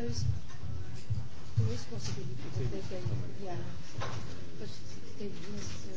there's there is possibility that they can yeah, but they must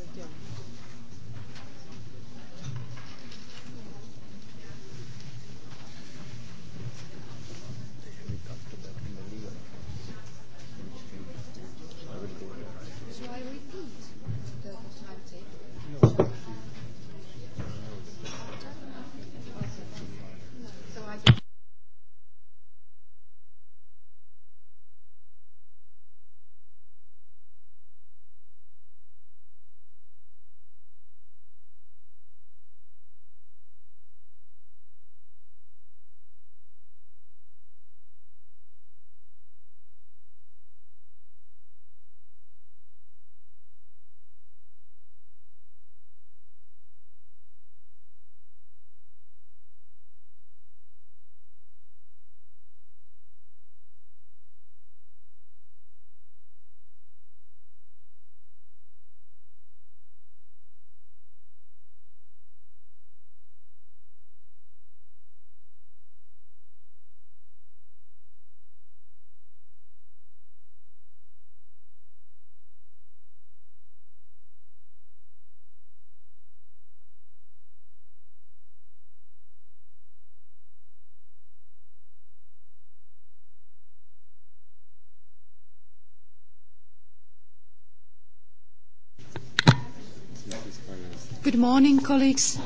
morning, colleagues.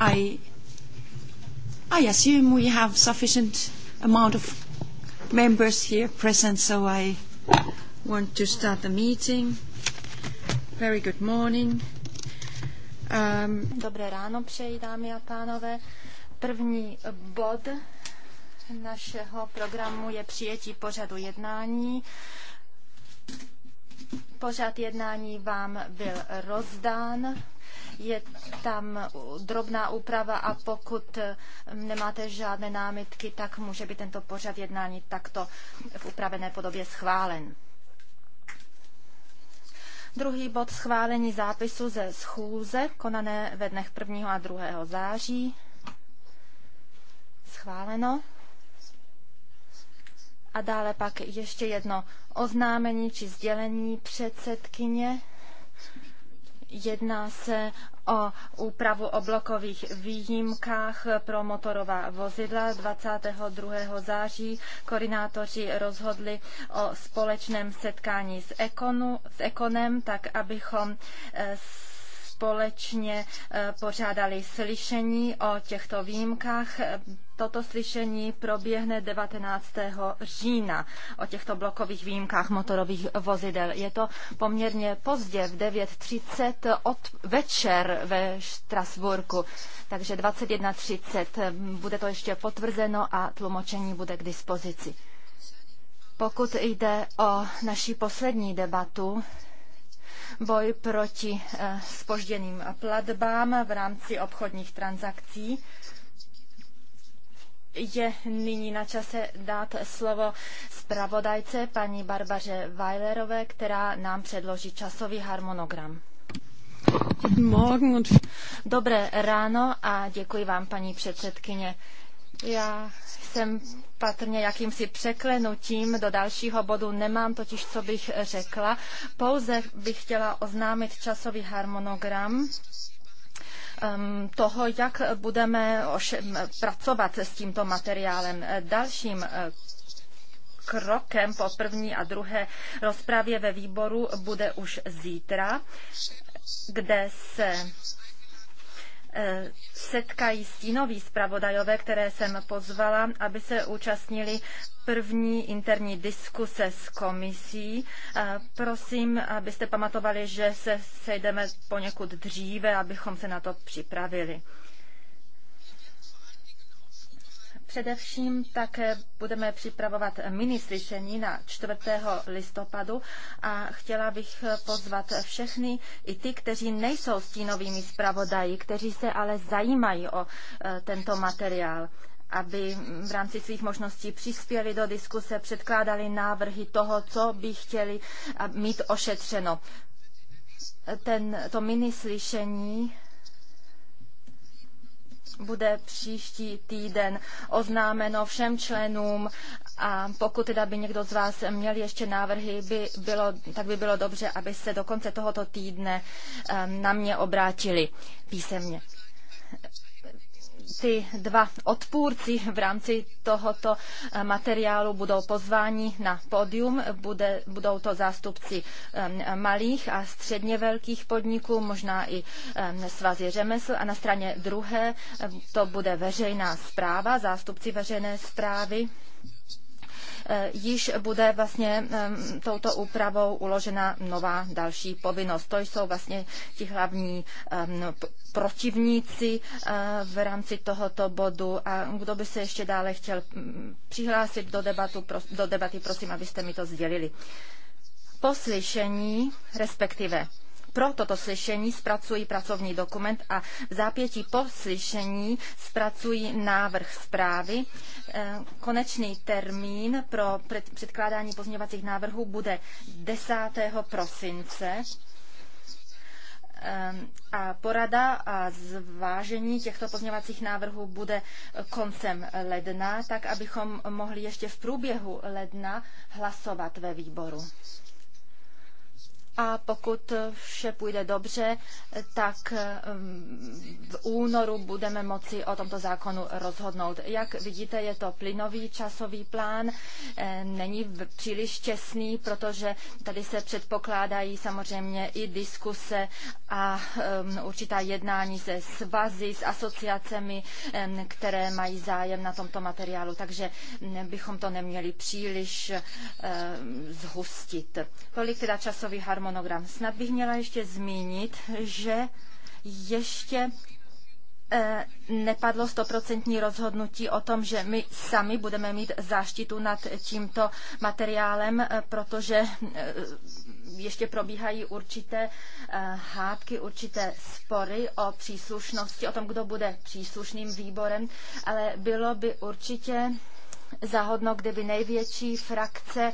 I, I assume we have sufficient amount of members here present, so I want to start the meeting. Very good morning. Um, Dobré ráno přeji, dámy a pánové. První bod našeho programu je přijetí pořadu jednání. Pořad jednání vám byl rozdán. Je tam drobná úprava a pokud eh, nemáte žádné námitky, tak může být tento pořad jednání takto v upravené podobě schválen. Druhý bod schválení zápisu ze schůze konané ve dnech 1. a 2. září. Schváleno. A dále pak ještě jedno oznámení či sdělení předsedkyně. Jedná se o úpravu o blokových výjimkách pro motorová vozidla. 22. září koordinátoři rozhodli o společném setkání s, Ekonu, s Ekonem, tak abychom eh, společně eh, pořádali slyšení o těchto výjimkách Toto slyšení proběhne 19. října o těchto blokových výjimkách motorových vozidel. Je to poměrně pozdě v 9.30 od večer ve Strasburku. takže 21.30 bude to ještě potvrzeno a tlumočení bude k dispozici. Pokud jde o naší poslední debatu, boj proti spožděným eh, platbám v rámci obchodních transakcí, je nyní na čase dát slovo zpravodajce paní Barbaře Weilerové, která nám předloží časový harmonogram. Dobré ráno a děkuji vám, paní předsedkyně. Já jsem patrně jakýmsi překlenutím do dalšího bodu, nemám totiž, co bych řekla. Pouze bych chtěla oznámit časový harmonogram Um, toho, jak budeme pracovat s tímto materiálem. Dalším uh, krokem po první a druhé rozpravě ve výboru bude už zítra, kde se Eh, setkají stínoví zpravodajové, které jsem pozvala, aby se účastnili první interní diskuse s komisí. Eh, prosím, abyste pamatovali, že se sejdeme poněkud dříve, abychom se na to připravili. Především také budeme připravovat slyšení na 4. listopadu a chtěla bych pozvat všechny, i ty, kteří nejsou stínovými zpravodaji, kteří se ale zajímají o eh, tento materiál aby v rámci svých možností přispěli do diskuse, předkládali návrhy toho, co by chtěli eh, mít ošetřeno. Ten, to slyšení bude příští týden oznámeno všem členům a pokud teda by někdo z vás měl ještě návrhy, by bylo, tak by bylo dobře, aby se do konce tohoto týdne ehm, na mě obrátili písemně. Ty dva odpůrci v rámci tohoto eh, materiálu budou pozváni na pódium. Bude, budou to zástupci ehm, malých a středně velkých podniků, možná i ehm, svazy řemesl. A na straně druhé eh, to bude veřejná zpráva, zástupci veřejné zprávy Eh, již bude vlastně eh, touto úpravou uložena nová další povinnost. To jsou vlastně ti hlavní ehm, protivníci eh, v rámci tohoto bodu a kdo by se ještě dále chtěl mm, přihlásit do, debatu, do debaty, prosím, abyste mi to sdělili. Poslyšení, respektive pro toto slyšení zpracují pracovní dokument a v zápětí po slyšení zpracují návrh zprávy. E, konečný termín pro předkládání pozměňovacích návrhů bude 10. prosince e, a porada a zvážení těchto pozměňovacích návrhů bude koncem ledna, tak abychom mohli ještě v průběhu ledna hlasovat ve výboru a pokud vše půjde dobře, tak ehm, v únoru budeme moci o tomto zákonu rozhodnout. Jak vidíte, je to plynový časový plán, e, není příliš těsný, protože tady se předpokládají samozřejmě i diskuse a ehm, určitá jednání se svazy, s asociacemi, ehm, které mají zájem na tomto materiálu, takže bychom to neměli příliš zhustit. Tolik teda časový harmonogram harmonogram. Snad bych měla ještě zmínit, že ještě eh, nepadlo stoprocentní rozhodnutí o tom, že my sami budeme mít záštitu nad tímto materiálem, eh, protože eh, ještě probíhají určité hádky, určité spory o příslušnosti, o tom, kdo bude příslušným výborem, ale bylo by určitě zahodno, kdyby největší frakce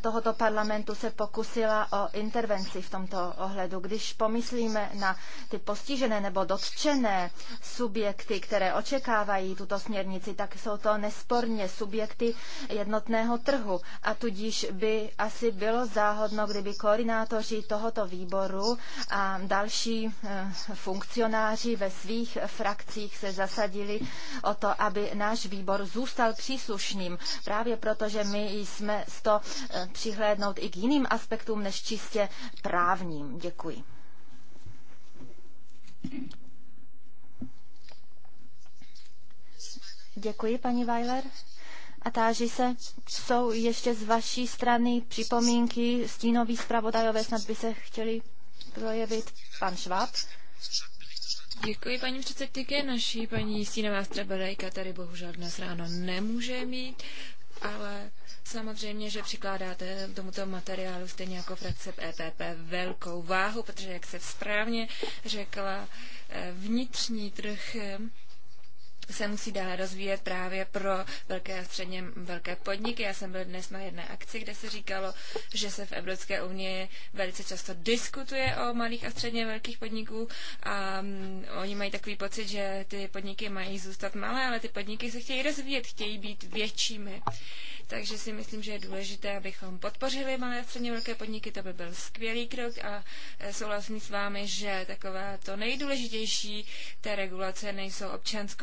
tohoto parlamentu se pokusila o intervenci v tomto ohledu. Když pomyslíme na ty postižené nebo dotčené subjekty, které očekávají tuto směrnici, tak jsou to nesporně subjekty jednotného trhu. A tudíž by asi bylo záhodno, kdyby koordinátoři tohoto výboru a další eh, funkcionáři ve svých frakcích se zasadili o to, aby náš výbor zůstal příslušný známým. Právě proto, že my jsme z to eh, přihlédnout i k jiným aspektům než čistě právním. Děkuji. Děkuji, paní Weiler. A táží se, jsou ještě z vaší strany připomínky, stínový zpravodajové snad by se chtěli projevit. Pan Šváb. Děkuji, paní předsedkyně. Naší paní Stínová Straberejka tady bohužel dnes ráno nemůže mít, ale samozřejmě, že přikládáte tomuto materiálu stejně jako frakce EPP velkou váhu, protože, jak se správně řekla, eh, vnitřní trh eh, se musí dále rozvíjet právě pro velké a středně velké podniky. Já jsem byl dnes na jedné akci, kde se říkalo, že se v Evropské unii velice často diskutuje o malých a středně velkých podniků a mm, oni mají takový pocit, že ty podniky mají zůstat malé, ale ty podniky se chtějí rozvíjet, chtějí být většími. Takže si myslím, že je důležité, abychom podpořili malé a středně velké podniky, to by byl skvělý krok a eh, souhlasím s vámi, že taková to nejdůležitější té regulace nejsou občanské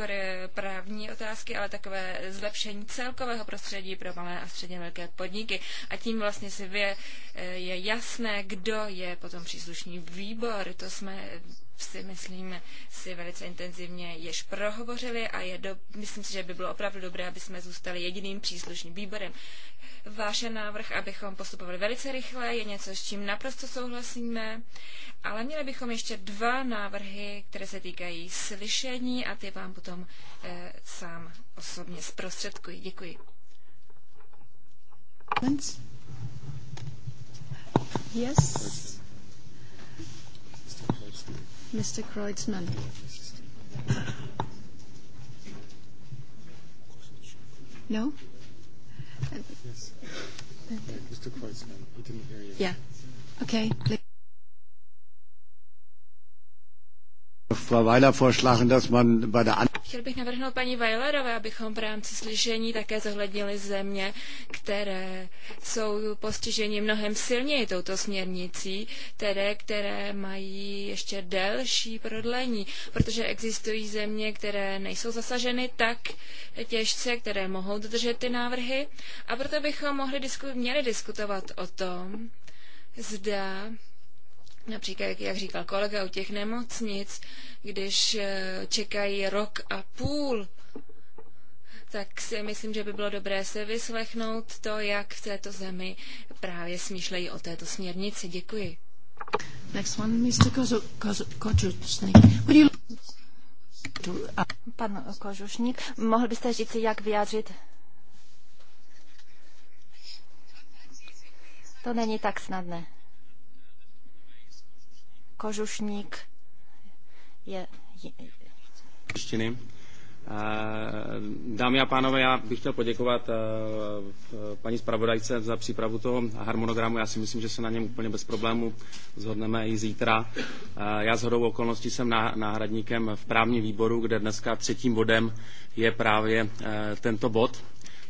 právní otázky, ale takové zlepšení celkového prostředí pro malé a středně velké podniky. A tím vlastně si vě, je jasné, kdo je potom příslušný výbor. To jsme si myslím, si velice intenzivně již prohovořili a je do, myslím si, že by bylo opravdu dobré, aby jsme zůstali jediným příslušným výborem. Váše návrh, abychom postupovali velice rychle, je něco, s čím naprosto souhlasíme, ale měli bychom ještě dva návrhy, které se týkají slyšení a ty vám potom e, sám osobně zprostředkuji. Děkuji. Yes. Mr. Kreutzmann. No? Yes. Mr. Kreutzmann, he didn't hear you. Yeah. Okay. Chtěl bych navrhnout paní Weilerové, abychom v rámci slyšení také zohlednili země, které jsou postiženy mnohem silněji touto směrnicí, které, které mají ještě delší prodlení, protože existují země, které nejsou zasaženy tak těžce, které mohou dodržet ty návrhy a proto bychom mohli disku, měli diskutovat o tom, zda Například, jak říkal kolega, u těch nemocnic, když eh, čekají rok a půl, tak si myslím, že by bylo dobré se vyslechnout to, jak v této zemi právě smýšlejí o této směrnici. Děkuji. Next one, Mr. Kozu, Kozu, Kozu, Pan Kožušník, mohl byste říct, jak vyjádřit? To není tak snadné. Kožušník je... Čtiny. Eh, dámy a pánové, já bych chtěl poděkovat eh, paní zpravodajce za přípravu toho harmonogramu. Já si myslím, že se na něm úplně bez problému zhodneme i zítra. Eh, já s hodou okolností jsem náhradníkem v právním výboru, kde dneska třetím bodem je právě tento bod.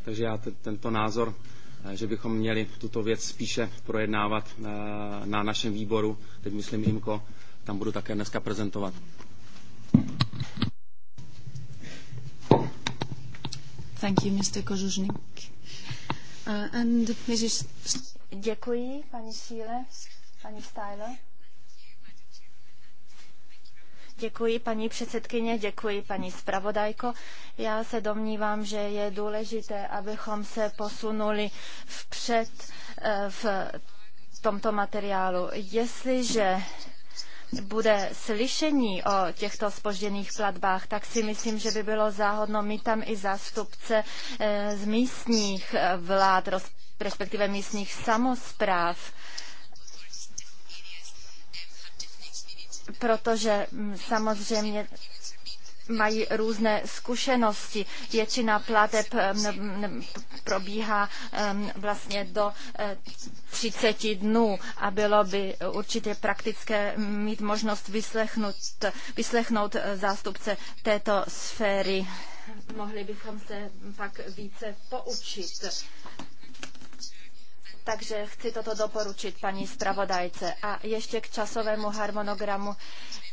Takže já tento názor Eh, že bychom měli tuto věc spíše projednávat eh, na našem výboru, teď myslím IMKO, tam budu také dneska prezentovat. Thank you, Mr. Kožužnik. Uh, eh, and Mrs. Děkuji, paní Síle, paní Stajle. Děkuji, paní předsedkyně, děkuji, paní zpravodajko. Já se domnívám, že je důležité, abychom se posunuli vpřed eh, v tomto materiálu. Jestliže bude slyšení o těchto spožděných platbách, tak si myslím, že by bylo záhodno mít tam i zástupce eh, z místních eh, vlád, respektive místních samozpráv protože mm, samozřejmě mají různé zkušenosti. Většina plateb mm, mm, probíhá vlastně do 30 eh, dnů a bylo by určitě praktické mít možnost vyslechnout, vyslechnout eh, zástupce této sféry. Mohli bychom se pak více poučit takže chci toto doporučit paní zpravodajce. A ještě k časovému harmonogramu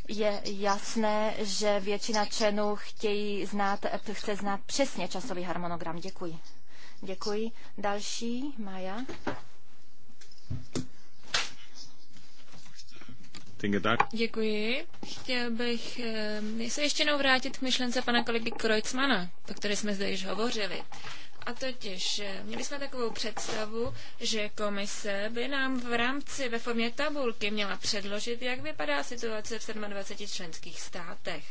je jasné, že většina členů chtějí znát, chce znát přesně časový harmonogram. Děkuji. Děkuji. Další, Maja. Děkuji. Chtěl bych eh, se ještě jednou vrátit k myšlence pana kolegy Kreutzmana, o které jsme zde již hovořili. A totiž eh, měli jsme takovou představu, že komise by nám v rámci ve formě tabulky měla předložit, jak vypadá situace v 27 členských státech.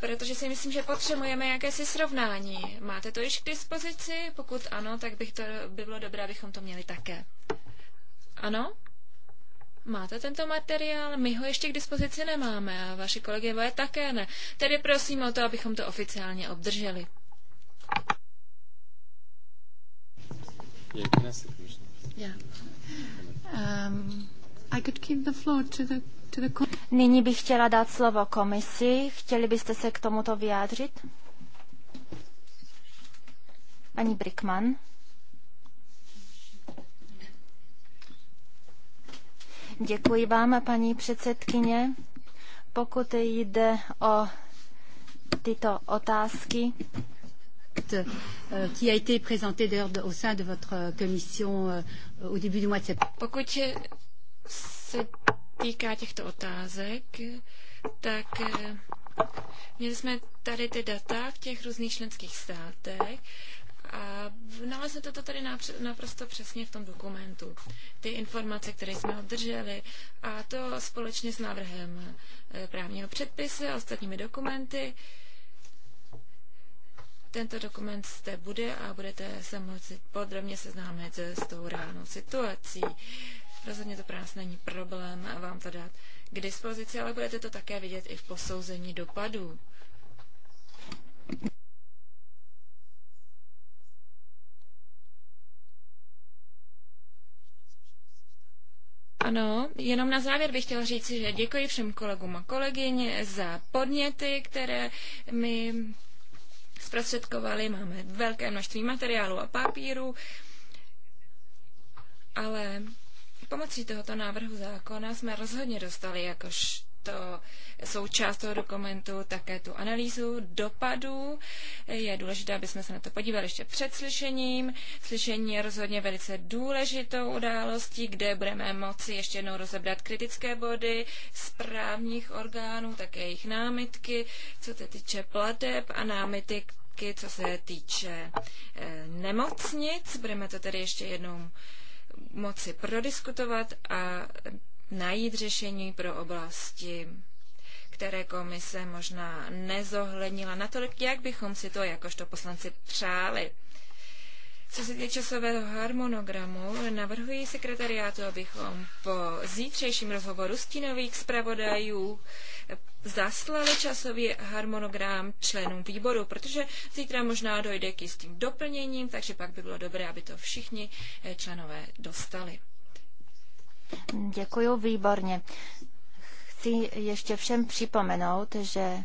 Protože si myslím, že potřebujeme jakési srovnání. Máte to již k dispozici? Pokud ano, tak bych to, by bylo dobré, abychom to měli také. Ano? Máte tento materiál? My ho ještě k dispozici nemáme a vaši kolegové také ne. Tedy prosím o to, abychom to oficiálně obdrželi. Nyní bych chtěla dát slovo komisi. Chtěli byste se k tomuto vyjádřit? Paní Brickman. Děkuji vám, paní předsedkyně. Pokud jde o tyto otázky, concept euh, qui a été présenté d'ailleurs au sein de votre euh, commission euh, au début du mois de septembre. Pokud se týká těchto otázek, tak euh, měli jsme tady ty data v těch různých členských státech a naleznete to tady naprosto přesně v tom dokumentu. Ty informace, které jsme obdrželi, a to společně s návrhem eh, právního předpisu, a ostatními dokumenty, tento dokument zde bude a budete se moci podrobně seznámit s tou reálnou situací. Rozhodně to pro nás není problém vám to dát k dispozici, ale budete to také vidět i v posouzení dopadů. Ano, jenom na závěr bych chtěla říct, že děkuji všem kolegům a kolegyně za podněty, které mi zprostředkovali, máme velké množství materiálu a papíru, ale pomocí tohoto návrhu zákona jsme rozhodně dostali jakož to součást toho dokumentu také tu analýzu dopadů. Je důležité, aby jsme se na to podívali ještě před slyšením. Slyšení je rozhodně velice důležitou událostí, kde budeme moci ještě jednou rozebrat kritické body správních orgánů, také jejich námitky, co se týče plateb a námitek otázky, co se týče eh, nemocnic. Budeme to tedy ještě jednou moci prodiskutovat a najít řešení pro oblasti, které komise možná nezohlednila natolik, jak bychom si to jakožto poslanci přáli. Co se týče časového harmonogramu, navrhuji sekretariátu, abychom po zítřejším rozhovoru stínových zpravodajů zaslali časový harmonogram členům výboru, protože zítra možná dojde k jistým doplněním, takže pak by bylo dobré, aby to všichni eh, členové dostali. Děkuji, výborně. Chci ještě všem připomenout, že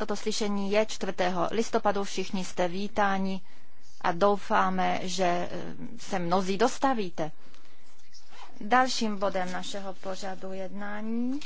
Toto slyšení je 4. listopadu, všichni jste vítáni a doufáme, že eh, se mnozí dostavíte. Dalším bodem našeho pořadu jednání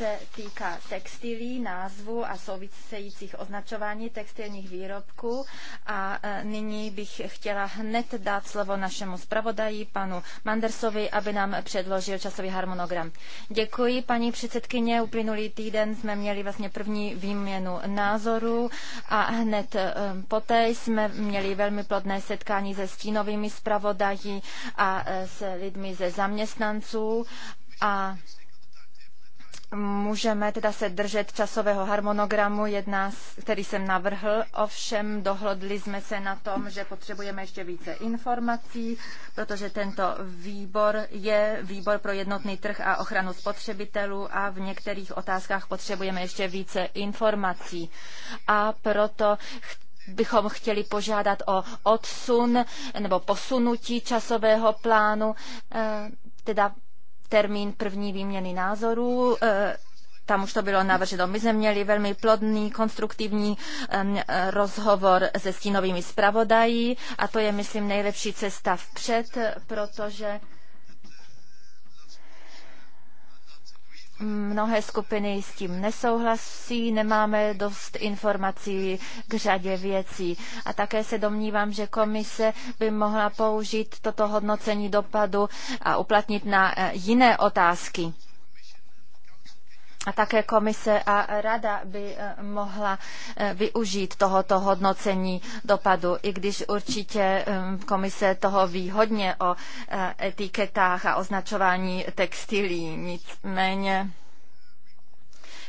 se týká textilí, názvu a souvisejících označování textilních výrobků. A e, nyní bych chtěla hned dát slovo našemu zpravodaji, panu Mandersovi, aby nám předložil časový harmonogram. Děkuji, paní předsedkyně. Uplynulý týden jsme měli vlastně první výměnu názorů a hned e, poté jsme měli velmi plodné setkání se stínovými zpravodaji a e, s lidmi ze zaměstnanců a Můžeme teda se držet časového harmonogramu, jedna, který jsem navrhl, ovšem dohodli jsme se na tom, že potřebujeme ještě více informací, protože tento výbor je výbor pro jednotný trh a ochranu spotřebitelů a v některých otázkách potřebujeme ještě více informací. A proto bychom chtěli požádat o odsun nebo posunutí časového plánu, eh, teda termín první výměny názorů eh, tam už to bylo navrženo. My jsme měli velmi plodný, konstruktivní rozhovor se stínovými zpravodají a to je, myslím, nejlepší cesta vpřed, protože Mnohé skupiny s tím nesouhlasí, nemáme dost informací k řadě věcí. A také se domnívám, že komise by mohla použít toto hodnocení dopadu a uplatnit na eh, jiné otázky a také komise a rada by eh, mohla eh, využít tohoto hodnocení dopadu, i když určitě eh, komise toho ví hodně o etiketách a označování textilí. Nicméně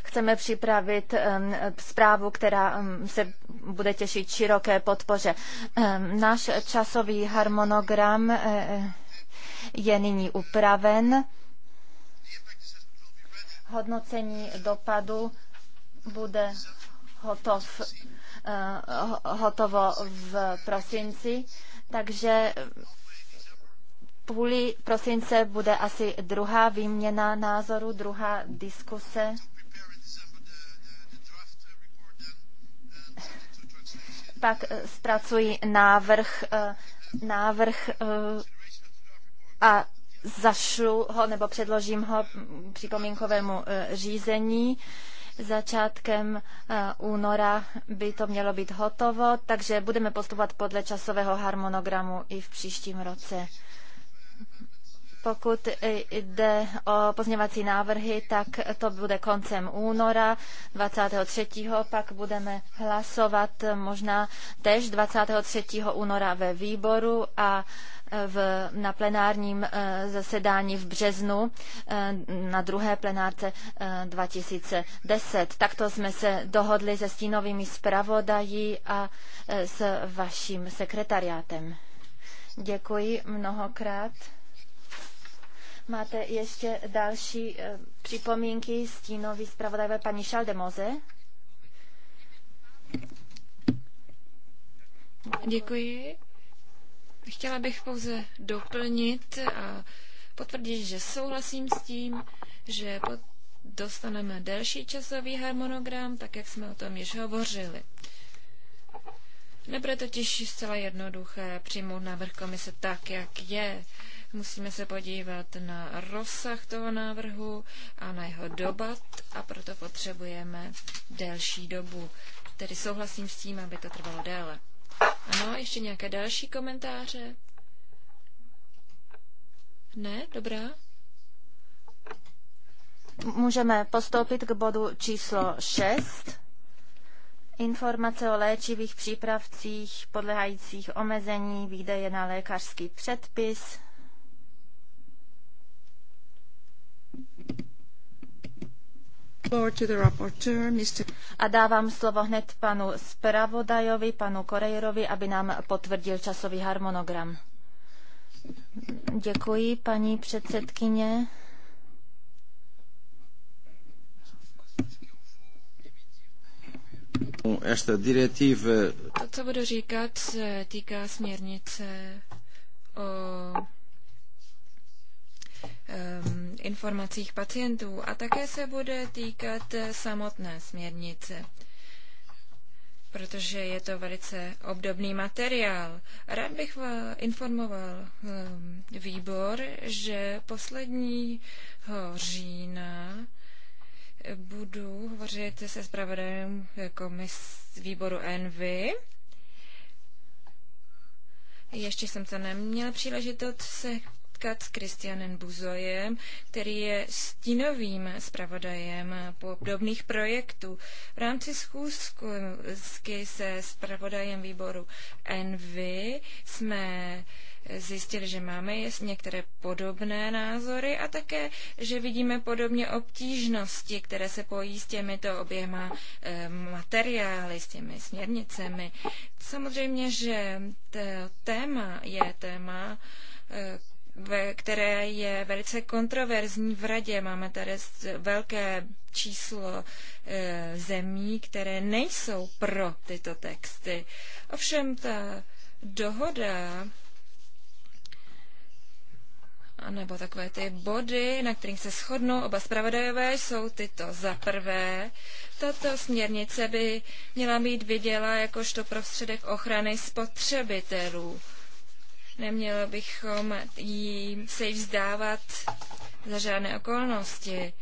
chceme připravit zprávu, která se bude těšit široké podpoře. Náš časový harmonogram je nyní upraven hodnocení dopadu bude hotov, eh, hotovo v prosinci, takže půli prosince bude asi druhá výměna názoru, druhá diskuse. Pak eh, zpracuji návrh, eh, návrh a zašlu ho nebo předložím ho připomínkovému e, řízení. Začátkem e, února by to mělo být hotovo, takže budeme postupovat podle časového harmonogramu i v příštím roce. Pokud jde o pozněvací návrhy, tak to bude koncem února 23. Pak budeme hlasovat možná tež 23. února ve výboru a v, na plenárním eh, zasedání v březnu eh, na druhé plenárce 2010. Eh, Takto jsme se dohodli se stínovými zpravodají a s vaším sekretariátem. Děkuji mnohokrát. Máte ještě další eh, připomínky stínový zpravodajové paní Šaldemoze? Děkuji. Chtěla bych pouze doplnit a potvrdit, že souhlasím s tím, že dostaneme delší časový harmonogram, tak jak jsme o tom již hovořili. Nebude totiž zcela jednoduché přijmout návrh komise tak, jak je. Musíme se podívat na rozsah toho návrhu a na jeho dobat a proto potřebujeme delší dobu. Tedy souhlasím s tím, aby to trvalo déle. Ano, ještě nějaké další komentáře? Ne, dobrá. Můžeme postoupit k bodu číslo 6. Informace o léčivých přípravcích podlehajících omezení výdeje na lékařský předpis A dávám slovo hned panu zpravodajovi, panu Korejrovi, aby nám potvrdil časový harmonogram. Děkuji, paní předsedkyně. To, co budu říkat, se týká směrnice o Ehm, informacích pacientů a také se bude týkat eh, samotné směrnice protože je to velice obdobný materiál. Rád bych informoval ehm, výbor, že posledního října eh, budu hovořit se zpravodajem eh, komis výboru Envy. Ještě jsem to neměl příležitost se setkat s Kristianem Buzojem, který je stínovým zpravodajem podobných projektů. V rámci schůzky se zpravodajem výboru Envy jsme zjistili, že máme některé podobné názory a také, že vidíme podobně obtížnosti, které se pojí s těmito oběma eh, materiály, s těmi směrnicemi. Samozřejmě, že téma je téma, eh, ve které je velice kontroverzní v radě. Máme tady velké číslo e, zemí, které nejsou pro tyto texty. Ovšem ta dohoda nebo takové ty body, na kterých se shodnou oba zpravodajové, jsou tyto. Za prvé, tato směrnice by měla být viděla jakožto prostředek ochrany spotřebitelů. Nemělo bychom jí se jí vzdávat za žádné okolnosti.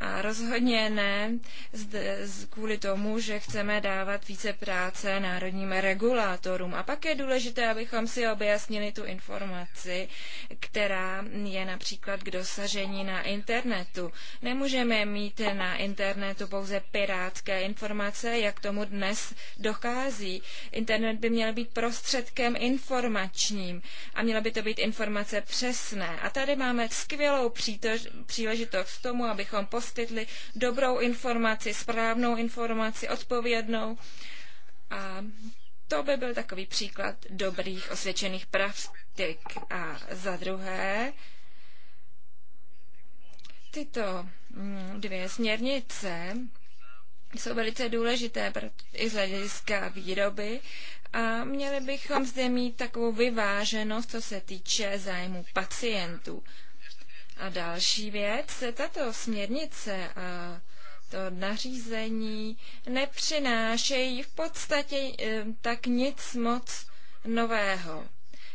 A rozhodně ne zde, kvůli tomu, že chceme dávat více práce národním regulátorům. A pak je důležité, abychom si objasnili tu informaci, která je například k dosažení na internetu. Nemůžeme mít na internetu pouze pirátské informace, jak tomu dnes dochází. Internet by měl být prostředkem informačním a měla by to být informace přesné. A tady máme skvělou přítož, příležitost k tomu, abychom posílili poskytli dobrou informaci, správnou informaci, odpovědnou. A to by byl takový příklad dobrých osvědčených praktik. A za druhé, tyto mm, dvě směrnice jsou velice důležité i z hlediska výroby a měli bychom zde mít takovou vyváženost, co se týče zájmu pacientů. A další věc, tato směrnice a to nařízení nepřinášejí v podstatě e, tak nic moc nového.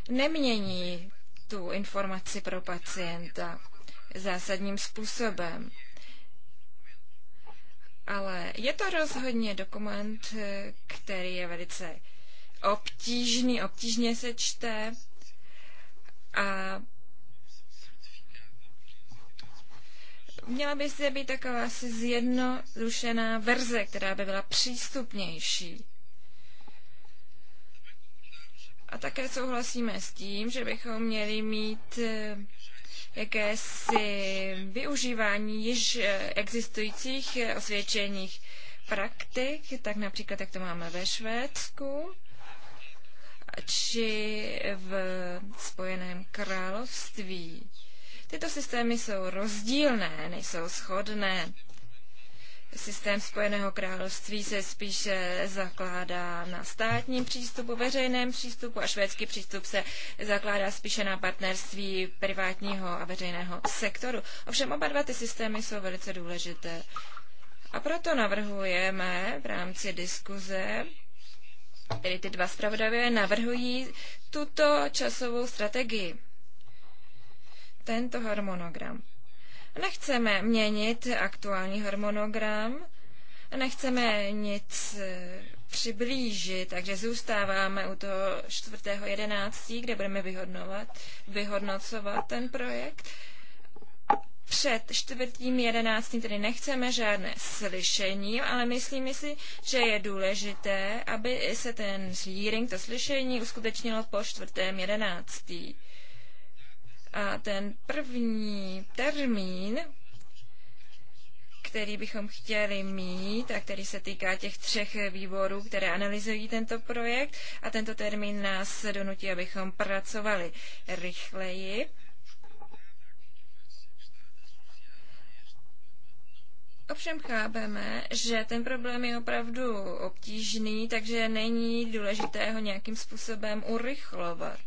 Nemění tu informaci pro pacienta zásadním způsobem. Ale je to rozhodně dokument, e, který je velice obtížný, obtížně se čte a Měla by zde být taková asi zjednodušená verze, která by byla přístupnější. A také souhlasíme s tím, že bychom měli mít eh, jakési využívání již eh, existujících eh, osvědčených praktik, tak například, jak to máme ve Švédsku, či v Spojeném království. Tyto systémy jsou rozdílné, nejsou shodné. Systém Spojeného království se spíše zakládá na státním přístupu, veřejném přístupu a švédský přístup se zakládá spíše na partnerství privátního a veřejného sektoru. Ovšem oba dva ty systémy jsou velice důležité. A proto navrhujeme v rámci diskuze, tedy ty dva zpravodajové navrhují tuto časovou strategii tento harmonogram. Nechceme měnit aktuální harmonogram, nechceme nic e, přiblížit, takže zůstáváme u toho 4.11., kde budeme vyhodnovat, vyhodnocovat ten projekt. Před čtvrtým jedenáctým tedy nechceme žádné slyšení, ale myslíme si, že je důležité, aby se ten hearing, to slyšení, uskutečnilo po čtvrtém jedenáctý. A ten první termín, který bychom chtěli mít a který se týká těch třech výborů, které analyzují tento projekt a tento termín nás donutí, abychom pracovali rychleji. Ovšem chápeme, že ten problém je opravdu obtížný, takže není důležité ho nějakým způsobem urychlovat.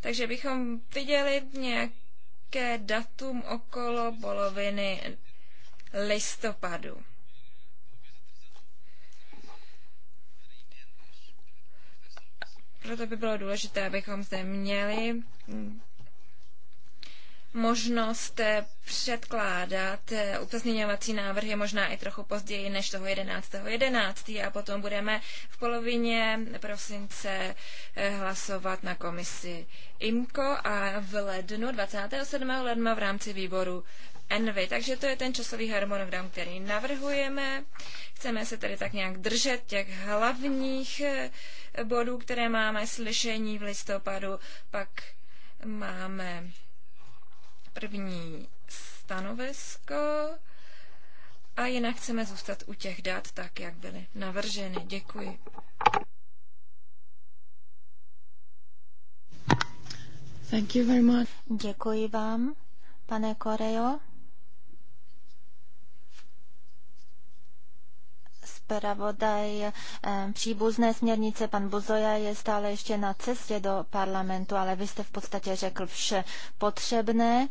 Takže bychom viděli nějaké datum okolo poloviny listopadu. Proto by bylo důležité, abychom zde měli možnost eh, předkládat eh, upozměňovací návrh je možná i trochu později než toho 11.11. 11. a potom budeme v polovině prosince eh, hlasovat na komisi IMCO a v lednu 27. ledna v rámci výboru Envy. Takže to je ten časový harmonogram, který navrhujeme. Chceme se tedy tak nějak držet těch hlavních bodů, které máme slyšení v listopadu, pak máme první stanovisko a jinak chceme zůstat u těch dat tak, jak byly navrženy. Děkuji. Thank you very much. Děkuji vám, pane Koreo. zpravodaj eh, příbuzné směrnice, pan Buzoja, je stále ještě na cestě do parlamentu, ale vy jste v podstatě řekl vše potřebné.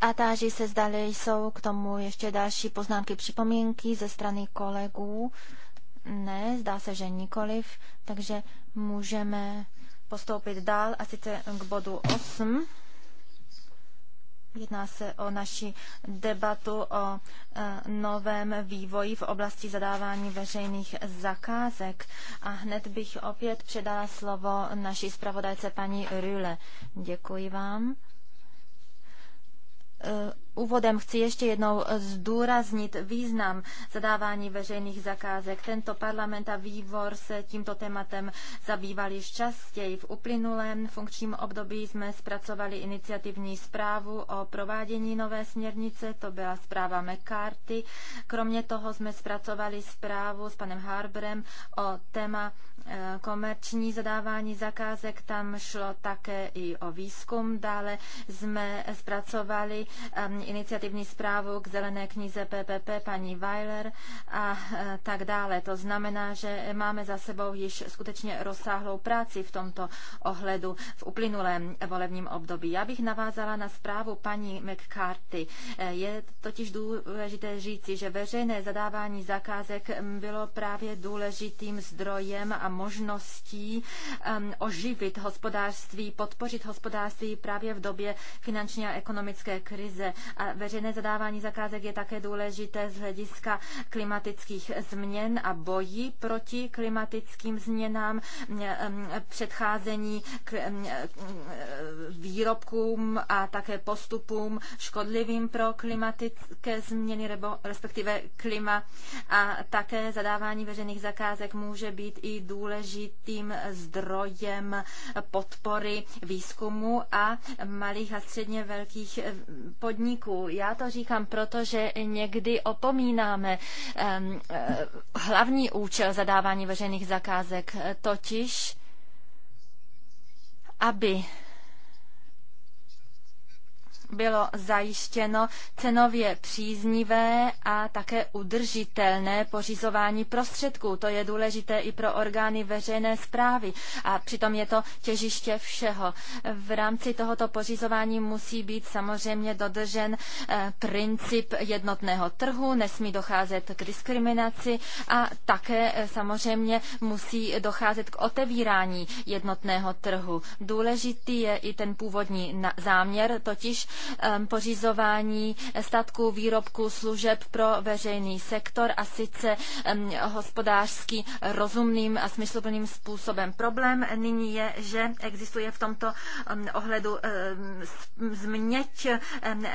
A táží se, zdali jsou k tomu ještě další poznámky, připomínky ze strany kolegů. Ne, zdá se, že nikoliv, takže můžeme postoupit dál a sice k bodu 8. Jedná se o naši debatu o e, novém vývoji v oblasti zadávání veřejných zakázek. A hned bych opět předala slovo naší zpravodajce paní Rüle. Děkuji vám e, Úvodem chci ještě jednou eh, zdůraznit význam zadávání veřejných zakázek. Tento parlament a výbor se tímto tématem zabývali již častěji. V uplynulém funkčním období jsme zpracovali iniciativní zprávu o provádění nové směrnice, to byla zpráva McCarthy. Kromě toho jsme zpracovali zprávu s panem Harbrem o téma eh, komerční zadávání zakázek, tam šlo také i o výzkum. Dále jsme zpracovali ehm, iniciativní zprávu k zelené knize PPP paní Weiler a e, tak dále. To znamená, že máme za sebou již skutečně rozsáhlou práci v tomto ohledu v uplynulém volebním období. Já bych navázala na zprávu paní McCarthy. E, je totiž důležité říci, že veřejné zadávání zakázek bylo právě důležitým zdrojem a možností oživit hospodářství, podpořit hospodářství právě v době finanční a ekonomické krize a veřejné zadávání zakázek je také důležité z hlediska klimatických změn a boji proti klimatickým změnám, mm, mm, předcházení mm, výrobkům a také postupům škodlivým pro klimatické změny, nebo respektive klima. A také zadávání veřejných zakázek může být i důležitým zdrojem podpory výzkumu a malých a středně velkých podniků jazyků. Já to říkám proto, že někdy opomínáme eh, hlavní účel zadávání veřejných zakázek, eh, totiž aby bylo zajištěno cenově příznivé a také udržitelné pořizování prostředků. To je důležité i pro orgány veřejné zprávy a přitom je to těžiště všeho. V rámci tohoto pořizování musí být samozřejmě dodržen eh, princip jednotného trhu, nesmí docházet k diskriminaci a také eh, samozřejmě musí docházet k otevírání jednotného trhu. Důležitý je i ten původní záměr, totiž Um, pořizování statků, výrobků, služeb pro veřejný sektor a sice um, hospodářský rozumným a smysluplným způsobem. Problém nyní je, že existuje v tomto um, ohledu změť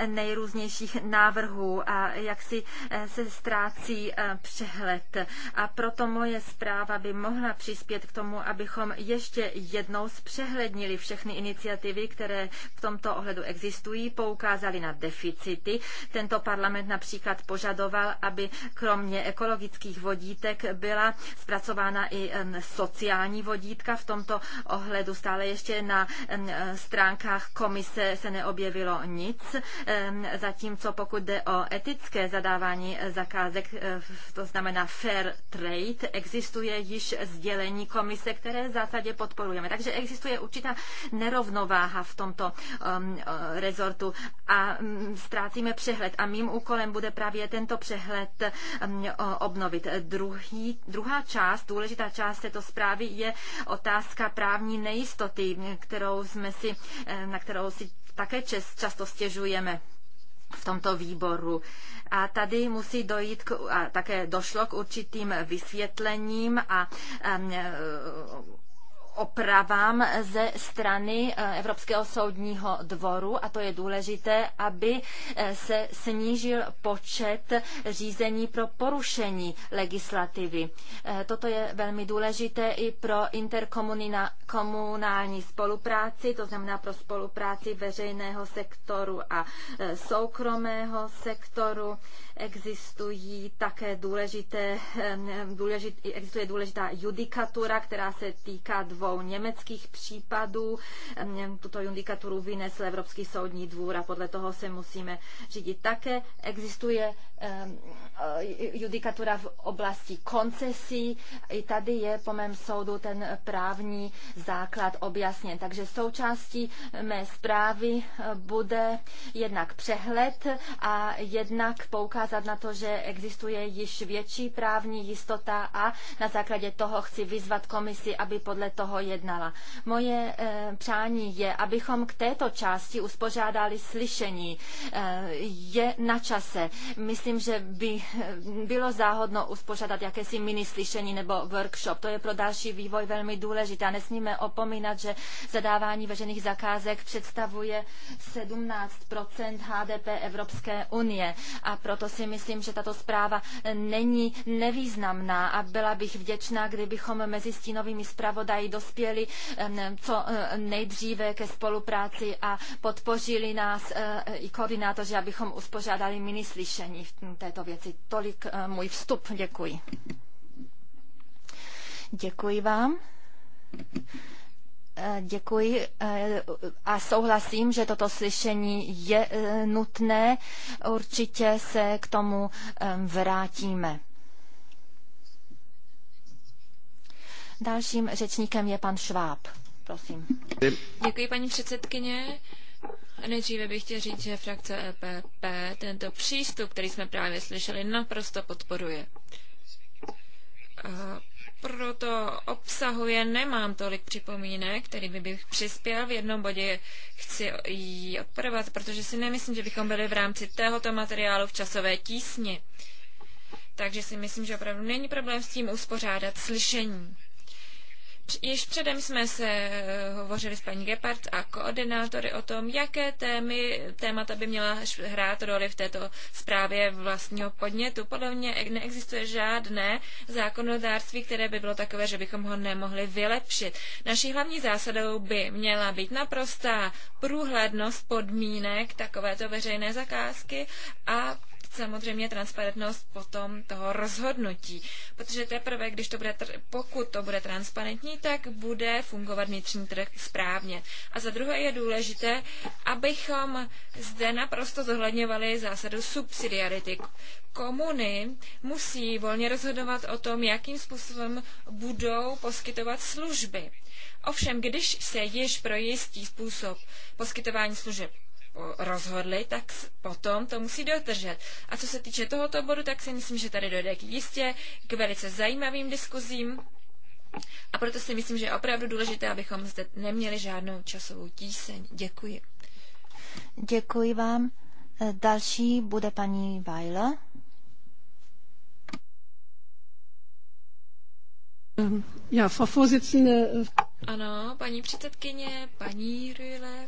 nejrůznějších návrhů a jak si eh, se ztrácí eh, přehled. A proto moje zpráva by mohla přispět k tomu, abychom ještě jednou zpřehlednili všechny iniciativy, které v tomto ohledu existují, poukázali na deficity. Tento parlament například požadoval, aby kromě ekologických vodítek byla zpracována i sociální vodítka. V tomto ohledu stále ještě na stránkách komise se neobjevilo nic, zatímco pokud jde o etické zadávání eh, zakázek, eh, to znamená fair trade, existuje již sdělení komise, které v zásadě podporujeme. Takže existuje určitá nerovnováha v tomto eh, rezortu státu a mm, ztrácíme přehled. A mým úkolem bude právě tento přehled mm, obnovit. Druhý, druhá část, důležitá část této zprávy je otázka právní nejistoty, kterou jsme si, eh, na kterou si také často stěžujeme v tomto výboru. A tady musí dojít, k, a také došlo k určitým vysvětlením a, a mm, eh, opravám ze strany eh, Evropského soudního dvoru a to je důležité, aby eh, se snížil počet řízení pro porušení legislativy. Eh, toto je velmi důležité i pro interkomunální spolupráci, to znamená pro spolupráci veřejného sektoru a soukromého sektoru Existují také důležité, důležit, existuje důležitá judikatura, která se týká dvou německých případů. Tuto judikaturu vynesl Evropský soudní dvůr a podle toho se musíme řídit. Také existuje Eh, judikatura v oblasti koncesí. I tady je po mém soudu ten právní základ objasněn. Takže součástí mé zprávy eh, bude jednak přehled a jednak poukázat na to, že existuje již větší právní jistota a na základě toho chci vyzvat komisi, aby podle toho jednala. Moje eh, přání je, abychom k této části uspořádali slyšení. Je na čase. Myslím, že by bylo záhodno uspořádat jakési mini slyšení nebo workshop. To je pro další vývoj velmi důležité a nesmíme opomínat, že zadávání veřejných zakázek představuje 17 HDP Evropské unie a proto si myslím, že tato zpráva není nevýznamná a byla bych vděčná, kdybychom mezi stínovými zpravodají dospěli co nejdříve ke spolupráci a podpořili nás eh, i koordinátoři, abychom uspořádali mini slyšení v této věci tolik eh, můj vstup. Děkuji. Děkuji vám. Eh, děkuji eh, a souhlasím, že toto slyšení je nutné. Určitě se k tomu vrátíme. Dalším řečníkem je pan Šváb. Prosím. Děkuji, paní předsedkyně. Nejdříve bych chtěl říct, že frakce EPP tento přístup, který jsme právě slyšeli, naprosto podporuje. A proto obsahuje nemám tolik připomínek, který bych přispěl. V jednom bodě chci ji odporovat, protože si nemyslím, že bychom byli v rámci tohoto materiálu v časové tísni. Takže si myslím, že opravdu není problém s tím uspořádat slyšení. Již předem jsme se eh, hovořili s paní Gepard a koordinátory o tom, jaké témy, témata by měla hrát roli v této zprávě vlastního podnětu. Podle mě e-, neexistuje žádné zákonodárství, které by bylo takové, že bychom ho nemohli vylepšit. Naší hlavní zásadou by měla být naprostá průhlednost podmínek takovéto veřejné zakázky a samozřejmě transparentnost potom toho rozhodnutí. Protože teprve, když to bude, pokud to bude transparentní, tak bude fungovat vnitřní trh správně. A za druhé je důležité, abychom zde naprosto zohledňovali zásadu subsidiarity. Komuny musí volně rozhodovat o tom, jakým způsobem budou poskytovat služby. Ovšem, když se již pro jistý způsob poskytování služeb rozhodli, tak potom to musí dotržet. A co se týče tohoto bodu, tak si myslím, že tady dojde k jistě k velice zajímavým diskuzím. A proto si myslím, že je opravdu důležité, abychom zde neměli žádnou časovou tíseň. Děkuji. Děkuji vám. E, další bude paní Vajla. Ehm, já, Frau e, Ano, paní předsedkyně, paní Rühle,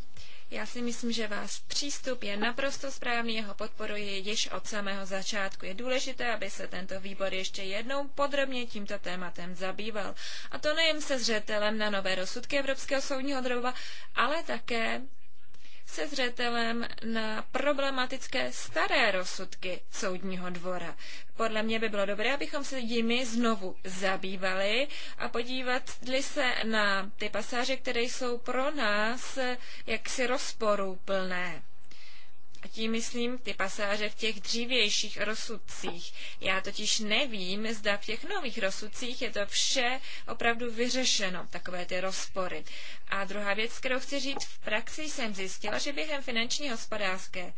já si myslím, že váš přístup je naprosto správný, jeho podporuji již od samého začátku. Je důležité, aby se tento výbor ještě jednou podrobně tímto tématem zabýval. A to nejen se zřetelem na nové rozsudky Evropského soudního drova, ale také se zřetelem na problematické staré rozsudky soudního dvora. Podle mě by bylo dobré, abychom se jimi znovu zabývali a podívali se na ty pasáže, které jsou pro nás jaksi rozporuplné. A tím myslím ty pasáže v těch dřívějších rozsudcích. Já totiž nevím, zda v těch nových rozsudcích je to vše opravdu vyřešeno, takové ty rozpory. A druhá věc, kterou chci říct, v praxi jsem zjistila, že během finanční hospodářské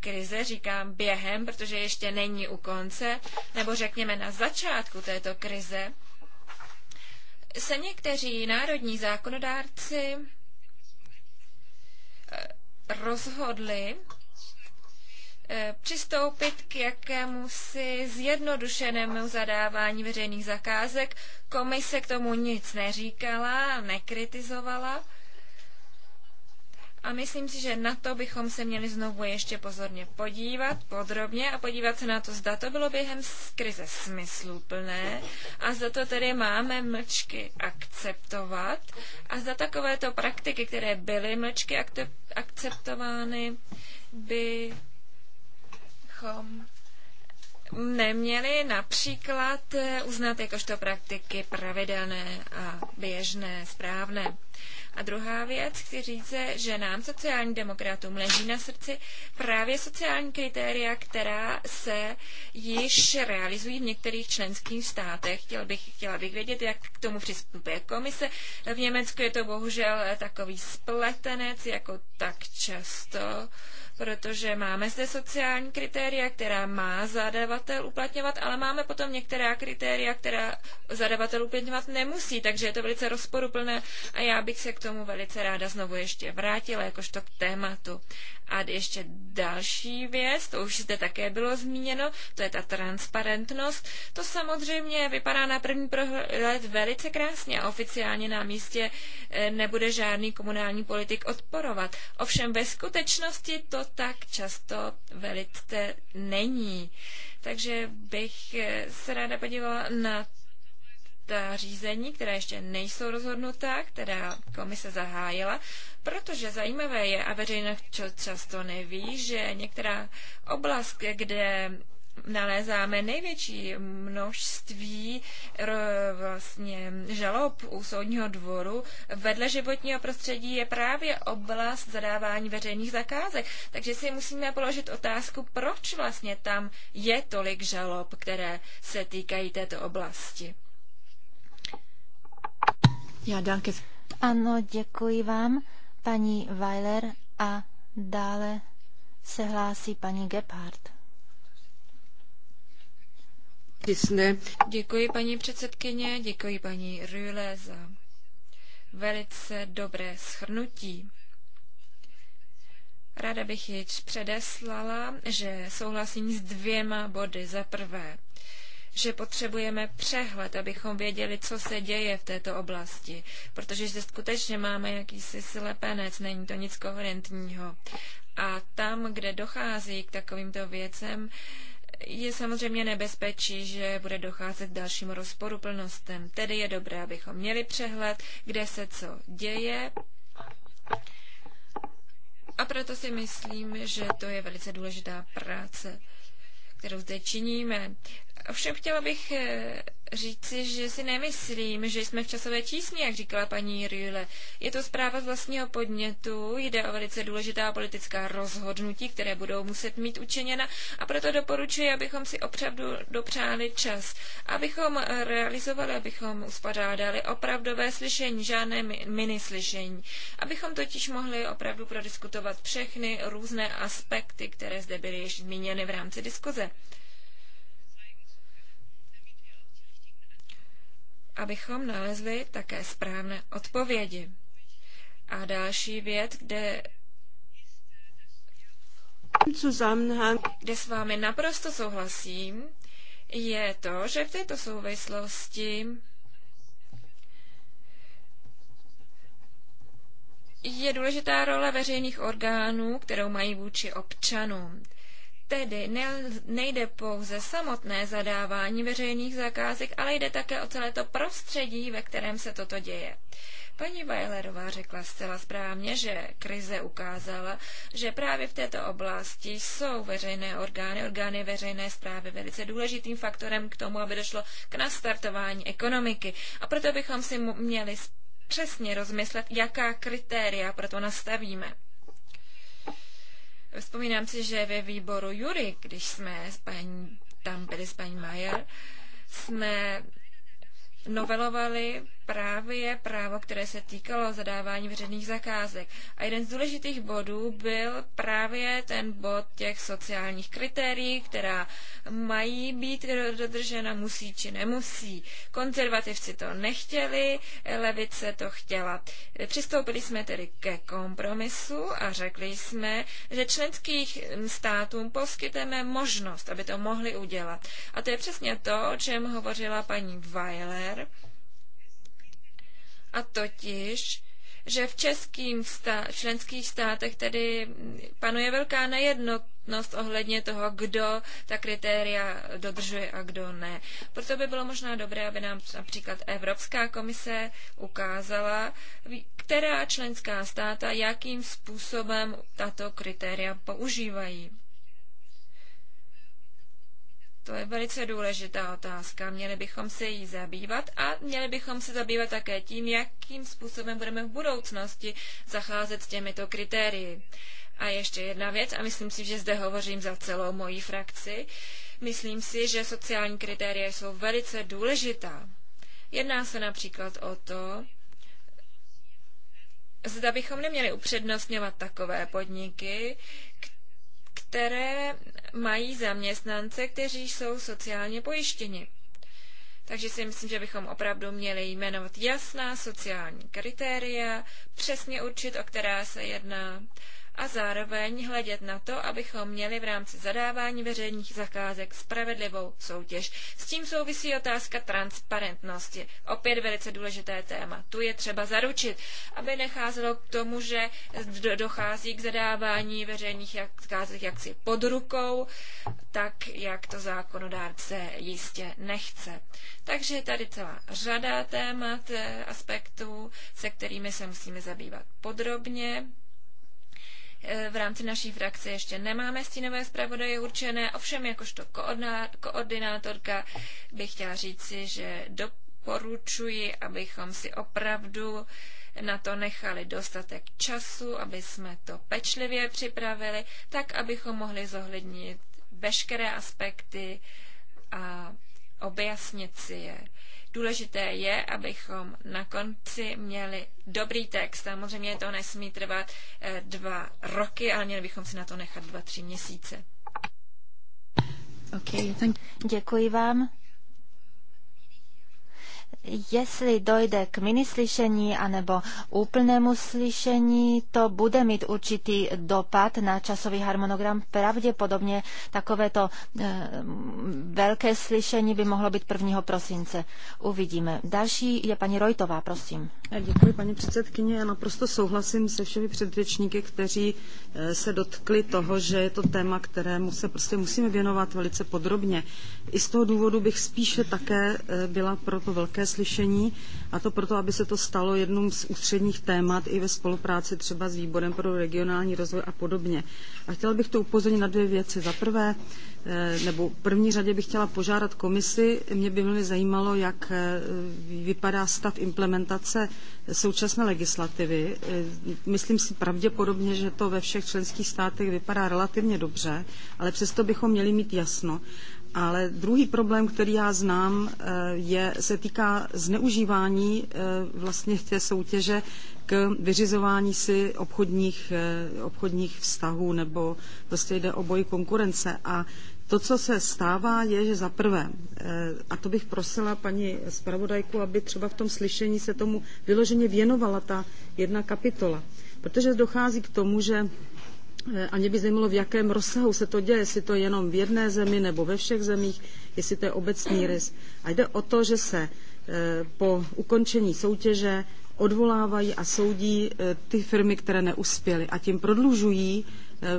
krize, říkám během, protože ještě není u konce, nebo řekněme na začátku této krize, se někteří národní zákonodárci eh, rozhodli, Eh, přistoupit k jakému si zjednodušenému zadávání veřejných zakázek. Komise k tomu nic neříkala, nekritizovala. A myslím si, že na to bychom se měli znovu ještě pozorně podívat, podrobně a podívat se na to, zda to bylo během krize smysluplné a zda to tedy máme mlčky akceptovat a zda takovéto praktiky, které byly mlčky akceptovány, by bychom neměli například eh, uznat jakožto praktiky pravidelné a běžné, správné. A druhá věc, chci říct, že nám sociální demokratům leží na srdci právě sociální kritéria, která se již realizují v některých členských státech. Chtěla bych, chtěla bych vědět, jak k tomu přistupuje komise. V Německu je to bohužel eh, takový spletenec, jako tak často. Uh, protože máme zde sociální kritéria, která má zadavatel uplatňovat, ale máme potom některá kritéria, která zadavatel uplatňovat nemusí, takže je to velice rozporuplné a já bych se k tomu velice ráda znovu ještě vrátila, jakožto k tématu. A ještě další věc, to už zde také bylo zmíněno, to je ta transparentnost. To samozřejmě vypadá na první pohled velice krásně a oficiálně na místě eh, nebude žádný komunální politik odporovat. Ovšem ve skutečnosti to tak často velice není. Takže bych se ráda podívala na ta řízení, která ještě nejsou rozhodnutá, která komise zahájila, protože zajímavé je, a veřejnost často neví, že některá oblast, kde nalézáme největší množství eh, vlastně žalob u soudního dvoru. Vedle životního prostředí je právě oblast zadávání veřejných zakázek. Takže si musíme položit otázku, proč vlastně tam je tolik žalob, které se týkají této oblasti. Já danke. Ano, děkuji vám, paní Weiler, a dále se hlásí paní Gebhardt. Děkuji paní předsedkyně, děkuji paní Rüle za velice dobré schrnutí. Ráda bych již předeslala, že souhlasím s dvěma body. Za prvé, že potřebujeme přehled, abychom věděli, co se děje v této oblasti, protože zde skutečně máme jakýsi slepenec, není to nic koherentního. A tam, kde dochází k takovýmto věcem, je samozřejmě nebezpečí, že bude docházet k dalším rozporuplnostem. Tedy je dobré, abychom měli přehled, kde se co děje. A proto si myslím, že to je velice důležitá práce, kterou zde činíme. Ovšem chtěla bych eh, říci, že si nemyslím, že jsme v časové tísni, jak říkala paní Rýle. Je to zpráva z vlastního podnětu, jde o velice důležitá politická rozhodnutí, které budou muset mít učiněna a proto doporučuji, abychom si opravdu dopřáli čas, abychom realizovali, abychom uspořádali opravdové slyšení, žádné slyšení. abychom totiž mohli opravdu prodiskutovat všechny různé aspekty, které zde byly již zmíněny v rámci diskuze. abychom nalezli také správné odpovědi. A další věc, kde kde s vámi naprosto souhlasím, je to, že v této souvislosti je důležitá role veřejných orgánů, kterou mají vůči občanům. Tedy nejde pouze samotné zadávání veřejných zakázek, ale jde také o celé to prostředí, ve kterém se toto děje. Paní Weilerová řekla zcela správně, že krize ukázala, že právě v této oblasti jsou veřejné orgány, orgány veřejné zprávy velice důležitým faktorem k tomu, aby došlo k nastartování ekonomiky. A proto bychom si měli přesně rozmyslet, jaká kritéria proto nastavíme. Vzpomínám si, že ve výboru Jury, když jsme s paní, tam byli s paní Majer, jsme novelovali právě právo, které se týkalo zadávání veřejných zakázek. A jeden z důležitých bodů byl právě ten bod těch sociálních kritérií, která mají být dodržena, musí či nemusí. Konzervativci to nechtěli, levice to chtěla. Přistoupili jsme tedy ke kompromisu a řekli jsme, že členských státům poskytneme možnost, aby to mohli udělat. A to je přesně to, o čem hovořila paní Weiler a totiž, že v českým stá- členských státech tedy panuje velká nejednotnost ohledně toho, kdo ta kritéria dodržuje a kdo ne. Proto by bylo možná dobré, aby nám například Evropská komise ukázala, která členská státa jakým způsobem tato kritéria používají. To je velice důležitá otázka. Měli bychom se jí zabývat a měli bychom se zabývat také tím, jakým způsobem budeme v budoucnosti zacházet s těmito kritérii. A ještě jedna věc, a myslím si, že zde hovořím za celou moji frakci. Myslím si, že sociální kritéria jsou velice důležitá. Jedná se například o to, zda bychom neměli upřednostňovat takové podniky, které které mají zaměstnance, kteří jsou sociálně pojištěni. Takže si myslím, že bychom opravdu měli jmenovat jasná sociální kritéria, přesně určit, o která se jedná a zároveň hledět na to, abychom měli v rámci zadávání veřejných zakázek spravedlivou soutěž. S tím souvisí otázka transparentnosti. Opět velice důležité téma. Tu je třeba zaručit, aby necházelo k tomu, že dochází k zadávání veřejných zakázek jaksi pod rukou, tak jak to zákonodárce jistě nechce. Takže je tady celá řada témat, eh, aspektů, se kterými se musíme zabývat podrobně. Eh, v rámci naší frakce ještě nemáme stínové zpravodaje určené, ovšem jakožto koordinátorka bych chtěla říci, že doporučuji, abychom si opravdu na to nechali dostatek času, aby jsme to pečlivě připravili, tak abychom mohli zohlednit veškeré aspekty a objasnit si je. Důležité je, abychom na konci měli dobrý text. Samozřejmě to nesmí trvat eh, dva roky, ale měli bychom si na to nechat dva, tři měsíce. Okay, thank- Děkuji vám. Jestli dojde k minislyšení anebo úplnému slyšení, to bude mít určitý dopad na časový harmonogram. Pravděpodobně takovéto e, velké slyšení by mohlo být 1. prosince. Uvidíme. Další je paní Rojtová, prosím. Děkuji, paní předsedkyně. Já naprosto souhlasím se všemi předřečníky, kteří eh, se dotkli toho, že je to téma, kterému se prostě musíme věnovat velice podrobně. I z toho důvodu bych spíše také eh, byla pro to velké slyšení, a to proto, aby se to stalo jednou z ústředních témat i ve spolupráci třeba s Výborem pro regionální rozvoj a podobně. A chtěla bych to upozornit na dvě věci. Za prvé, eh, nebo v první řadě bych chtěla požádat komisi, mě by velmi zajímalo, jak eh, vypadá stav implementace současné legislativy. Eh, myslím si pravděpodobně, že to ve všech členských státech vypadá relativně dobře, ale přesto bychom měli mít jasno. Ale druhý problém, který já znám, eh, je, se týká zneužívání eh, vlastně té soutěže k vyřizování si obchodních, eh, obchodních vztahů nebo prostě jde o boj konkurence. A to, co se stává, je, že za prvé, a to bych prosila paní zpravodajku, aby třeba v tom slyšení se tomu vyloženě věnovala ta jedna kapitola, protože dochází k tomu, že Eh, a mě by zajímalo, v jakém rozsahu se to děje, jestli to je jenom v jedné zemi nebo ve všech zemích, jestli to je obecný rys. A jde o to, že se eh, po ukončení soutěže odvolávají a soudí eh, ty firmy, které neuspěly a tím prodlužují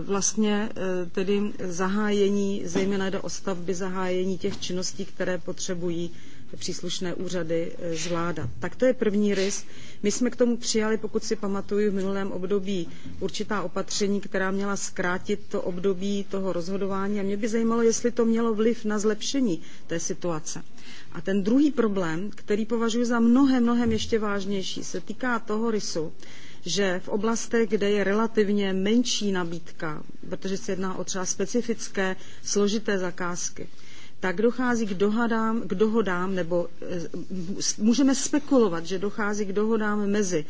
vlastně tedy zahájení, zejména jde o stavby zahájení těch činností, které potřebují příslušné úřady eh, zvládat. Tak to je první rys. My jsme k tomu přijali, pokud si pamatuju, v minulém období určitá opatření, která měla zkrátit to období toho rozhodování. A mě by zajímalo, jestli to mělo vliv na zlepšení té situace. A ten druhý problém, který považuji za mnohem, mnohem ještě vážnější, se týká toho rysu, že v oblastech, kde je relativně menší nabídka, protože se jedná o třeba specifické složité zakázky, tak dochází k, dohadám, k dohodám, nebo eh, můžeme spekulovat, že dochází k dohodám mezi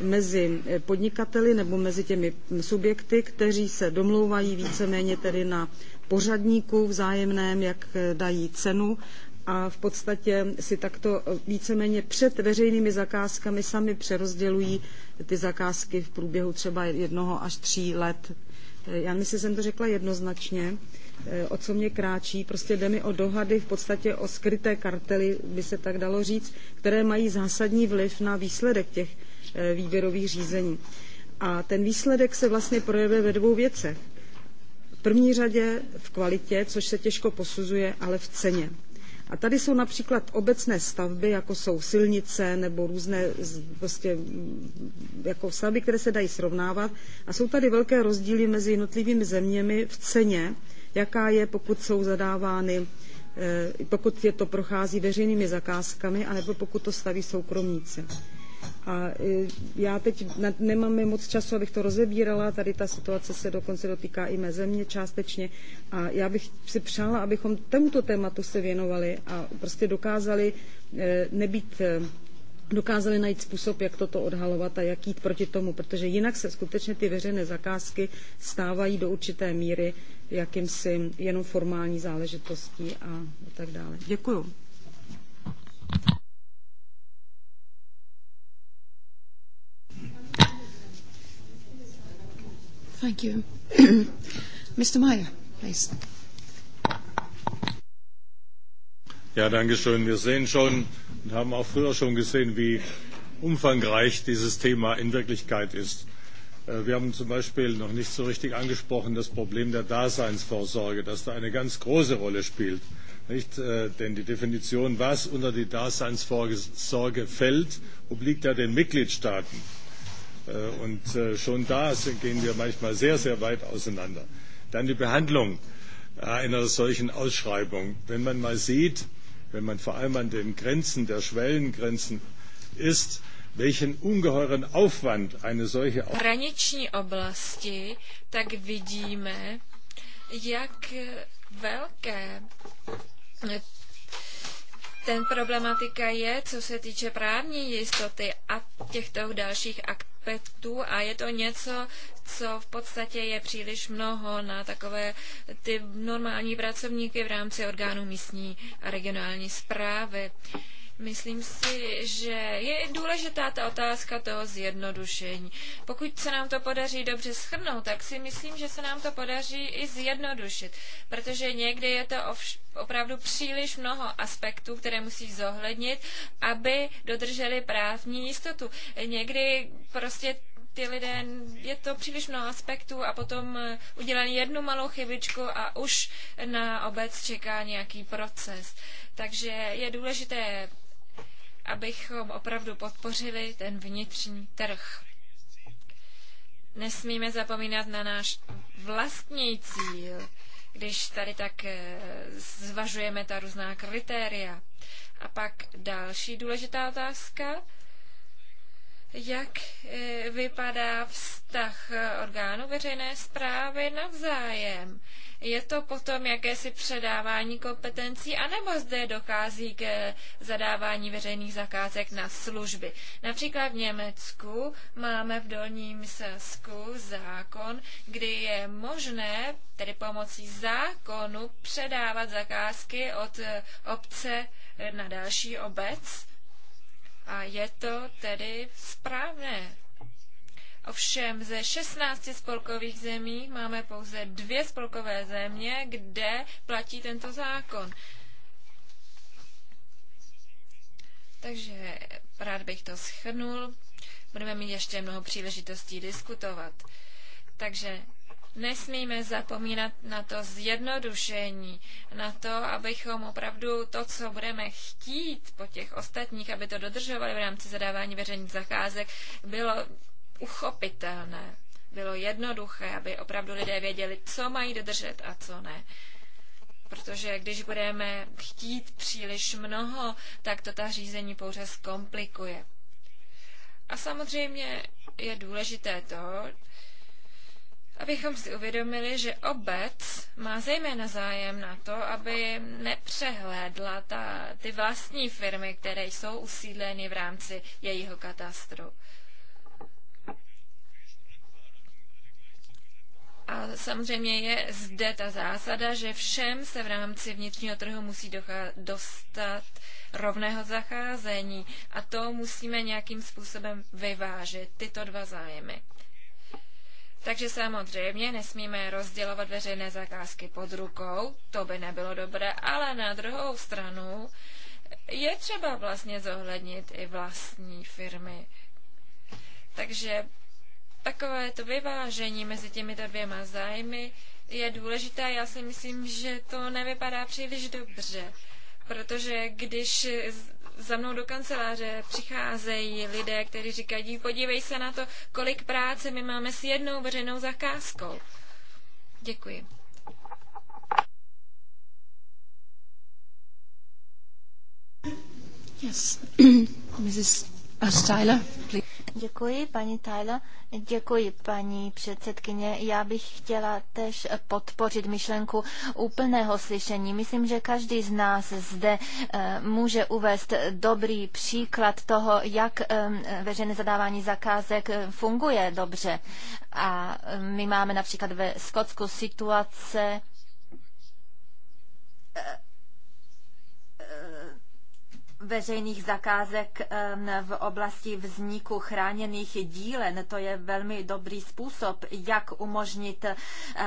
mezi eh, podnikateli nebo mezi těmi subjekty, kteří se domlouvají víceméně tedy na pořadníku vzájemném, jak eh, dají cenu a v podstatě si takto víceméně před veřejnými zakázkami sami přerozdělují ty zakázky v průběhu třeba jednoho až tří let Eh, já myslím, že jsem to řekla jednoznačně eh, o co mě kráčí. Prostě jde mi o dohady, v podstatě o skryté kartely, by se tak dalo říct, které mají zásadní vliv na výsledek těch eh, výběrových řízení. A ten výsledek se vlastně projevuje ve dvou věcech. V první řadě v kvalitě, což se těžko posuzuje, ale v ceně. A tady jsou například obecné stavby, jako jsou silnice nebo různé prostě, mm, jako stavby, které se dají srovnávat. A jsou tady velké rozdíly mezi jednotlivými zeměmi v ceně, jaká je, pokud jsou zadávány eh, pokud je to prochází veřejnými zakázkami, anebo pokud to staví soukromníci. A e, já teď nemám moc času, abych to rozebírala, tady ta situace se dokonce dotýká i mé země částečně a já bych si přála, abychom tomuto tématu se věnovali a prostě dokázali e, nebýt e, dokázali najít způsob, jak toto odhalovat a jak jít proti tomu, protože jinak se skutečně ty veřejné zakázky stávají do určité míry jakýmsi jenom formální záležitostí a tak dále. Děkuju. Thank you. Mr. Meyer, please. Ja, danke schön. Wir sehen schon und haben auch früher schon gesehen, wie umfangreich dieses Thema in Wirklichkeit ist. Äh, wir haben zum Beispiel noch nicht so richtig angesprochen das Problem der Daseinsvorsorge, das da eine ganz große Rolle spielt. Nicht? Äh, denn die Definition, was unter die Daseinsvorsorge fällt, obliegt ja den Mitgliedstaaten. Äh, und äh, schon da gehen wir manchmal sehr, sehr weit auseinander. Dann die Behandlung äh, einer solchen Ausschreibung. Wenn man mal sieht, wenn man vor allem an den Grenzen der Schwellengrenzen ist, welchen ungeheuren Aufwand eine solche Ausschreibung ten problematika je, co se týče právní jistoty a těchto dalších aspektů a je to něco, co v podstatě je příliš mnoho na takové ty normální pracovníky v rámci orgánů místní a regionální zprávy. Uh, Myslím si, že je důležitá ta otázka toho zjednodušení. Pokud se nám to podaří dobře schrnout, tak si myslím, že se nám to podaří i zjednodušit, protože někdy je to opravdu příliš mnoho aspektů, které musí zohlednit, aby dodrželi právní jistotu. Někdy prostě ty lidé, je to příliš mnoho aspektů a potom eh, udělají jednu malou chybičku a už na obec čeká nějaký proces. Takže je důležité abychom opravdu podpořili ten vnitřní trh. Nesmíme zapomínat na náš vlastní cíl, když tady tak eh, zvažujeme ta různá kritéria. A pak další důležitá otázka, jak eh, vypadá vztah eh, orgánů veřejné zprávy navzájem. Je to potom jakési předávání kompetencí, anebo zde dochází k zadávání veřejných zakázek na služby. Například v Německu máme v Dolním Sasku zákon, kdy je možné, tedy pomocí zákonu, předávat zakázky od eh, obce na další obec. A je to tedy správné. Ovšem ze 16 spolkových zemí máme pouze dvě spolkové země, kde platí tento zákon. Takže rád bych to schrnul. Budeme mít ještě mnoho příležitostí diskutovat. Takže nesmíme zapomínat na to zjednodušení, na to, abychom opravdu to, co budeme chtít po těch ostatních, aby to dodržovali v rámci zadávání veřejných zakázek, bylo uchopitelné, bylo jednoduché, aby opravdu lidé věděli, co mají dodržet a co ne. Protože když budeme chtít příliš mnoho, tak to ta řízení pouze zkomplikuje. A samozřejmě je důležité to, abychom si uvědomili, že obec má zejména zájem na to, aby nepřehlédla ta, ty vlastní firmy, které jsou usídleny v rámci jejího katastru. A samozřejmě je zde ta zásada, že všem se v rámci vnitřního trhu musí dostat rovného zacházení a to musíme nějakým způsobem vyvážit, tyto dva zájmy. Takže samozřejmě nesmíme rozdělovat veřejné zakázky pod rukou, to by nebylo dobré, ale na druhou stranu je třeba vlastně zohlednit i vlastní firmy. Takže Takové to vyvážení mezi těmito dvěma zájmy je důležité. Já si myslím, že to nevypadá příliš dobře, protože když za mnou do kanceláře přicházejí lidé, kteří říkají, podívej se na to, kolik práce my máme s jednou veřejnou zakázkou. Děkuji. Yes. Mrs. Uh, Děkuji, paní Tyler. Děkuji, paní předsedkyně. Já bych chtěla tež podpořit myšlenku úplného slyšení. Myslím, že každý z nás zde eh, může uvést dobrý příklad toho, jak eh, veřejné zadávání zakázek eh, funguje dobře. A my máme například ve Skotsku situace, veřejných zakázek v oblasti vzniku chráněných dílen. To je velmi dobrý způsob, jak umožnit eh,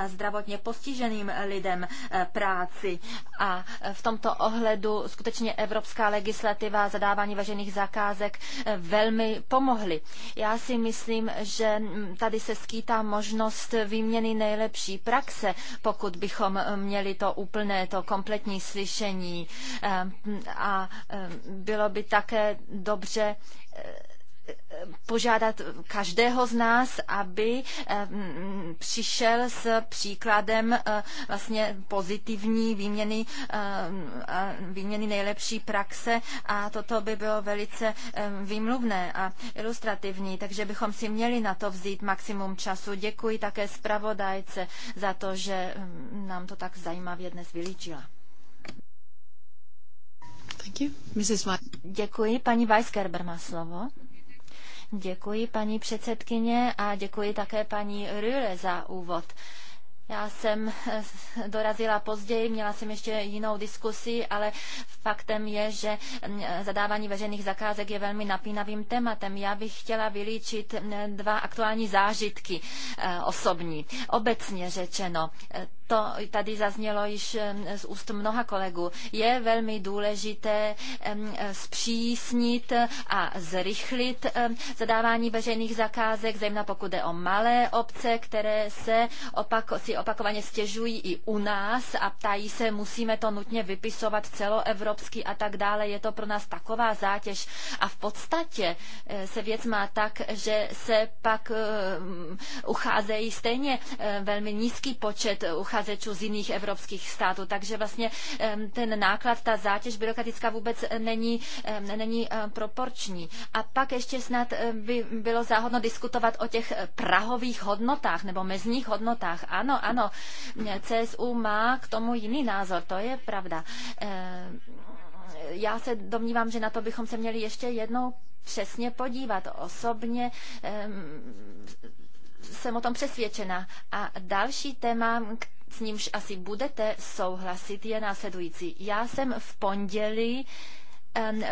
zdravotně postiženým lidem eh, práci. A eh, v tomto ohledu skutečně evropská legislativa zadávání veřejných zakázek velmi pomohly. Já si myslím, že mm, tady se skýtá možnost výměny nejlepší praxe, pokud bychom měli to úplné, to kompletní slyšení. A bylo by také dobře eh, požádat každého z nás, aby eh, mm, přišel s příkladem eh, vlastně pozitivní výměny, výměny nejlepší praxe a toto by bylo velice výmluvné a ilustrativní, takže bychom si měli na to vzít maximum času. Děkuji také zpravodajce za to, že mm, nám to tak zajímavě dnes vylíčila. Thank you. Mrs. Děkuji, paní Weisgerber má slovo. Děkuji, paní předsedkyně, a děkuji také paní Rüle za úvod. Já jsem eh, dorazila později, měla jsem ještě jinou diskusi, ale faktem je, že mm, zadávání veřejných zakázek je velmi napínavým tématem. Já bych chtěla vylíčit mm, dva aktuální zážitky eh, osobní. Obecně řečeno, eh, to tady zaznělo již z úst mnoha kolegů, je velmi důležité zpřísnit a zrychlit zadávání veřejných zakázek, zejména pokud jde o malé obce, které se opak, si opakovaně stěžují i u nás a ptají se, musíme to nutně vypisovat celoevropsky a tak dále. Je to pro nás taková zátěž. A v podstatě eh, se věc má tak, že se pak eh, ucházejí stejně eh, velmi nízký počet ucházejí uchazečů z jiných evropských států. Takže vlastně ten náklad, ta zátěž byrokratická vůbec není, není eh, proporční. A pak ještě snad eh, by bylo záhodno diskutovat o těch eh, prahových hodnotách nebo mezních hodnotách. Ano, ano, CSU má k tomu jiný názor, to je pravda. Já se domnívám, že na to bychom se měli ještě jednou přesně podívat. Osobně jsem o tom přesvědčena. A další téma, s nímž asi budete souhlasit, je následující. Já jsem v pondělí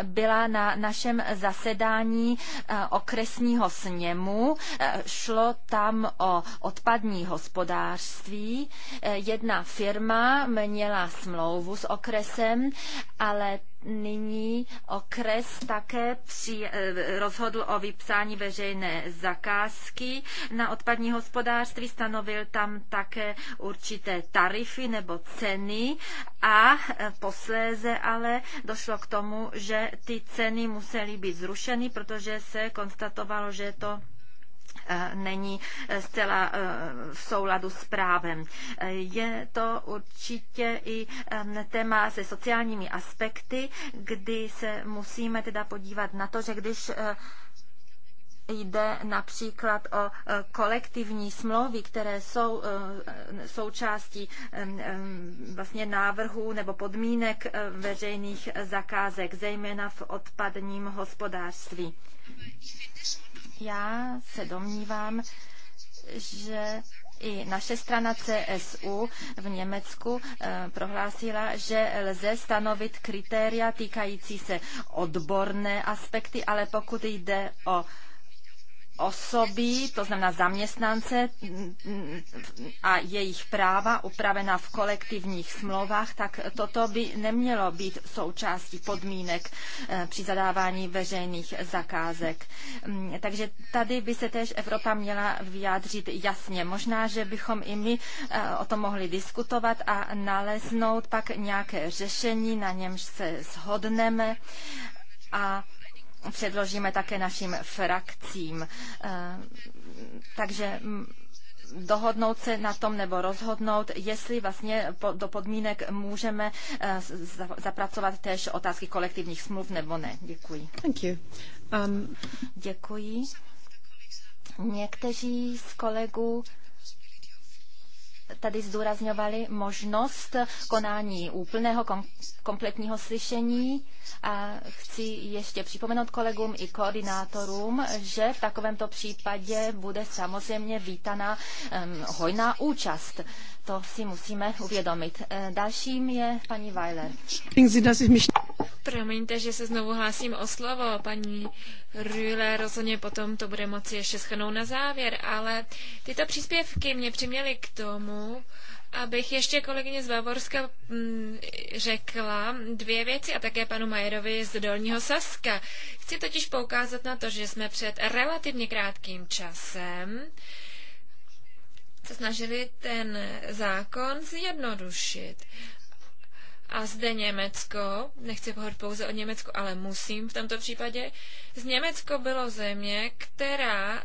byla na našem zasedání eh, okresního sněmu. Eh, šlo tam o odpadní hospodářství. Eh, jedna firma měla smlouvu s okresem, ale nyní okres také při, eh, rozhodl o vypsání veřejné zakázky na odpadní hospodářství, stanovil tam také určité tarify nebo ceny a eh, posléze ale došlo k tomu, že ty ceny musely být zrušeny, protože se konstatovalo, že to Eh, není zcela eh, v souladu s právem. Eh, je to určitě i téma se sociálními aspekty, kdy se musíme teda podívat na to, že když jde například o kolektivní smlouvy, které jsou součástí vlastně návrhů nebo podmínek veřejných zakázek, zejména v odpadním hospodářství. Já se domnívám, že i naše strana CSU v Německu eh, prohlásila, že lze stanovit kritéria týkající se odborné aspekty, ale pokud jde o osoby, to znamená zaměstnance a jejich práva upravená v kolektivních smlouvách, tak toto by nemělo být součástí podmínek eh, při zadávání veřejných zakázek. Mm, takže tady by se též Evropa měla vyjádřit jasně. Možná, že bychom i my eh, o tom mohli diskutovat a naleznout pak nějaké řešení, na němž se shodneme a předložíme také našim frakcím. Eh, takže mm, dohodnout se na tom nebo rozhodnout, jestli vlastně do podmínek můžeme eh, zapracovat též otázky kolektivních smluv nebo ne. Děkuji. Thank you. Um... Děkuji. Někteří z kolegů tady zdůrazňovali možnost konání úplného kom, kompletního slyšení a chci ještě připomenout kolegům i koordinátorům, že v takovémto případě bude samozřejmě vítaná um, hojná účast. Uh, to si musíme uvědomit. Eh, dalším je paní Weiler. Promiňte, že se znovu hlásím o slovo. Paní Rühle rozhodně potom to bude moci ještě schrnout na závěr, ale tyto příspěvky mě přiměly k tomu, abych ještě kolegyně z Bavorska mm, řekla dvě věci a také panu Majerovi z Dolního Saska. Chci totiž poukázat na to, že jsme před relativně krátkým časem se snažili ten zákon zjednodušit. A zde Německo, nechci pohodl pouze o Německu, ale musím v tomto případě, z Německo bylo země, která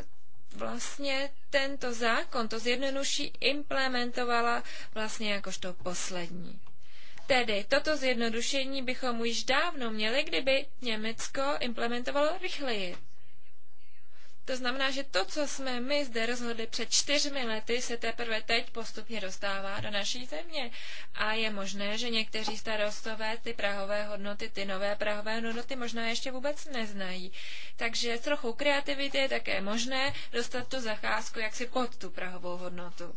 vlastně tento zákon, to zjednoduší, implementovala vlastně jakožto poslední. Tedy toto zjednodušení bychom už dávno měli, kdyby Německo implementovalo rychleji. To znamená, že to, co jsme my zde rozhodli před čtyřmi lety, se teprve teď postupně dostává do naší země. A je možné, že někteří starostové ty prahové hodnoty, ty nové prahové hodnoty možná ještě vůbec neznají. Takže s trochou kreativity je také možné dostat tu zacházku jaksi pod tu prahovou hodnotu.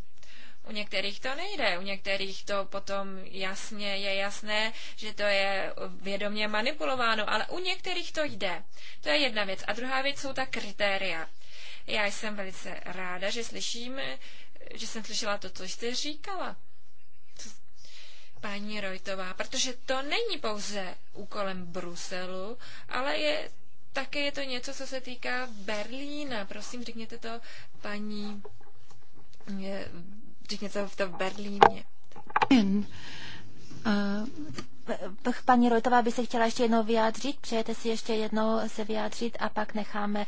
U některých to nejde, u některých to potom jasně je jasné, že to je vědomě manipulováno, ale u některých to jde. To je jedna věc. A druhá věc jsou ta kritéria. Já jsem velice ráda, že slyším, že jsem slyšela to, co jste říkala paní Rojtová, protože to není pouze úkolem Bruselu, ale je, také je to něco, co se týká Berlína. Prosím, řekněte to paní eh, příčnice v Berlíně. Eh, eh, paní Rojtová by se chtěla ještě jednou vyjádřit. Přejete si ještě jednou se vyjádřit a pak necháme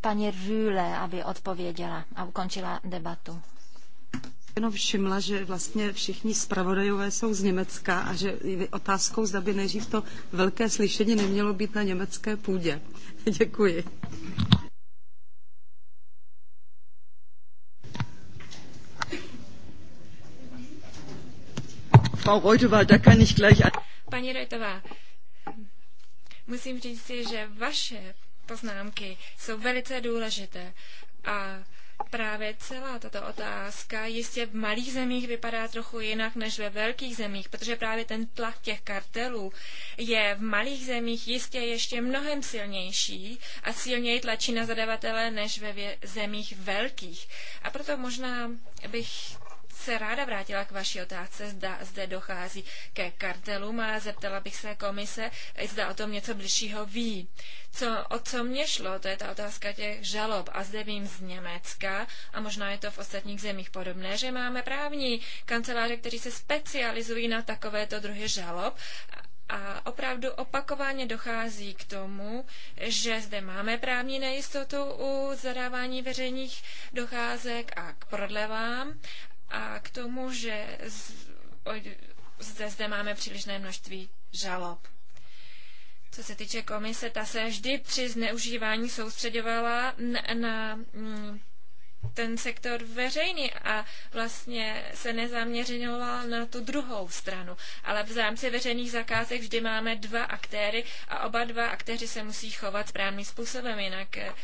paní Rühle, aby odpověděla a ukončila debatu jenom všimla, že vlastně všichni zpravodajové jsou z Německa a že otázkou, zda by nejdřív to velké slyšení nemělo být na německé půdě. Děkuji. Frau Reutová, da kann ich gleich... Paní Reutová, musím říct si, že vaše poznámky jsou velice důležité a Právě celá tato otázka jistě v malých zemích vypadá trochu jinak než ve velkých zemích, protože právě ten tlak těch kartelů je v malých zemích jistě ještě mnohem silnější a silněji tlačí na zadavatele než ve zemích velkých. A proto možná bych se ráda vrátila k vaší otázce, zda zde dochází ke kartelům a zeptala bych se komise, zda o tom něco bližšího ví. Co, o co mě šlo, to je ta otázka těch žalob a zde vím z Německa a možná je to v ostatních zemích podobné, že máme právní kanceláře, kteří se specializují na takovéto druhy žalob a opravdu opakovaně dochází k tomu, že zde máme právní nejistotu u zadávání veřejných docházek a k prodlevám a k tomu, že z, o, zde, zde máme přílišné množství žalob. Co se týče komise, ta se vždy při zneužívání soustředovala na, na mm, ten sektor veřejný a vlastně se nezaměřila na tu druhou stranu. Ale v zámci veřejných zakázek vždy máme dva aktéry a oba dva aktéři se musí chovat správným způsobem, jinak eh,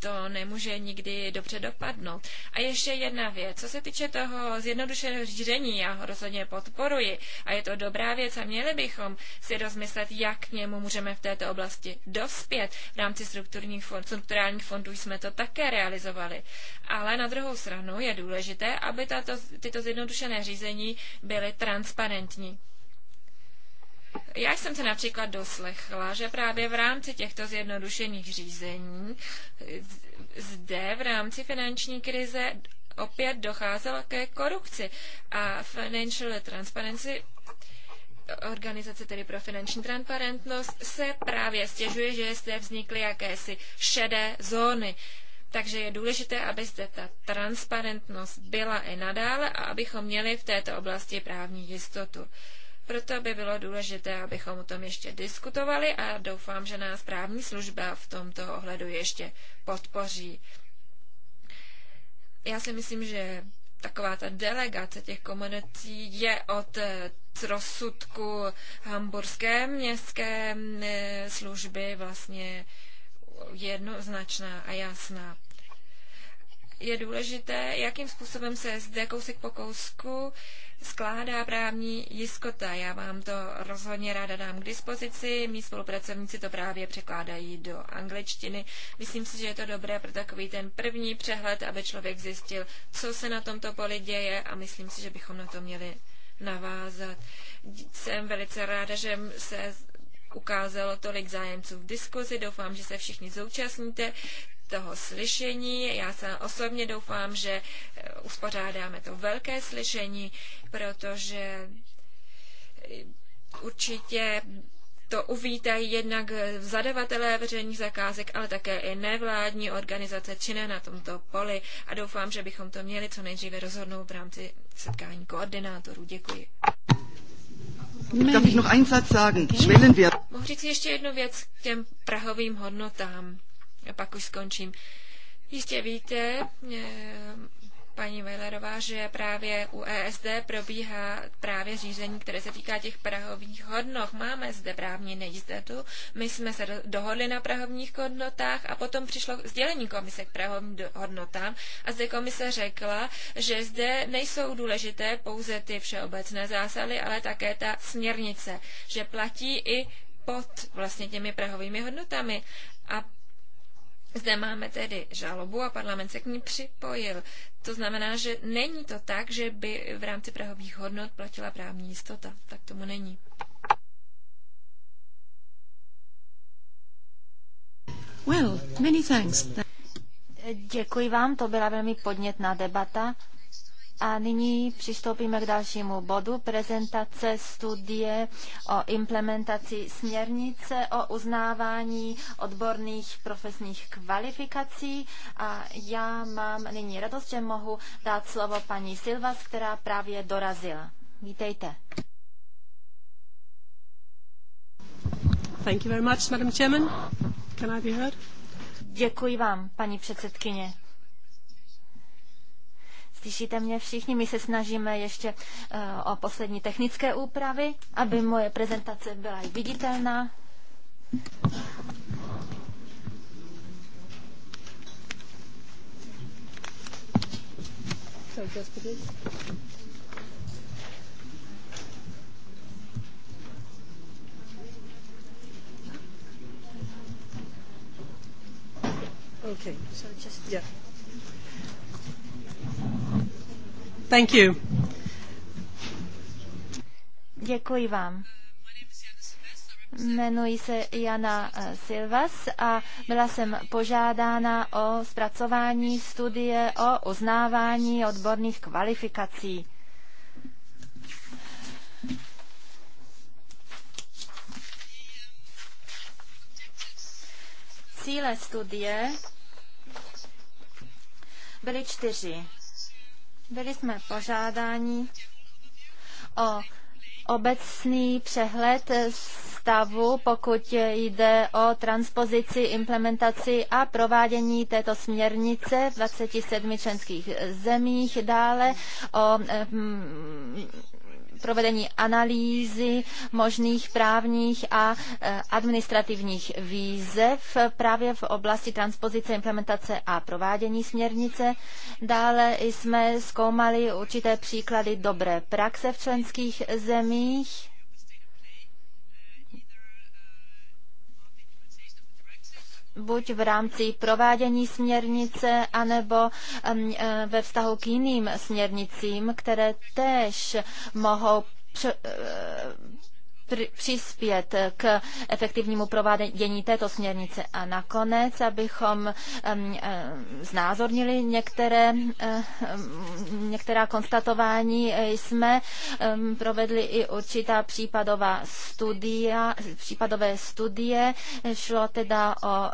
to nemůže nikdy dobře dopadnout. A ještě jedna věc. Co se týče toho zjednodušeného řízení, já ho rozhodně podporuji a je to dobrá věc a měli bychom si rozmyslet, jak k němu můžeme v této oblasti dospět. V rámci strukturních fond, strukturálních fondů jsme to také realizovali. Ale na druhou stranu je důležité, aby tato, tyto zjednodušené řízení byly transparentní. Já jsem se například doslechla, že právě v rámci těchto zjednodušených řízení zde v rámci finanční krize opět docházelo ke korupci a Financial Transparency organizace tedy pro finanční transparentnost se právě stěžuje, že zde vznikly jakési šedé zóny. Takže je důležité, aby zde ta transparentnost byla i nadále a abychom měli v této oblasti právní jistotu. Proto by bylo důležité, abychom o tom ještě diskutovali a doufám, že nás právní služba v tomto ohledu ještě podpoří. Já si myslím, že taková ta delegace těch komunicí je od eh, rozsudku hamburské městské eh, služby vlastně jednoznačná a jasná. Je důležité, jakým způsobem se zde kousek po kousku skládá právní jiskota. Já vám to rozhodně ráda dám k dispozici. Mí spolupracovníci to právě překládají do angličtiny. Myslím si, že je to dobré pro takový ten první přehled, aby člověk zjistil, co se na tomto poli děje a myslím si, že bychom na to měli navázat. Jsem velice ráda, že se ukázalo tolik zájemců v diskuzi. Doufám, že se všichni zúčastníte toho slyšení. Já se osobně doufám, že eh, uspořádáme to velké slyšení, protože eh, určitě to uvítají jednak zadavatelé veřejných zakázek, ale také i nevládní organizace činné na tomto poli a doufám, že bychom to měli co nejdříve rozhodnout v rámci setkání koordinátorů. Děkuji. Darf ich noch einen Satz sagen? Schwellenwert. Mohu říct ještě jednu věc k těm prahovým hodnotám. A pak už skončím. Jistě víte, eh, paní Vejlerová, že právě u ESD probíhá právě řízení, které se týká těch prahových hodnot. Máme zde právní nejistotu, my jsme se dohodli na prahovních hodnotách a potom přišlo sdělení komise k prahovým hodnotám a zde komise řekla, že zde nejsou důležité pouze ty všeobecné zásady, ale také ta směrnice, že platí i pod vlastně těmi prahovými hodnotami. A zde máme tedy žalobu a parlament se k ní připojil. To znamená, že není to tak, že by v rámci prahových hodnot platila právní jistota. Tak tomu není. Well, many thanks. Děkuji vám, to byla velmi podnětná debata. A nyní přistoupíme k dalšímu bodu, prezentace studie o implementaci směrnice o uznávání odborných profesních kvalifikací. A já mám nyní radost, že mohu dát slovo paní Silvas, která právě dorazila. Vítejte. Thank you very much, Madam Chairman. Can I be heard? Děkuji vám, paní předsedkyně. Slyšíte mě všichni, my se snažíme ještě eh, o poslední technické úpravy, aby moje prezentace byla i viditelná. Okay. So just yeah. Thank you. Děkuji vám. Jmenuji se Jana eh, Silvas a byla jsem požádána o zpracování studie o uznávání odborných kvalifikací. Cíle studie byly čtyři. Byli jsme požádáni o obecný přehled stavu, pokud jde o transpozici, implementaci a provádění této směrnice v 27 členských zemích, dále o mm, provedení analýzy možných právních a eh, administrativních výzev právě v oblasti transpozice, implementace a provádění směrnice. Dále jsme zkoumali určité příklady dobré praxe v členských zemích buď v rámci provádění směrnice, anebo e, ve vztahu k jiným směrnicím, které též mohou e, přispět k efektivnímu provádění této směrnice. A nakonec, abychom znázornili některé, některá konstatování, jsme provedli i určitá případová studia, případové studie. Šlo teda o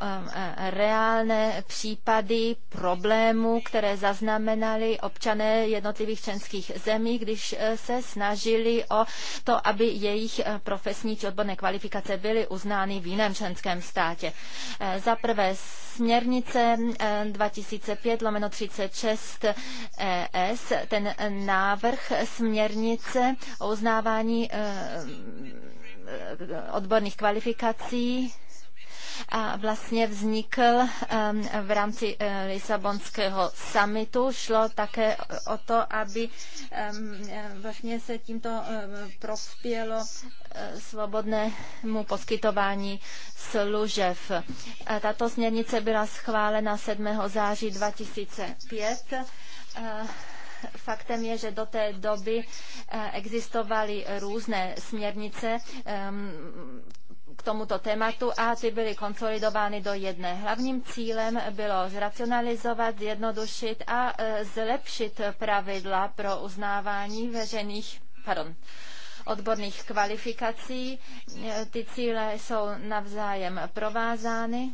reálné případy problémů, které zaznamenali občané jednotlivých členských zemí, když eh, se snažili o to, aby jejich eh, profesní či odborné kvalifikace byly uznány v jiném členském státě. Eh, za prvé směrnice 2005 eh, lomeno 36 ES, ten návrh směrnice o uznávání eh, odborných kvalifikací vlastně vznikl v rámci eh, Lisabonského summitu. Šlo také o to, aby eh, vlastně se tímto eh, prospělo svobodnému poskytování služeb. Tato směrnice byla schválena 7. září 2005 faktem je, že do té doby existovaly různé směrnice k tomuto tématu a ty byly konsolidovány do jedné. Hlavním cílem bylo zracionalizovat, zjednodušit a e, zlepšit pravidla pro uznávání veřejných pardon, odborných kvalifikací. E, ty cíle jsou navzájem provázány.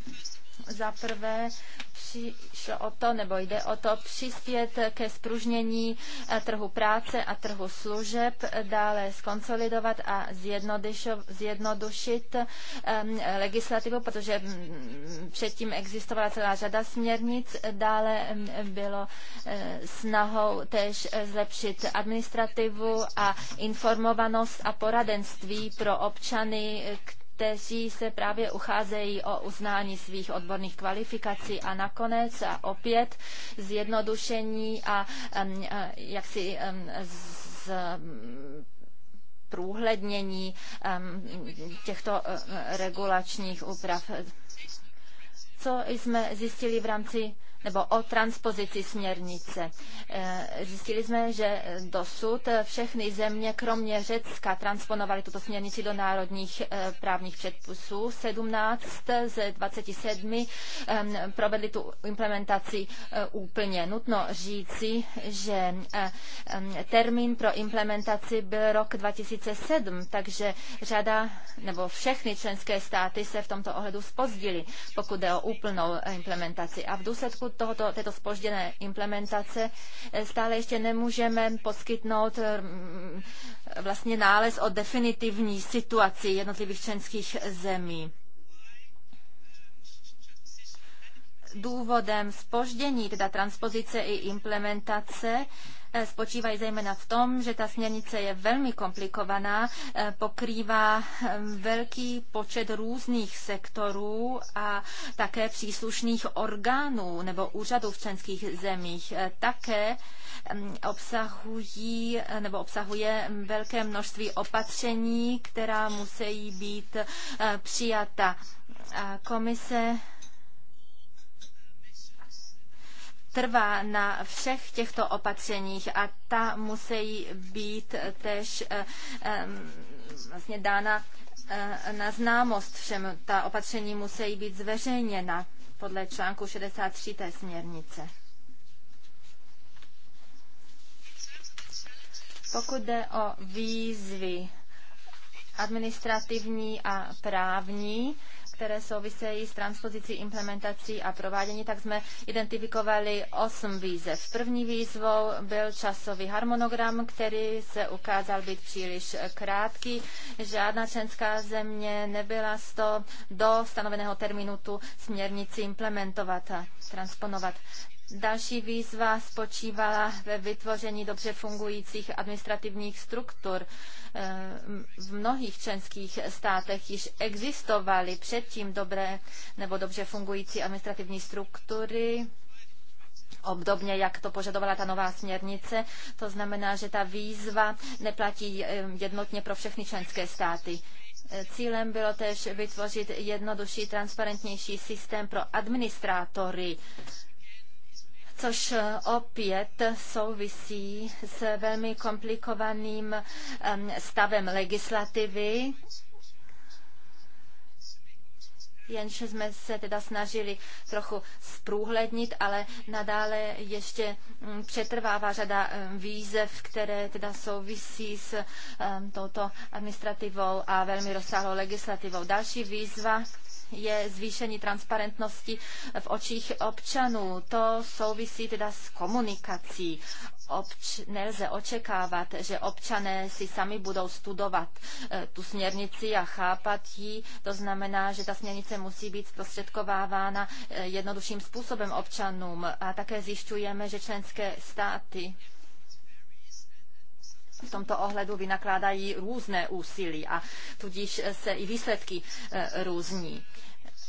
Za prvé přišlo o to, nebo jde o to přispět ke spružnění eh, trhu práce a trhu služeb, dále skonsolidovat a zjednodušit ehm, legislativu, protože mm, předtím existovala celá řada směrnic, dále mm, bylo eh, snahou též zlepšit administrativu a informovanost a poradenství pro občany, které kteří se právě ucházejí o uznání svých odborných kvalifikací a nakonec a opět zjednodušení a um, jaksi um, z, průhlednění um, těchto uh, regulačních úprav. Co jsme zjistili v rámci nebo o transpozici směrnice. Eh, zjistili jsme, že dosud všechny země, kromě Řecka, transponovaly tuto směrnici do národních eh, právních předpisů. 17 z 27 provedli tu implementaci eh, úplně. Nutno říci, že ehm, termín pro implementaci byl rok 2007, takže řada nebo všechny členské státy se v tomto ohledu spozdili, pokud jde o úplnou implementaci. A v důsledku důvodu tohoto, této spožděné implementace stále ještě nemůžeme poskytnout mm, vlastně nález o definitivní situaci jednotlivých členských zemí. Důvodem spoždění, teda transpozice i implementace, Eh, spočívají zejména v tom, že ta směrnice je velmi komplikovaná, eh, pokrývá eh, velký počet různých sektorů a také příslušných orgánů nebo úřadů v členských zemích. Také mm, obsahují nebo obsahuje velké množství opatření, která musí být přijata. Komise trvá na všech těchto opatřeních a ta musí být tež eh, vlastně dána eh, na známost všem. Ta opatření musí být zveřejněna podle článku 63 té směrnice. Pokud jde o výzvy administrativní a právní, které souvisejí s transpozicí, implementací a provádění, tak jsme identifikovali osm výzev. První výzvou byl časový harmonogram, který se ukázal být příliš krátký. Žádná členská země nebyla z toho do stanoveného termínu tu směrnici implementovat a transponovat. Další výzva spočívala ve vytvoření dobře fungujících administrativních struktur. Eh, v mnohých členských státech již existovaly předtím dobré nebo dobře fungující administrativní struktury, obdobně, jak to požadovala ta nová směrnice. To znamená, že ta výzva neplatí eh, jednotně pro všechny členské státy. Eh, cílem bylo tež vytvořit jednodušší, transparentnější systém pro administrátory což eh, opět souvisí s velmi komplikovaným stavem legislativy, jenže jsme se teda snažili trochu zprůhlednit, ale nadále ještě mm, přetrvává řada výzev, které teda souvisí s touto administrativou a velmi rozsáhlou legislativou. Další výzva je zvýšení transparentnosti v očích občanů. To souvisí teda s komunikací. Obč- nelze očekávat, že občané si sami budou studovat e, tu směrnici a chápat ji. To znamená, že ta směrnice musí být zprostředkovávána eh, jednodušším způsobem občanům. A také zjišťujeme, že členské státy v tomto ohledu vynakládají různé úsilí a tudíž se i výsledky eh, různí.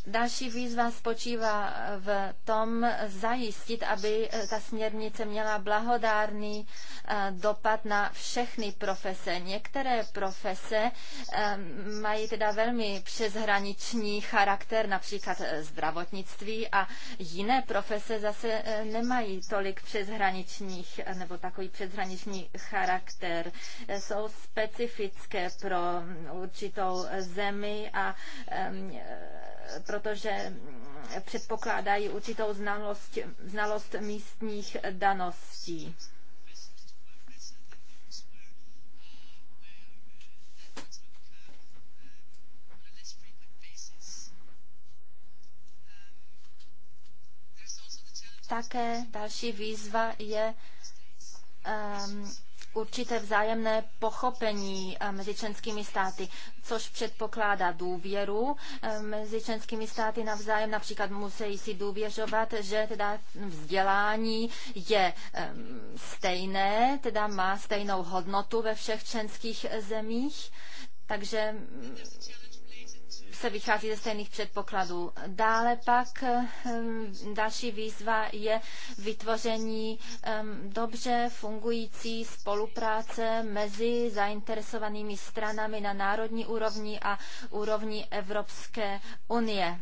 Další výzva spočívá v tom zajistit, aby eh, ta směrnice měla blahodárný eh, dopad na všechny profese. Některé profese eh, mají teda velmi přeshraniční charakter, například zdravotnictví a jiné profese zase nemají tolik přeshraničních nebo takový přeshraniční charakter. Jsou specifické pro mm, určitou zemi a protože mm, předpokládají určitou znalost, znalost místních daností. Také další výzva je um, určité vzájemné pochopení eh, mezi členskými státy, což předpokládá důvěru eh, mezi členskými státy navzájem. Například musí si důvěřovat, že teda vzdělání je ehm, stejné, teda má stejnou hodnotu ve všech členských zemích. Takže se vychází ze stejných předpokladů. Dále pak ehm, další výzva je vytvoření ehm, dobře fungující spolupráce mezi zainteresovanými stranami na národní úrovni a úrovni Evropské unie.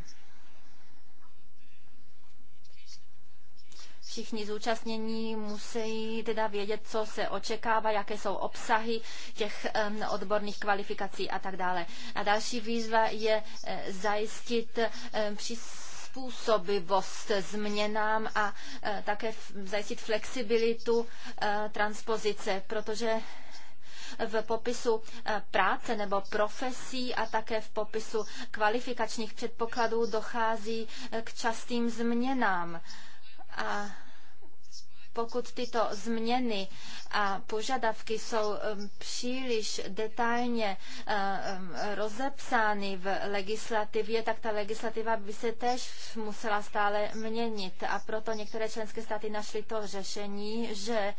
všichni zúčastnění musí teda vědět, co se očekává, jaké jsou obsahy těch odborných kvalifikací a tak dále. A další výzva je e, zajistit přis přizpůsobivost změnám a e, také zajistit flexibilitu e, transpozice, protože v popisu práce nebo profesí a také v popisu kvalifikačních předpokladů dochází k častým změnám. A pokud tyto změny a požadavky jsou um, příliš detailně um, rozepsány v legislativě, tak ta legislativa by se tež musela stále měnit. A proto některé členské státy našly to řešení, že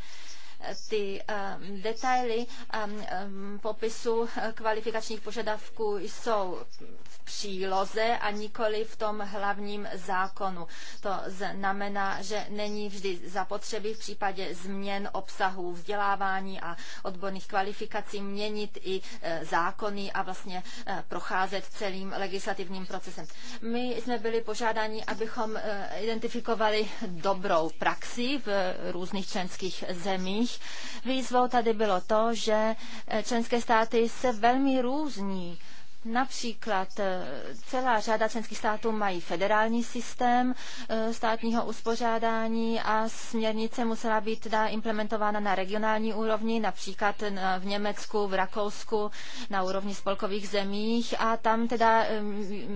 ty ehm, detaily ehm, ehm, popisu kvalifikačních požadavků jsou v příloze a nikoli v tom hlavním zákonu. To znamená, že není vždy zapotřebí v případě změn obsahu vzdělávání a odborných kvalifikací měnit i e, zákony a vlastně e, procházet celým legislativním procesem. My jsme byli požádáni, abychom e, identifikovali dobrou praxi v různých členských zemích dalších. Výzvou tady bylo to, že eh, členské státy se velmi různí Například eh, celá řada členských států mají federální systém eh, státního uspořádání a směrnice musela být teda implementována na regionální úrovni, například v Německu, v Rakousku, na úrovni spolkových zemích a tam teda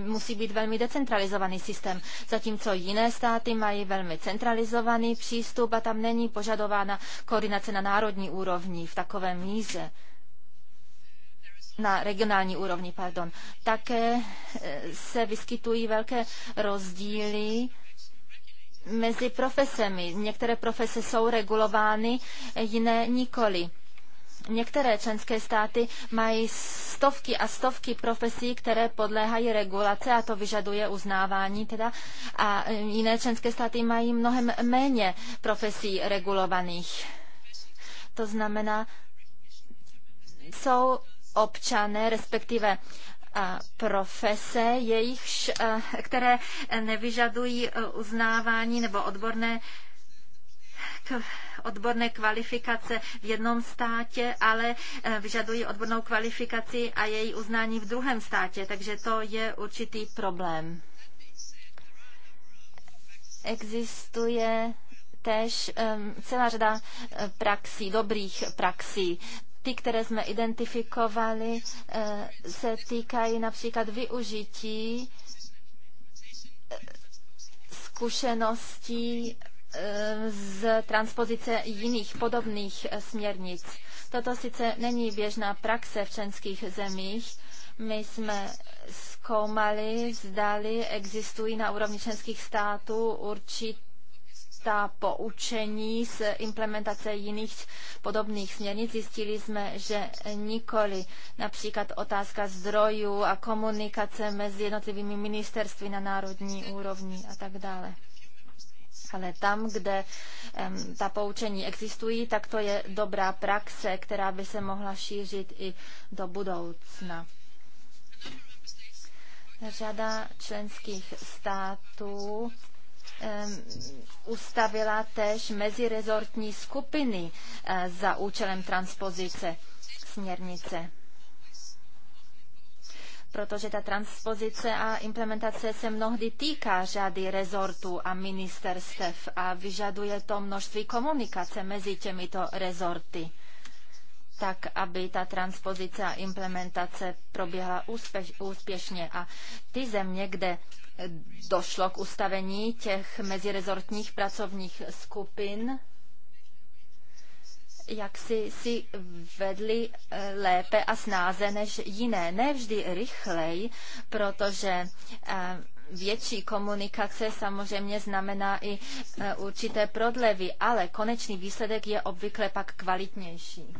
musí být velmi decentralizovaný systém, zatímco jiné státy mají velmi centralizovaný přístup a tam není požadována koordinace na národní úrovni v takové míře na regionální úrovni, pardon. Také e, se vyskytují velké rozdíly mezi profesemi. Některé profese jsou regulovány, jiné nikoli. Některé členské státy mají stovky a stovky profesí, které podléhají regulace a to vyžaduje uznávání teda. A e, jiné členské státy mají mnohem méně profesí regulovaných. To znamená, jsou občané, respektive eh, profese, jejichž, eh, které nevyžadují eh, uznávání nebo odborné odborné kvalifikace v jednom státě, ale vyžadují odbornou kvalifikaci a její uznání v druhém státě, takže to je určitý problém. Existuje tež celá řada praxí, dobrých praxí. Ty, které jsme identifikovali, eh, se týkají například využití eh, zkušeností eh, z transpozice jiných podobných směrnic. Toto sice není běžná praxe v členských zemích. My jsme zkoumali, zdali existují na úrovni členských států určit ta poučení z implementace jiných podobných směrnic. Zjistili jsme, že nikoli například otázka zdrojů a komunikace mezi jednotlivými ministerstvy na národní úrovni a tak dále. Ale tam, kde um, ta poučení existují, tak to je dobrá praxe, která by se mohla šířit i do budoucna. Řada členských států ustavila též mezirezortní skupiny eh, za účelem transpozice směrnice protože ta transpozice a implementace se mnohdy týká řady rezortů a ministerstev a vyžaduje to množství komunikace mezi těmito rezorty tak aby ta transpozice a implementace proběhla úspěš, úspěšně. A ty země, kde došlo k ustavení těch mezirezortních pracovních skupin, jak si, si vedli eh, lépe a snáze než jiné. nevždy rychleji, protože eh, větší komunikace samozřejmě znamená i eh, určité prodlevy, ale konečný výsledek je obvykle pak kvalitnější.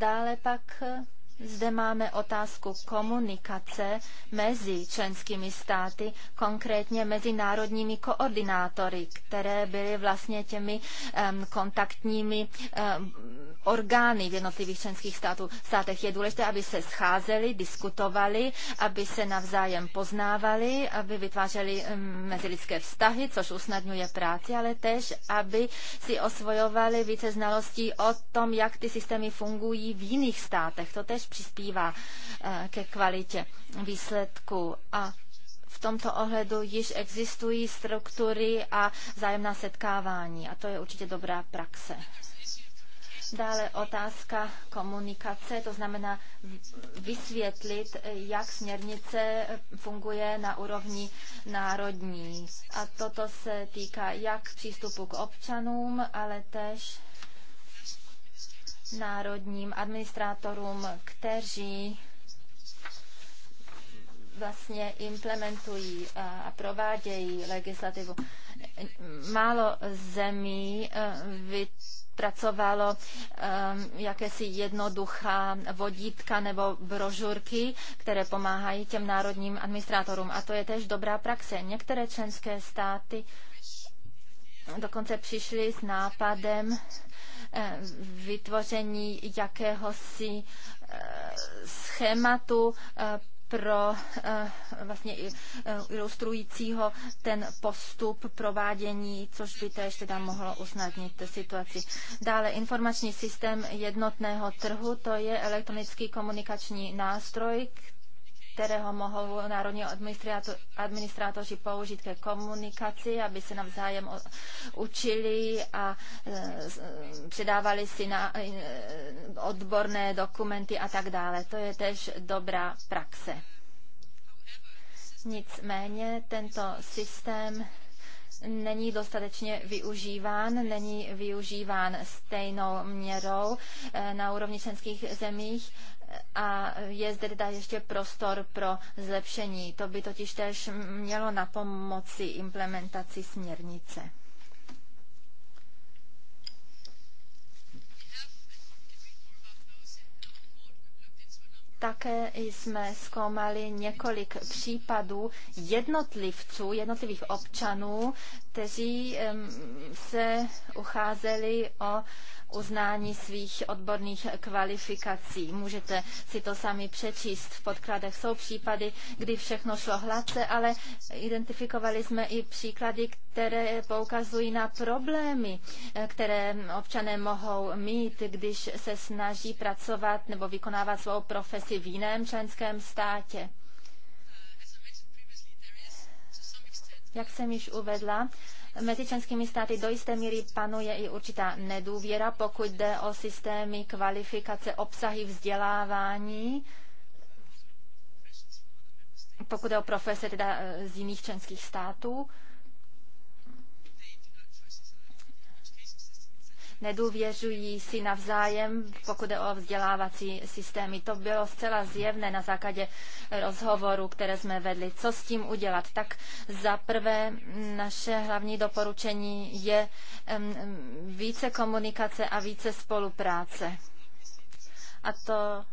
Dále pak eh, zde máme otázku komunikace mezi členskými státy, konkrétně mezi národními koordinátory, které byly vlastně těmi um, kontaktními um, orgány v jednotlivých členských států. státech. Je důležité, aby se scházeli, diskutovali, aby se navzájem poznávali, aby vytvářeli um, mezilidské vztahy, což usnadňuje práci, ale tež, aby si osvojovali více znalostí o tom, jak ty systémy fungují v jiných státech. To tež přispívá uh, ke kvalitě výsledku. A v tomto ohledu již existují struktury a vzájemná setkávání. A to je určitě dobrá praxe. Dále otázka komunikace, to znamená vysvětlit, jak směrnice funguje na úrovni národní. A toto se týká jak přístupu k občanům, ale tež národním administrátorům, kteří vlastně implementují a provádějí legislativu. Málo zemí eh, vytvoří zpracovalo ehm, jakési jednoduchá vodítka nebo brožurky, které pomáhají těm národním administrátorům. A to je tež dobrá praxe. Některé členské státy dokonce přišli s nápadem ehm, vytvoření jakéhosi ehm, schématu pro eh, vlastně eh, ilustrujícího ten postup provádění, což by též teda mohlo usnadnit situaci. Dále informační systém jednotného trhu, to je elektronický komunikační nástroj, kterého mohou národní administrátoři použít ke komunikaci, aby se navzájem učili a e, předávali si na e, odborné dokumenty a tak dále. To je tež dobrá praxe. Nicméně tento systém není dostatečně využíván, není využíván stejnou měrou e, na úrovni členských zemích a je zde teda ještě prostor pro zlepšení. To by totiž též mělo na pomoci implementaci směrnice. Také jsme zkoumali několik případů jednotlivců, jednotlivých občanů, kteří se ucházeli o uznání svých odborných kvalifikací. Můžete si to sami přečíst. V podkladech jsou případy, kdy všechno šlo hladce, ale identifikovali jsme i příklady, které poukazují na problémy, eh, které občané mohou mít, když se snaží pracovat nebo vykonávat svou profesi v jiném členském státě. Jak jsem již uvedla, Mezi členskými státy do jisté míry panuje i určitá nedůvěra, pokud jde o systémy kvalifikace obsahy vzdělávání, pokud jde o profese teda eh, z jiných členských států. nedůvěřují si navzájem, pokud jde o vzdělávací systémy. To bylo zcela zjevné na základě rozhovoru, které jsme vedli. Co s tím udělat? Tak za prvé naše hlavní doporučení je více komunikace a více spolupráce. A to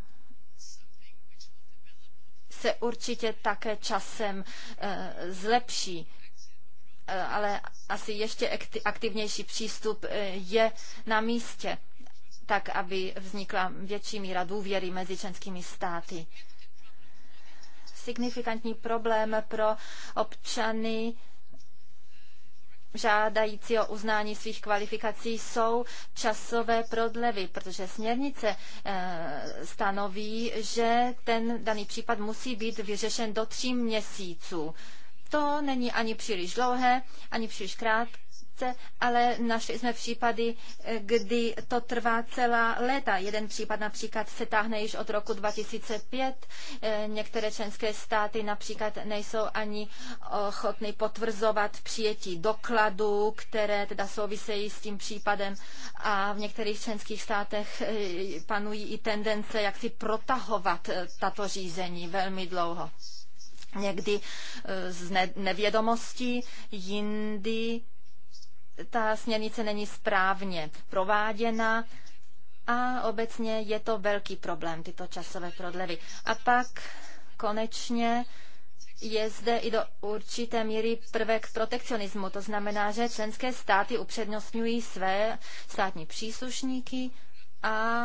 se určitě také časem eh, zlepší eh, ale asi ještě aktivnější přístup eh, je na místě, tak aby vznikla větší míra důvěry mezi členskými státy. Signifikantní problém pro občany žádající o uznání svých kvalifikací jsou časové prodlevy, protože směrnice eh, stanoví, že ten daný případ musí být vyřešen do tří měsíců. To není ani příliš dlouhé, ani příliš krátké krátce, ale našli jsme případy, kdy to trvá celá léta. Jeden případ například se táhne již od roku 2005. Eh, některé členské státy například nejsou ani ochotny potvrzovat přijetí dokladů, které teda souvisejí s tím případem a v některých členských státech eh, panují i tendence, jak si protahovat eh, tato řízení velmi dlouho někdy e, z nevědomosti, jindy ta směrnice není správně prováděna a obecně je to velký problém, tyto časové prodlevy. A pak konečně je zde i do určité míry prvek protekcionismu. To znamená, že členské státy upřednostňují své státní příslušníky a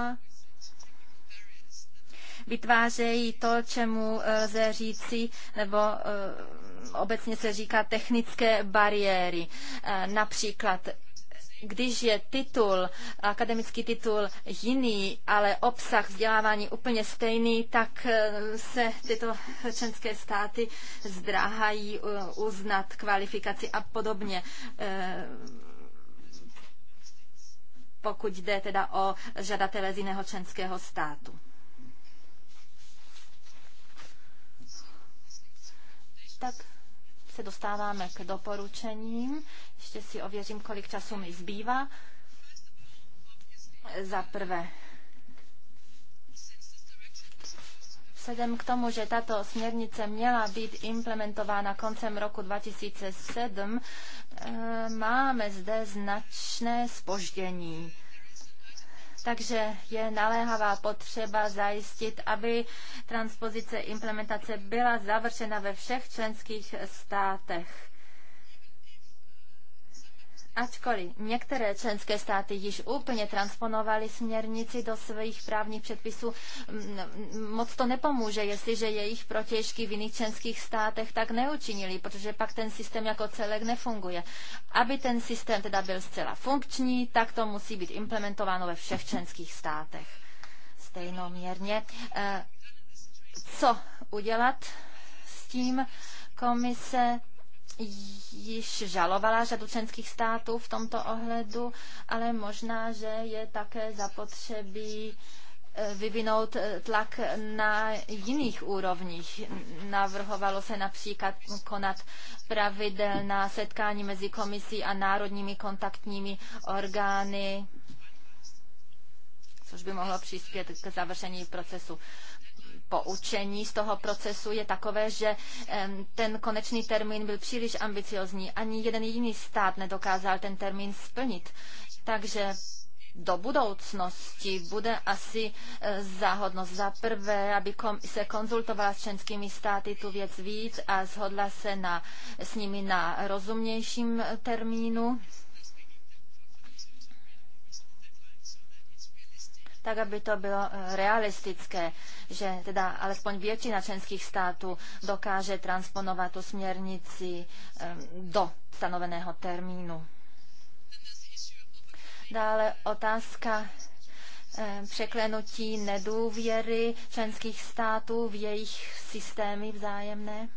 vytvářejí to, čemu eh, lze říci nebo eh, obecně se říká technické bariéry. Eh, například když je titul, akademický titul jiný, ale obsah vzdělávání úplně stejný, tak se tyto členské státy zdráhají uznat kvalifikaci a podobně pokud jde teda o žadatele z jiného členského státu. tak se dostáváme k doporučením. Ještě si ověřím, kolik času mi zbývá. Za prvé, Vzhledem k tomu, že tato směrnice měla být implementována koncem roku 2007, eh, máme zde značné spoždění. Takže je naléhavá potřeba zajistit, aby transpozice implementace byla završena ve všech členských státech Ačkoliv některé členské státy již úplně transponovaly směrnici do svých právních předpisů, moc to nepomůže, jestliže jejich protěžky v jiných členských státech tak neučinili, protože pak ten systém jako celek nefunguje. Aby ten systém teda byl zcela funkční, tak to musí být implementováno ve všech členských státech stejnoměrně. Eh, co udělat s tím komise? již žalovala řadu členských států v tomto ohledu, ale možná, že je také zapotřebí eh, vyvinout eh, tlak na jiných úrovních. Navrhovalo se například konat pravidelná setkání mezi komisí a národními kontaktními orgány, což by mohlo přispět k završení procesu poučení z toho procesu je takové, že ten konečný termín byl příliš ambiciozní. Ani jeden jiný stát nedokázal ten termín splnit. Takže do budoucnosti bude asi e, záhodnost za prvé, aby se konzultovala s členskými státy tu věc víc a shodla se na, s nimi na rozumnějším e, termínu tak aby to bylo eh, realistické, že teda alespoň většina členských států dokáže transponovat tu směrnici do stanoveného termínu. Dále otázka překlenutí nedůvěry členských států v jejich systémy vzájemné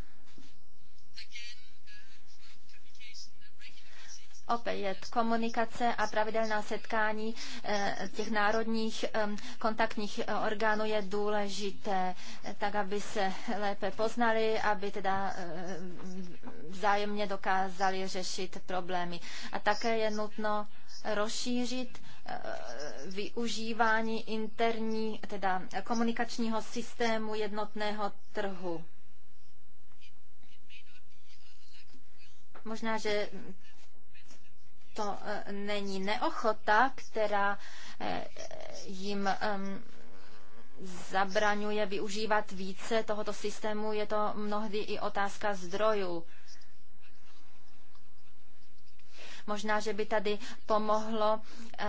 opět komunikace a pravidelná setkání eh, těch národních kontaktních eh, orgánů je důležité, tak aby se lépe poznali, aby teda eh, vzájemně dokázali řešit problémy. A také je nutno rozšířit využívání interní, teda komunikačního systému jednotného trhu. Možná, že to e, není neochota, která e, jim zabraňuje využívat více tohoto systému, je to mnohdy i otázka zdrojů. Možná, že by tady pomohlo e,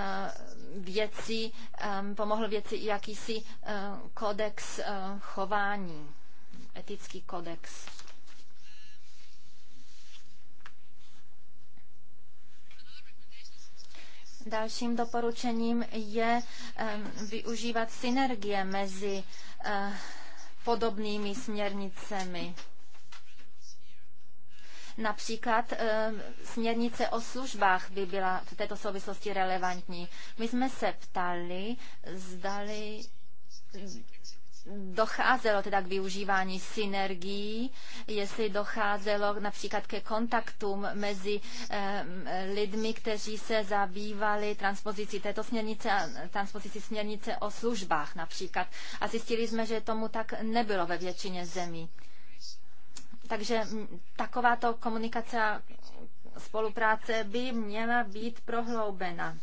věci, pomohl věci jakýsi kodex chování, etický kodex. Dalším doporučením je využívat synergie mezi eh, podobnými směrnicemi. Například e, směrnice o službách by byla v této souvislosti relevantní. My jsme se ptali, zdali docházelo teda k využívání synergií, jestli docházelo například ke kontaktům mezi eh, lidmi, kteří se zabývali transpozicí této směrnice a transpozicí směrnice o službách například. A zjistili jsme, že tomu tak nebylo ve většině zemí. Takže takováto komunikace a spolupráce by měla být prohloubena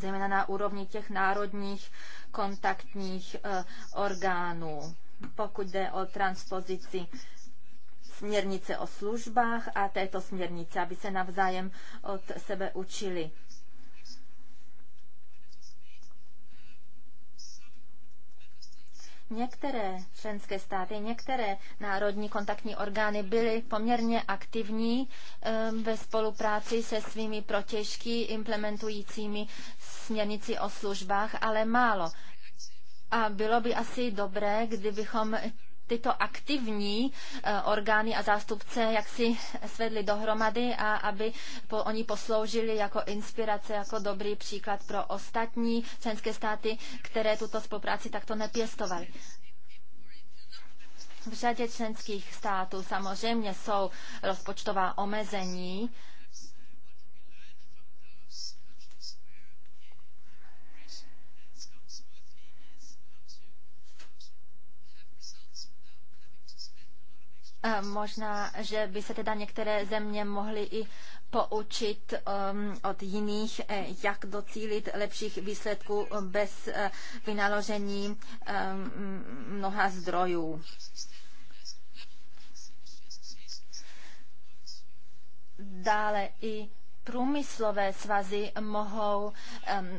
zejména na úrovni těch národních kontaktních eh, orgánů, pokud jde o transpozici směrnice o službách a této směrnice, aby se navzájem od sebe učili. Některé členské státy, některé národní kontaktní orgány byly poměrně aktivní eh, ve spolupráci se svými protěžky implementujícími směrnici o službách, ale málo. A bylo by asi dobré, kdybychom tyto aktivní e, orgány a zástupce jak si svedli dohromady a aby po, oni posloužili jako inspirace, jako dobrý příklad pro ostatní členské státy, které tuto spolupráci takto nepěstovaly. V řadě členských států samozřejmě jsou rozpočtová omezení, Eh, možná, že by se teda některé země mohly i poučit um, od jiných, eh, jak docílit lepších výsledků eh, bez uh, vynaložení um, mnoha zdrojů. Dále i průmyslové svazy mohou um,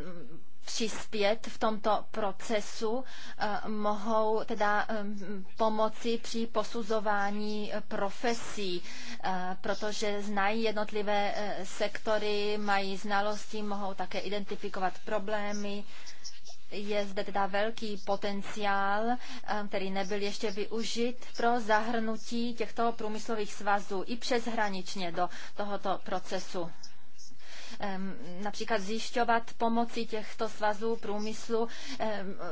přispět v tomto procesu, eh, mohou teda eh, pomoci při posuzování eh, profesí, protože znají jednotlivé sektory, mají znalosti, mohou také identifikovat problémy. Je zde teda velký potenciál, který nebyl ještě využit pro zahrnutí těchto průmyslových svazů i přeshraničně do tohoto procesu například zjišťovat pomocí těchto svazů průmyslu,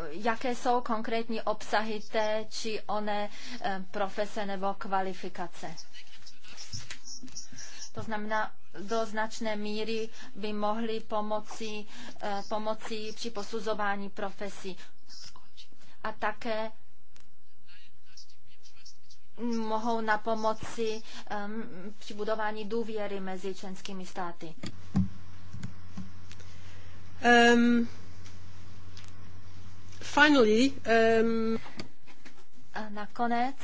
jaké jsou konkrétní obsahy té či oné profese nebo kvalifikace. To znamená, do značné míry by mohly pomoci, e, pomoci při posuzování profesí. A také mohou na pomoci um, při budování důvěry mezi členskými státy. Um, finally, um... A nakonec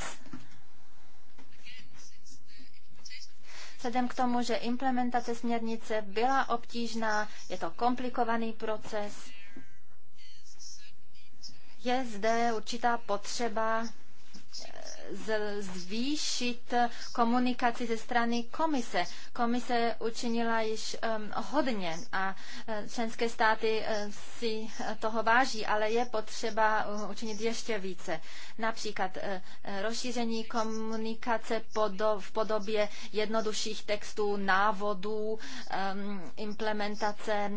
Vzhledem k tomu, že implementace směrnice byla obtížná, je to komplikovaný proces, je zde určitá potřeba zvýšit komunikaci ze strany komise. Komise učinila již hodně a e, členské státy e, si toho váží, ale je potřeba e, učinit ještě více. Například rozšíření komunikace v podobě jednodušších textů, návodů, implementace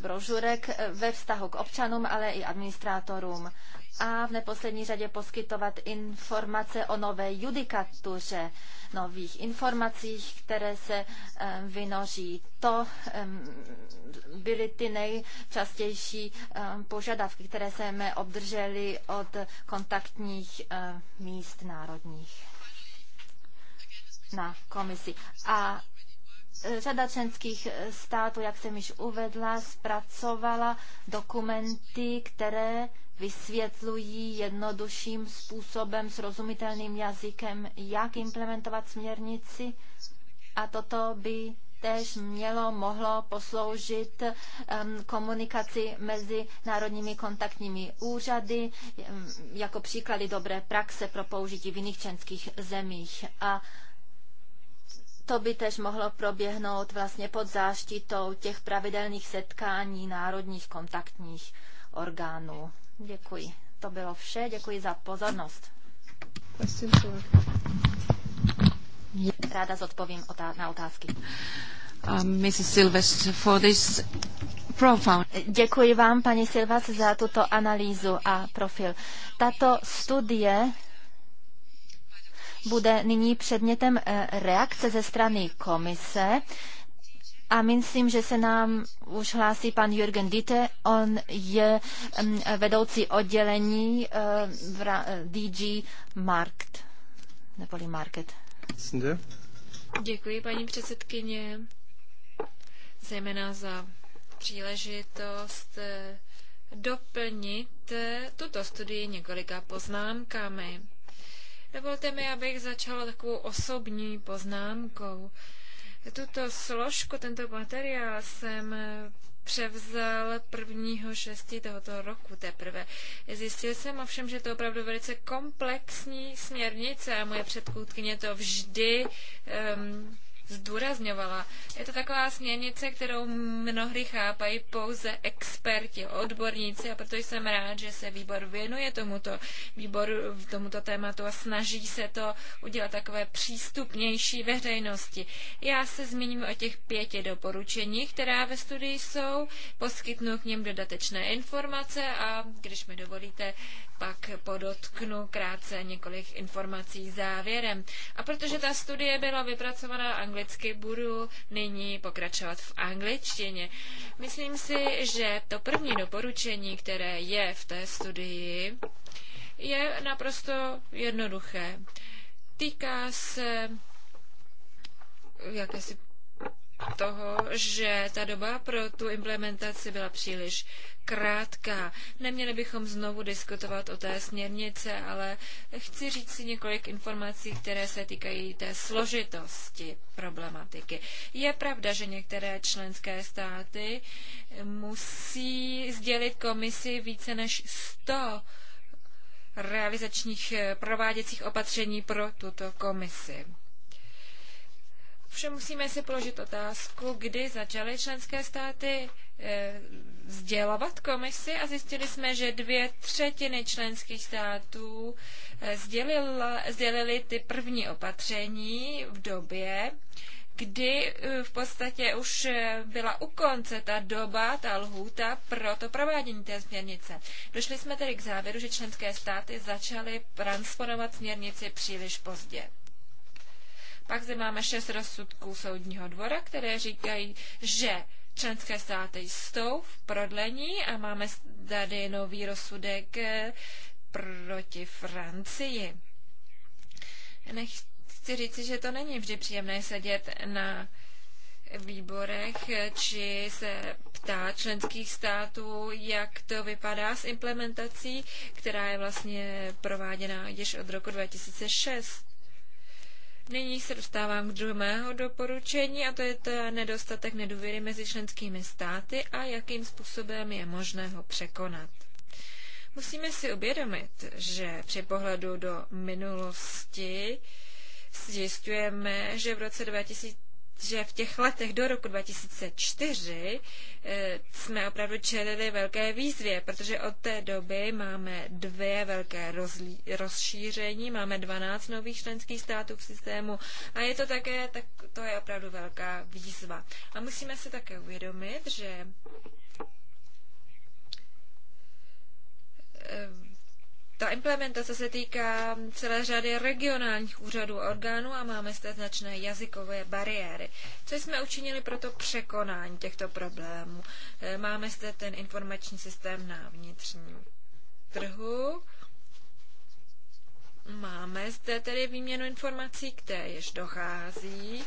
brožurek ve vztahu k občanům, ale i administrátorům a v neposlední řadě poskytovat informace o nové judikatuře, nových informacích, které se eh, vynoří. To ehm, byly ty nejčastější ehm, požadavky, které jsme obdrželi od kontaktních eh, míst národních na komisi. A eh, řada členských států, jak jsem již uvedla, zpracovala dokumenty, které vysvětlují jednodušším způsobem, srozumitelným jazykem, jak implementovat směrnici a toto by tež mělo, mohlo posloužit um, komunikaci mezi národními kontaktními úřady um, jako příklady dobré praxe pro použití v jiných členských zemích. A to by tež mohlo proběhnout vlastně pod záštitou těch pravidelných setkání národních kontaktních orgánů. Děkuji. To bylo vše. Děkuji za pozornost. Ráda zodpovím na otázky. Mrs. Um, for this profile. Děkuji vám, paní Silvas, za tuto analýzu a profil. Tato studie bude nyní předmětem eh, reakce ze strany komise a myslím, že se nám už hlásí pan Jürgen Dite. On je mm, vedoucí oddělení eh, v DG Markt, neboli Market. Děkuji, paní předsedkyně, zejména za příležitost eh, doplnit eh, tuto studii několika poznámkami. Dovolte mi, abych začala takovou osobní poznámkou. Tuto složku, tento materiál jsem převzal 1.6. tohoto roku teprve. Zjistil jsem ovšem, že to je opravdu velice komplexní směrnice a moje předkůdkyně to vždy um, zdůrazňovala. Je to taková směrnice, kterou mnohdy chápají pouze experti, odborníci a proto jsem rád, že se výbor věnuje tomuto výboru, tomuto tématu a snaží se to udělat takové přístupnější veřejnosti. Já se zmíním o těch pěti doporučení, která ve studii jsou, poskytnu k ním dodatečné informace a když mi dovolíte, pak podotknu krátce několik informací závěrem. A protože ta studie byla vypracovaná anglicky, budu nyní pokračovat v angličtině. Myslím si, že to první doporučení, které je v té studii, je naprosto jednoduché. Týká se jakési toho, že ta doba pro tu implementaci byla příliš krátká. Neměli bychom znovu diskutovat o té směrnice, ale chci říct si několik informací, které se týkají té složitosti problematiky. Je pravda, že některé členské státy musí sdělit komisi více než 100 realizačních prováděcích opatření pro tuto komisi. Ovšem musíme si položit otázku, kdy začaly členské státy vzdělovat eh, komisi a zjistili jsme, že dvě třetiny členských států eh, sdělily ty první opatření v době, kdy eh, v podstatě už byla u konce ta doba, ta lhůta pro to provádění té směrnice. Došli jsme tedy k závěru, že členské státy začaly transponovat směrnici příliš pozdě. Pak zde máme šest rozsudků soudního dvora, které říkají, že členské státy jsou v prodlení a máme tady nový rozsudek eh, proti Francii. Nechci říci, že to není vždy příjemné sedět na výborech, eh, či se ptá členských států, jak to vypadá s implementací, která je vlastně prováděna již od roku 2006. Nyní se dostávám k druhému doporučení a to je ten nedostatek nedůvěry mezi členskými státy a jakým způsobem je možné ho překonat. Musíme si uvědomit, že při pohledu do minulosti zjišťujeme, že v roce 2000 že v těch letech do roku 2004 eh, jsme opravdu čelili velké výzvě, protože od té doby máme dvě velké rozlí, rozšíření, máme 12 nových členských států v systému a je to také, tak to je opravdu velká výzva. A musíme se také uvědomit, že eh, ta implementace se týká celé řady regionálních úřadů a orgánů a máme zde značné jazykové bariéry. Co jsme učinili pro to překonání těchto problémů? Eh, máme zde ten informační systém na vnitřním trhu. Máme zde tedy výměnu informací, které již dochází.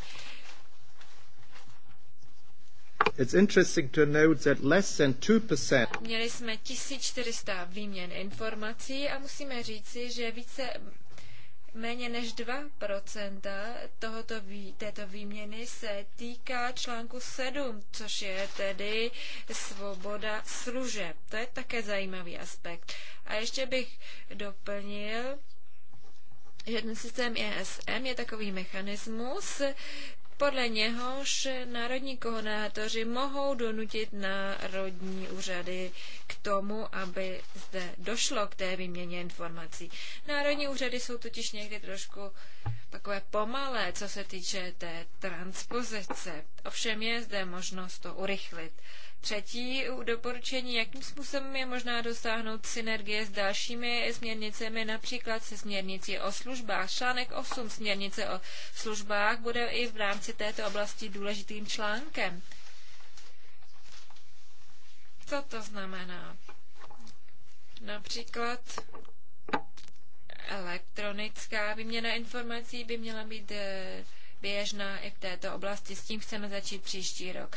It's interesting to note that less than 2%. Měli jsme 1400 výměn informací a musíme říci, že více méně než 2% tohoto této výměny se týká článku 7, což je tedy svoboda služeb. To je také zajímavý aspekt. A ještě bych doplnil, že ten systém ESM je takový mechanismus, podle něhož národní koordinátoři mohou donutit národní úřady k tomu, aby zde došlo k té výměně informací. Národní úřady jsou totiž někdy trošku takové pomalé, co se týče té transpozice. Ovšem je zde možnost to urychlit. Třetí doporučení, jakým způsobem je možná dosáhnout synergie s dalšími směrnicemi, například se směrnicí o službách. Článek 8 směrnice o službách bude i v rámci této oblasti důležitým článkem. Co to znamená? Například elektronická výměna informací by měla být eh, běžná i v této oblasti. S tím chceme začít příští rok.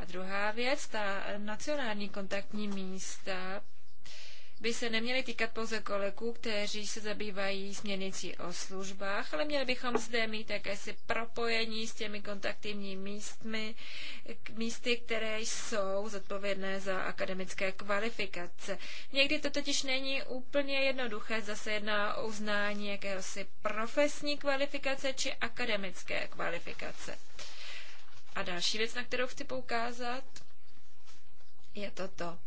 A druhá věc, ta nacionální kontaktní místa by se neměly týkat pouze kolegů, kteří se zabývají směrnicí o službách, ale měli bychom zde mít jakési propojení s těmi kontaktivní místmi, místy, které jsou zodpovědné za akademické kvalifikace. Někdy to totiž není úplně jednoduché, zase jedná o uznání jakéhosi profesní kvalifikace či akademické kvalifikace. A další věc, na kterou chci poukázat, je toto.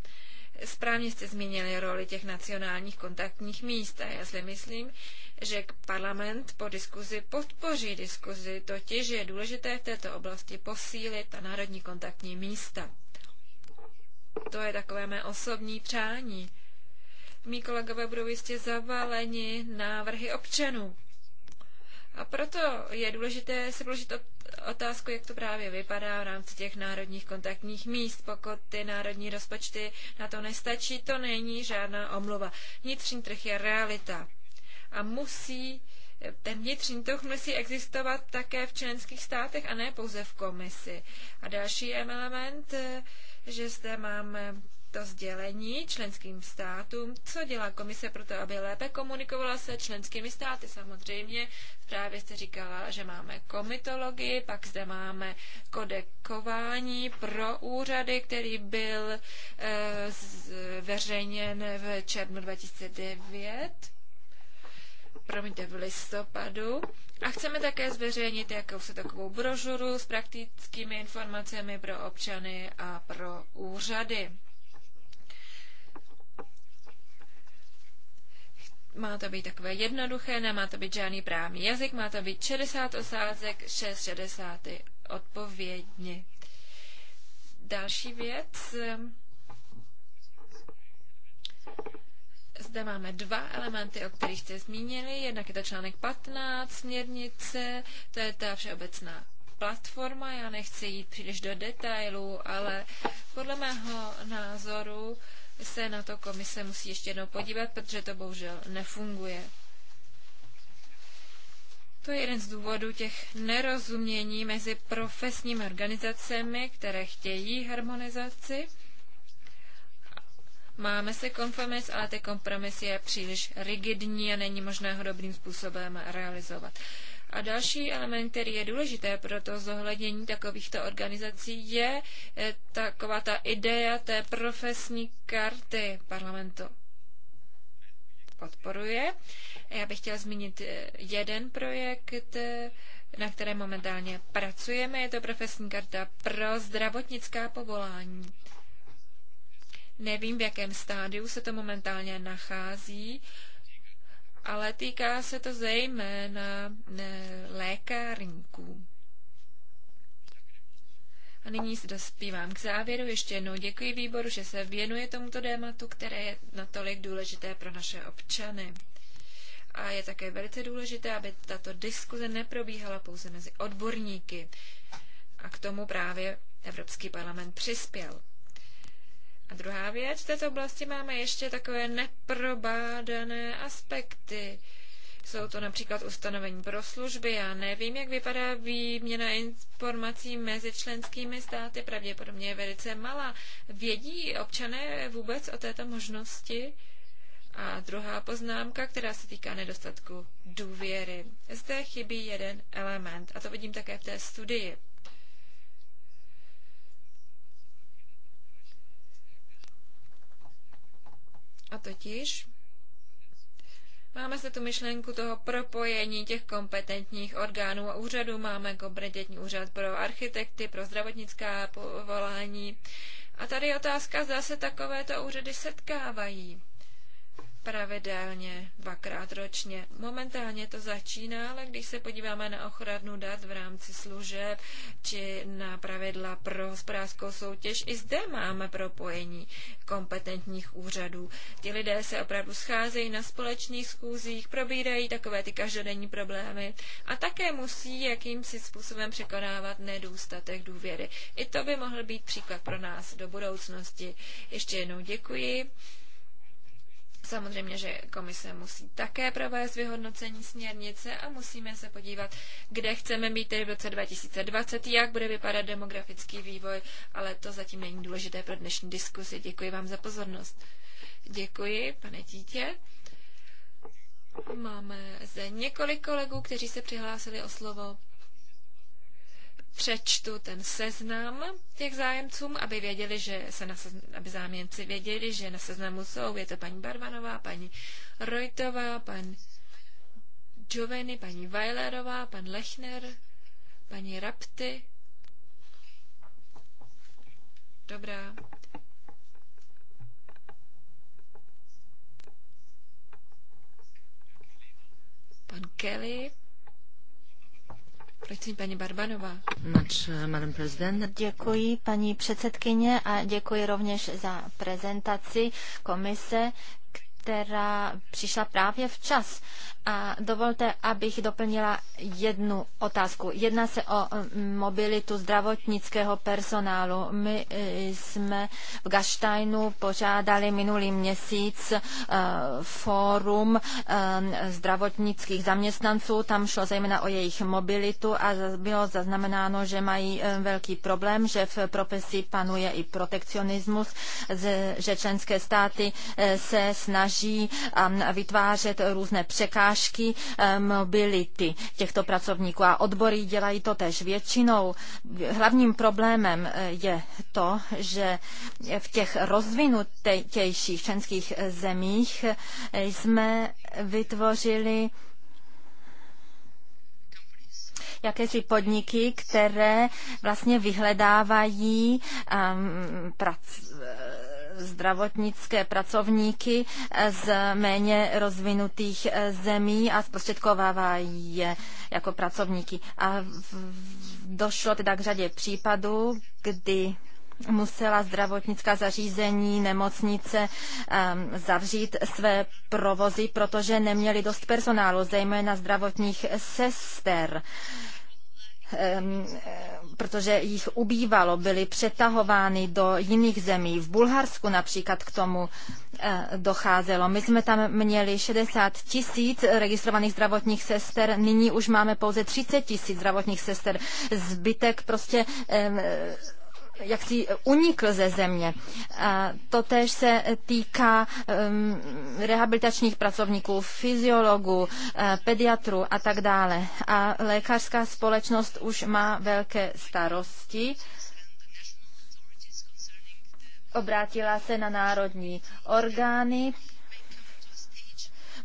Správně jste zmínili roli těch nacionálních kontaktních míst a já si myslím, že parlament po diskuzi podpoří diskuzi, totiž je důležité v této oblasti posílit ta národní kontaktní místa. To je takové mé osobní přání. Mí kolegové budou jistě zavaleni návrhy občanů. A proto je důležité si položit otázku, jak to právě vypadá v rámci těch národních kontaktních míst. Pokud ty národní rozpočty na to nestačí, to není žádná omluva. Vnitřní trh je realita. A musí, ten vnitřní trh musí existovat také v členských státech a ne pouze v komisi. A další element, že zde máme to sdělení členským státům, co dělá komise pro to, aby lépe komunikovala se členskými státy. Samozřejmě právě jste říkala, že máme komitologii, pak zde máme kodekování pro úřady, který byl e, zveřejněn v červnu 2009 promiňte, v listopadu. A chceme také zveřejnit jakousi takovou brožuru s praktickými informacemi pro občany a pro úřady. Má to být takové jednoduché, nemá to být žádný právní jazyk, má to být 60 osázek, 6 60 odpovědně. Další věc. Zde máme dva elementy, o kterých jste zmínili. Jednak je to článek 15 směrnice, to je ta všeobecná platforma. Já nechci jít příliš do detailů, ale podle mého názoru se na to komise musí ještě jednou podívat, protože to bohužel nefunguje. To je jeden z důvodů těch nerozumění mezi profesními organizacemi, které chtějí harmonizaci. Máme se kompromis, ale ten kompromis je příliš rigidní a není možné ho dobrým způsobem realizovat. A další element, který je důležité pro to zohlednění takovýchto organizací, je eh, taková ta idea té profesní karty parlamentu. Podporuje. Já bych chtěla zmínit eh, jeden projekt, eh, na které momentálně pracujeme. Je to profesní karta pro zdravotnická povolání. Nevím, v jakém stádiu se to momentálně nachází ale týká se to zejména e, lékárníků. A nyní se dospívám k závěru. Ještě jednou děkuji výboru, že se věnuje tomuto tématu, které je natolik důležité pro naše občany. A je také velice důležité, aby tato diskuze neprobíhala pouze mezi odborníky. A k tomu právě Evropský parlament přispěl. A druhá věc, v této oblasti máme ještě takové neprobádané aspekty. Jsou to například ustanovení pro služby. Já nevím, jak vypadá výměna informací mezi členskými státy. Pravděpodobně je velice malá. Vědí občané vůbec o této možnosti? A druhá poznámka, která se týká nedostatku důvěry. Zde chybí jeden element a to vidím také v té studii. A totiž máme se tu myšlenku toho propojení těch kompetentních orgánů a úřadů. Máme kompetentní úřad pro architekty, pro zdravotnická povolání. A tady je otázka, zda se takovéto úřady setkávají pravidelně, dvakrát ročně. Momentálně to začíná, ale když se podíváme na ochranu dat v rámci služeb či na pravidla pro hospodářskou soutěž, i zde máme propojení kompetentních úřadů. Ti lidé se opravdu scházejí na společných schůzích, probírají takové ty každodenní problémy a také musí jakýmsi způsobem překonávat nedůstatek důvěry. I to by mohl být příklad pro nás do budoucnosti. Ještě jednou děkuji. Samozřejmě, že komise musí také provést vyhodnocení směrnice a musíme se podívat, kde chceme být tedy v roce 2020, jak bude vypadat demografický vývoj, ale to zatím není důležité pro dnešní diskusi. Děkuji vám za pozornost. Děkuji, pane dítě. Máme zde několik kolegů, kteří se přihlásili o slovo přečtu ten seznam těch zájemcům, aby věděli, že se na seznam, aby zájemci věděli, že na seznamu jsou. Je to paní Barvanová, paní Rojtová, pan Joveny, paní Weilerová, pan Lechner, paní Rapty. Dobrá. Pan Kelly. Prosím, paní Barbanová. Uh, děkuji, paní předsedkyně, a děkuji rovněž za prezentaci komise která přišla právě včas. A dovolte, abych doplnila jednu otázku. Jedná se o mm, mobilitu zdravotnického personálu. My e, jsme v Gaštajnu pořádali minulý měsíc e, fórum e, zdravotnických zaměstnanců. Tam šlo zejména o jejich mobilitu a bylo zaznamenáno, že mají velký problém, že v profesi panuje i protekcionismus, že členské státy se snaží snaží um, vytvářet různé překážky um, mobility těchto pracovníků a odbory dělají to tež. Většinou hlavním problémem eh, je to, že v těch rozvinutějších členských zemích eh, jsme vytvořili jakési podniky, které vlastně vyhledávají um, prac, zdravotnické pracovníky z méně rozvinutých eh, zemí a zprostředkovává je jako pracovníky. A došlo teda k řadě případů, kdy musela zdravotnická zařízení, nemocnice ehm, zavřít své provozy, protože neměli dost personálu, zejména zdravotních sester. Um, Ehm, eh, protože jich ubývalo, byly přetahovány do jiných zemí. V Bulharsku například k tomu eh, docházelo. My jsme tam měli 60 tisíc registrovaných zdravotních sester, nyní už máme pouze 30 tisíc zdravotních sester. Zbytek prostě ehm, jak si unikl ze země. Totež se týká um, rehabilitačních pracovníků, fyziologů, uh, pediatrů a tak dále. A lékařská společnost už má velké starosti obrátila se na národní orgány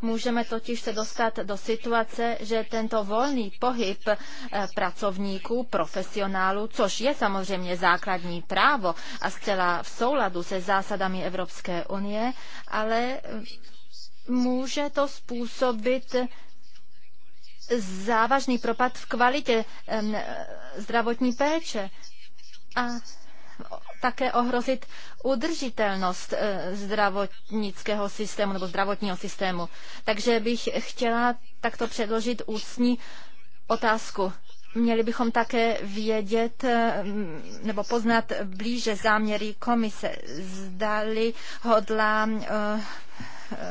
Můžeme totiž se dostat do situace, že tento volný pohyb eh, pracovníků, profesionálů, což je samozřejmě základní právo a zcela v souladu se zásadami Evropské unie, ale eh, může to způsobit závažný propad v kvalitě eh, zdravotní péče. A také ohrozit udržitelnost eh, zdravotnického systému nebo zdravotního systému. Takže bych chtěla takto předložit ústní otázku. Měli bychom také vědět eh, nebo poznat blíže záměry komise. Zdali hodlá eh,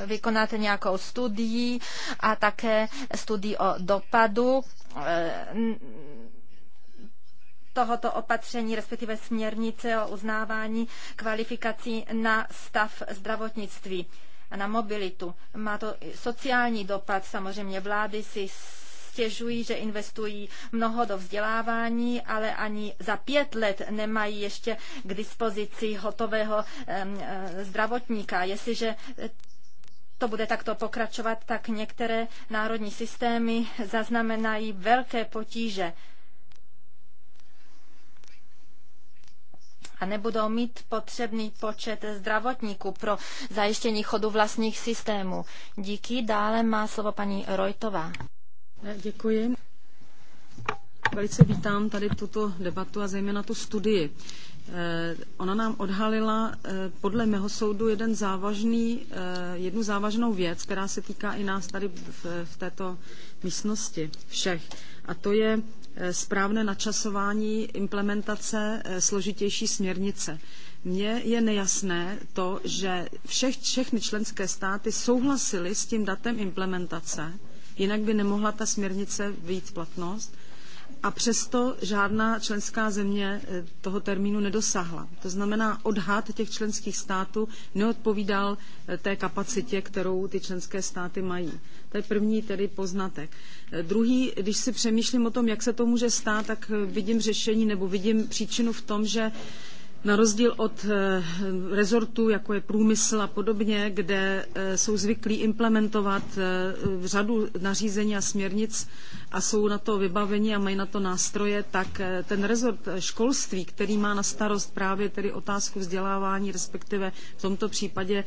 vykonat nějakou studii a také studii o dopadu tohoto opatření, respektive směrnice o uznávání kvalifikací na stav zdravotnictví a na mobilitu. Má to sociální dopad, samozřejmě vlády si stěžují, že investují mnoho do vzdělávání, ale ani za pět let nemají ještě k dispozici hotového eh, zdravotníka. Jestliže to bude takto pokračovat, tak některé národní systémy zaznamenají velké potíže a nebudou mít potřebný počet zdravotníků pro zajištění chodu vlastních systémů. Díky. Dále má slovo paní Rojtová. Děkuji. Velice vítám tady tuto debatu a zejména tu studii. Eh, ona nám odhalila eh, podle mého soudu jeden závažný, eh, jednu závažnou věc, která se týká i nás tady v, v této místnosti všech. A to je správné načasování implementace složitější směrnice. Mně je nejasné to, že všech, všechny členské státy souhlasily s tím datem implementace, jinak by nemohla ta směrnice vyjít v platnost – a přesto žádná členská země eh, toho termínu nedosáhla. To znamená, odhad těch členských států neodpovídal eh, té kapacitě, kterou ty členské státy mají. To je první tedy poznatek. Eh, druhý, když si přemýšlím o tom, jak se to může stát, tak vidím řešení nebo vidím příčinu v tom, že na rozdíl od eh, rezortů, jako je průmysl a podobně, kde eh, jsou zvyklí implementovat eh, řadu nařízení a směrnic a jsou na to vybaveni a mají na to nástroje, tak ten rezort školství, který má na starost právě tedy otázku vzdělávání, respektive v tomto případě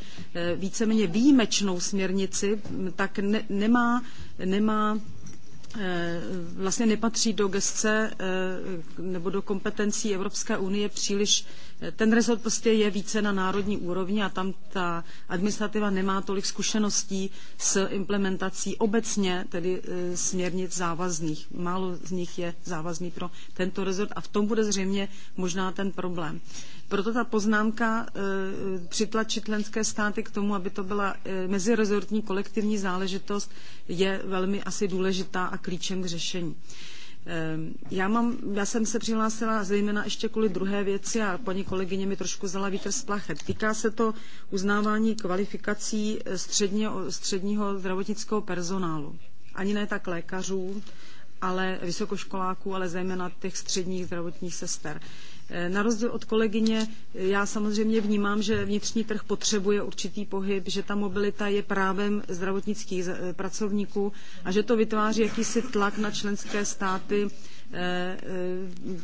víceméně výjimečnou směrnici, tak ne, nemá, nemá Eh, vlastně nepatří do gesce eh, nebo do kompetencí Evropské unie příliš ten rezort prostě je více na národní úrovni a tam ta administrativa nemá tolik zkušeností s implementací obecně, tedy e, směrnic závazných. Málo z nich je závazný pro tento rezort a v tom bude zřejmě možná ten problém. Proto ta poznámka e, přitlačit členské státy k tomu, aby to byla e, mezirezortní kolektivní záležitost, je velmi asi důležitá a klíčem k řešení. E, Ehm, já, mám, já jsem se přihlásila zejména ještě kvůli druhé věci a paní kolegyně mi trošku vzala vítr z plachet. Týká se to uznávání kvalifikací eh, středního zdravotnického personálu. Ani ne tak lékařů, ale vysokoškoláků, ale zejména těch středních zdravotních sester. Eh, na rozdíl od kolegyně, eh, já samozřejmě vnímám, že vnitřní trh potřebuje určitý pohyb, že ta mobilita je právem zdravotnických eh, pracovníků a že to vytváří jakýsi tlak na členské státy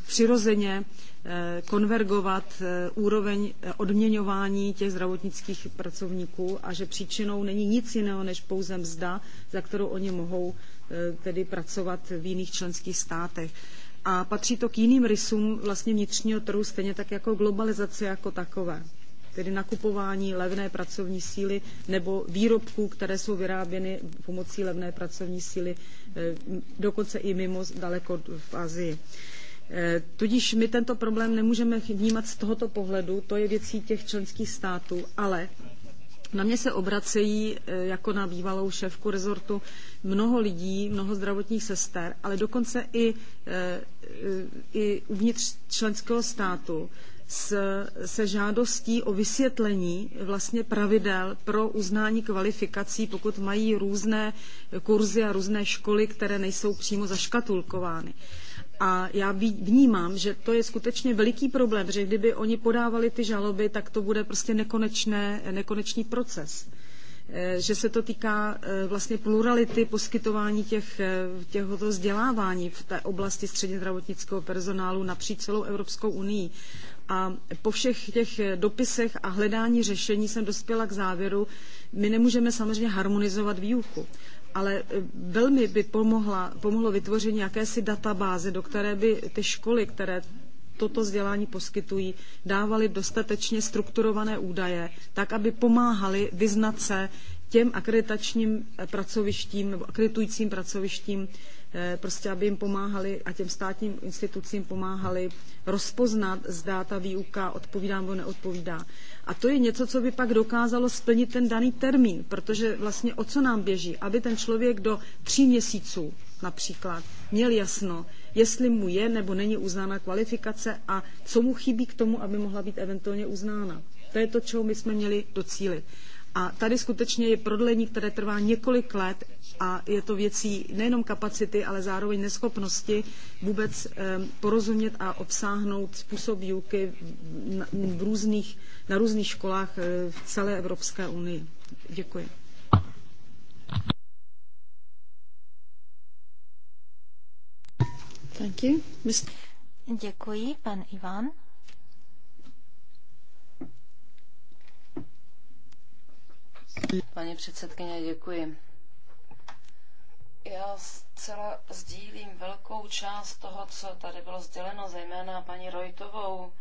přirozeně konvergovat úroveň odměňování těch zdravotnických pracovníků a že příčinou není nic jiného než pouze mzda, za kterou oni mohou tedy pracovat v jiných členských státech a patří to k jiným rysům vlastně vnitřního trhu, stejně tak jako globalizace jako takové tedy nakupování levné pracovní síly nebo výrobků, které jsou vyráběny pomocí levné pracovní síly, eh, dokonce i mimo daleko v Asii. Eh, tudíž my tento problém nemůžeme vnímat z tohoto pohledu, to je věcí těch členských států, ale na mě se obracejí e, jako na bývalou šéfku rezortu mnoho lidí, mnoho zdravotních sester, ale dokonce i, e, e, i uvnitř členského státu se žádostí o vysvětlení vlastně pravidel pro uznání kvalifikací, pokud mají různé kurzy a různé školy, které nejsou přímo zaškatulkovány. A já vnímám, že to je skutečně veliký problém, že kdyby oni podávali ty žaloby, tak to bude prostě nekonečné, nekonečný proces eh, že se to týká eh, vlastně plurality poskytování těch, eh, těchto vzdělávání v té oblasti středně zdravotnického personálu napříč celou Evropskou unii. A po všech těch dopisech a hledání řešení jsem dospěla k závěru, my nemůžeme samozřejmě harmonizovat výuku, ale eh, velmi by pomohla, pomohlo vytvoření jakési databáze, do které by ty školy, které toto vzdělání poskytují, dávaly dostatečně strukturované údaje, tak, aby pomáhali vyznat se těm akreditačním pracovištím, akreditujícím pracovištím, Eh, prostě aby jim pomáhali a těm státním institucím pomáhali rozpoznat, zda ta výuka odpovídá nebo neodpovídá. A to je něco, co by pak dokázalo splnit ten daný termín, protože vlastně o co nám běží, aby ten člověk do tří měsíců například měl jasno, jestli mu je nebo není uznána kvalifikace a co mu chybí k tomu, aby mohla být eventuálně uznána. To je to, čeho my jsme měli docílit. A tady skutečně je prodlení, které trvá několik let a je to věcí nejenom kapacity, ale zároveň neschopnosti vůbec porozumět a obsáhnout způsob výuky v různých, na různých školách e, v celé Evropské unii. Děkuji. Thank you. Děkuji, pan Ivan. Paní předsedkyně, děkuji. Já zcela sdílím velkou část toho, co tady bylo sděleno, zejména paní Rojtovou.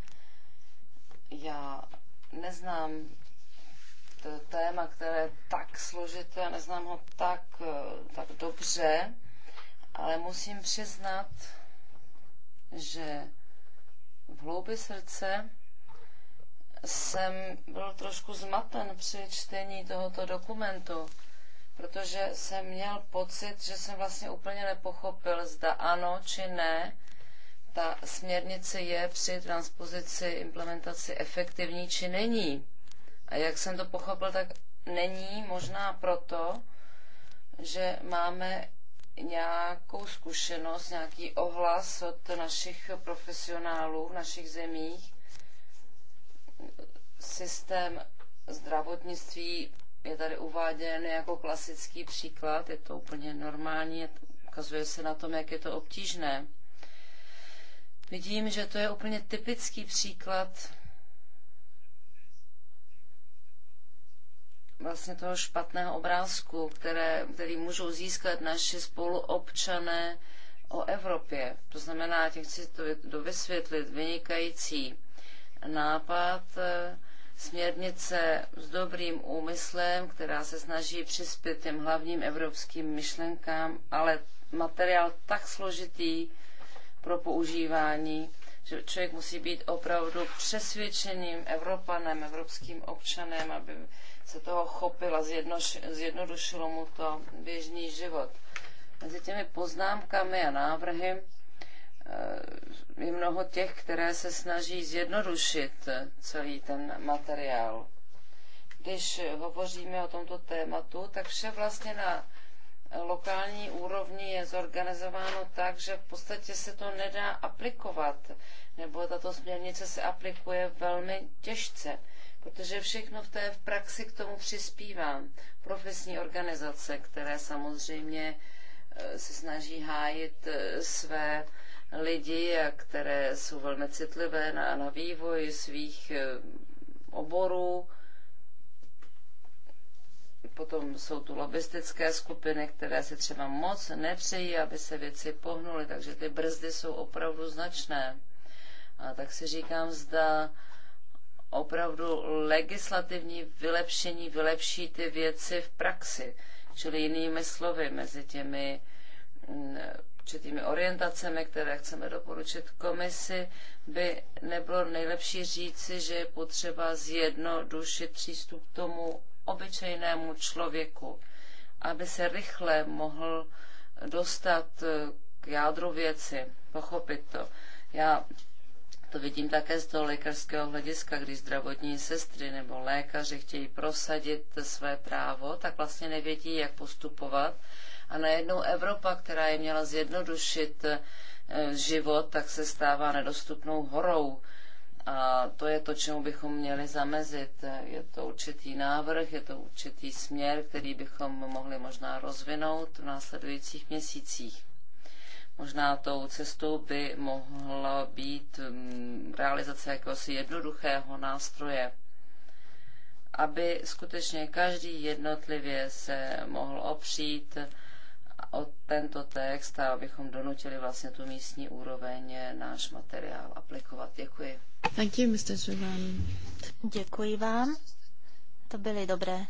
Já neznám to téma, které je tak složité, neznám ho tak, eh, tak dobře, ale musím přiznat, že v hloubi srdce jsem byl trošku zmaten při čtení tohoto dokumentu, protože jsem měl pocit, že jsem vlastně úplně nepochopil, zda ano či ne, ta směrnice je při transpozici implementaci efektivní či není. A jak jsem to pochopil, tak není možná proto, že máme nějakou zkušenost, nějaký ohlas od našich profesionálů v našich zemích, systém zdravotnictví je tady uváděn jako klasický příklad, je to úplně normální, ukazuje se na tom, jak je to obtížné. Vidím, že to je úplně typický příklad vlastně toho špatného obrázku, které, který můžou získat naši spoluobčané o Evropě. To znamená, těch chci to dovysvětlit, vynikající nápad eh, směrnice s dobrým úmyslem, která se snaží přispět těm hlavním evropským myšlenkám, ale materiál tak složitý pro používání, že člověk musí být opravdu přesvědčeným Evropanem, evropským občanem, aby se toho chopil a zjednodušilo mu to běžný život. Mezi těmi poznámkami a návrhy Eh, je mnoho těch, které se snaží zjednodušit eh, celý ten materiál. Když hovoříme o tomto tématu, tak vše vlastně na lokální úrovni je zorganizováno tak, že v podstatě se to nedá aplikovat, nebo tato směrnice se aplikuje velmi těžce, protože všechno v té v praxi k tomu přispívá. Profesní organizace, které samozřejmě eh, se snaží hájit své lidi, které jsou velmi citlivé na, na vývoj svých eh, oborů. Potom jsou tu lobistické skupiny, které se třeba moc nepřejí, aby se věci pohnuly, takže ty brzdy jsou opravdu značné. A tak si říkám, zda opravdu legislativní vylepšení vylepší ty věci v praxi. Čili jinými slovy, mezi těmi mm, určitými orientacemi, které chceme doporučit komisi, by nebylo nejlepší říci, že je potřeba zjednodušit přístup k tomu obyčejnému člověku, aby se rychle mohl dostat eh, k jádru věci, pochopit to. Já to vidím také z toho lékařského hlediska, když zdravotní sestry nebo lékaři chtějí prosadit své právo, tak vlastně nevědí, jak postupovat a najednou Evropa, která je měla zjednodušit eh, život, tak se stává nedostupnou horou. A to je to, čemu bychom měli zamezit. Je to určitý návrh, je to určitý směr, který bychom mohli možná rozvinout v následujících měsících. Možná tou cestou by mohla být mm, realizace jakéhosi jednoduchého nástroje, aby skutečně každý jednotlivě se mohl opřít o tento text a abychom donutili vlastně tu místní úroveň náš materiál aplikovat. Děkuji. Thank you, Mr. Děkuji vám. To byly dobré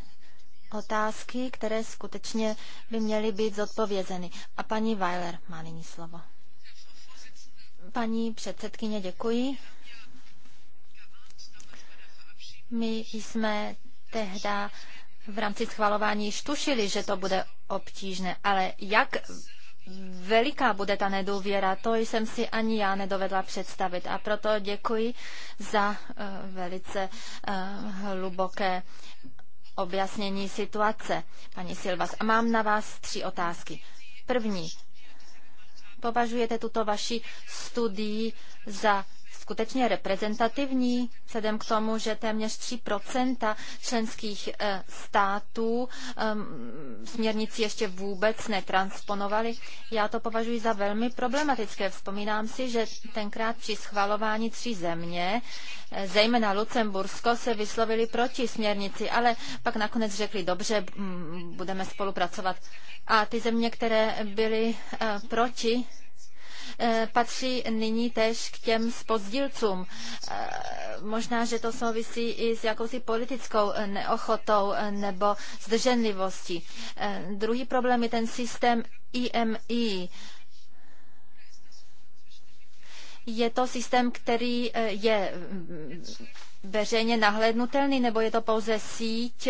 otázky, které skutečně by měly být zodpovězeny. A paní Weiler má nyní slovo. Paní předsedkyně, děkuji. My jsme tehda v rámci schvalování již tušili, že to bude obtížné, ale jak veliká bude ta nedůvěra, to jsem si ani já nedovedla představit. A proto děkuji za uh, velice uh, hluboké objasnění situace, paní Silvas. A mám na vás tři otázky. První. Považujete tuto vaši studii za skutečně reprezentativní, vzhledem k tomu, že téměř 3 členských eh, států ehm, směrnici ještě vůbec netransponovali. Já to považuji za velmi problematické. Vzpomínám si, že tenkrát při schvalování tří země, eh, zejména Lucembursko, se vyslovili proti směrnici, ale pak nakonec řekli, dobře, mm, budeme spolupracovat. A ty země, které byly eh, proti, Eh, patří nyní též k těm spozdilcům. Eh, možná, že to souvisí i s jakousi politickou eh, neochotou nebo zdrženlivostí. Druhý problém je ten systém IMI, je to systém, který eh, je mm, veřejně nahlédnutelný, nebo je to pouze síť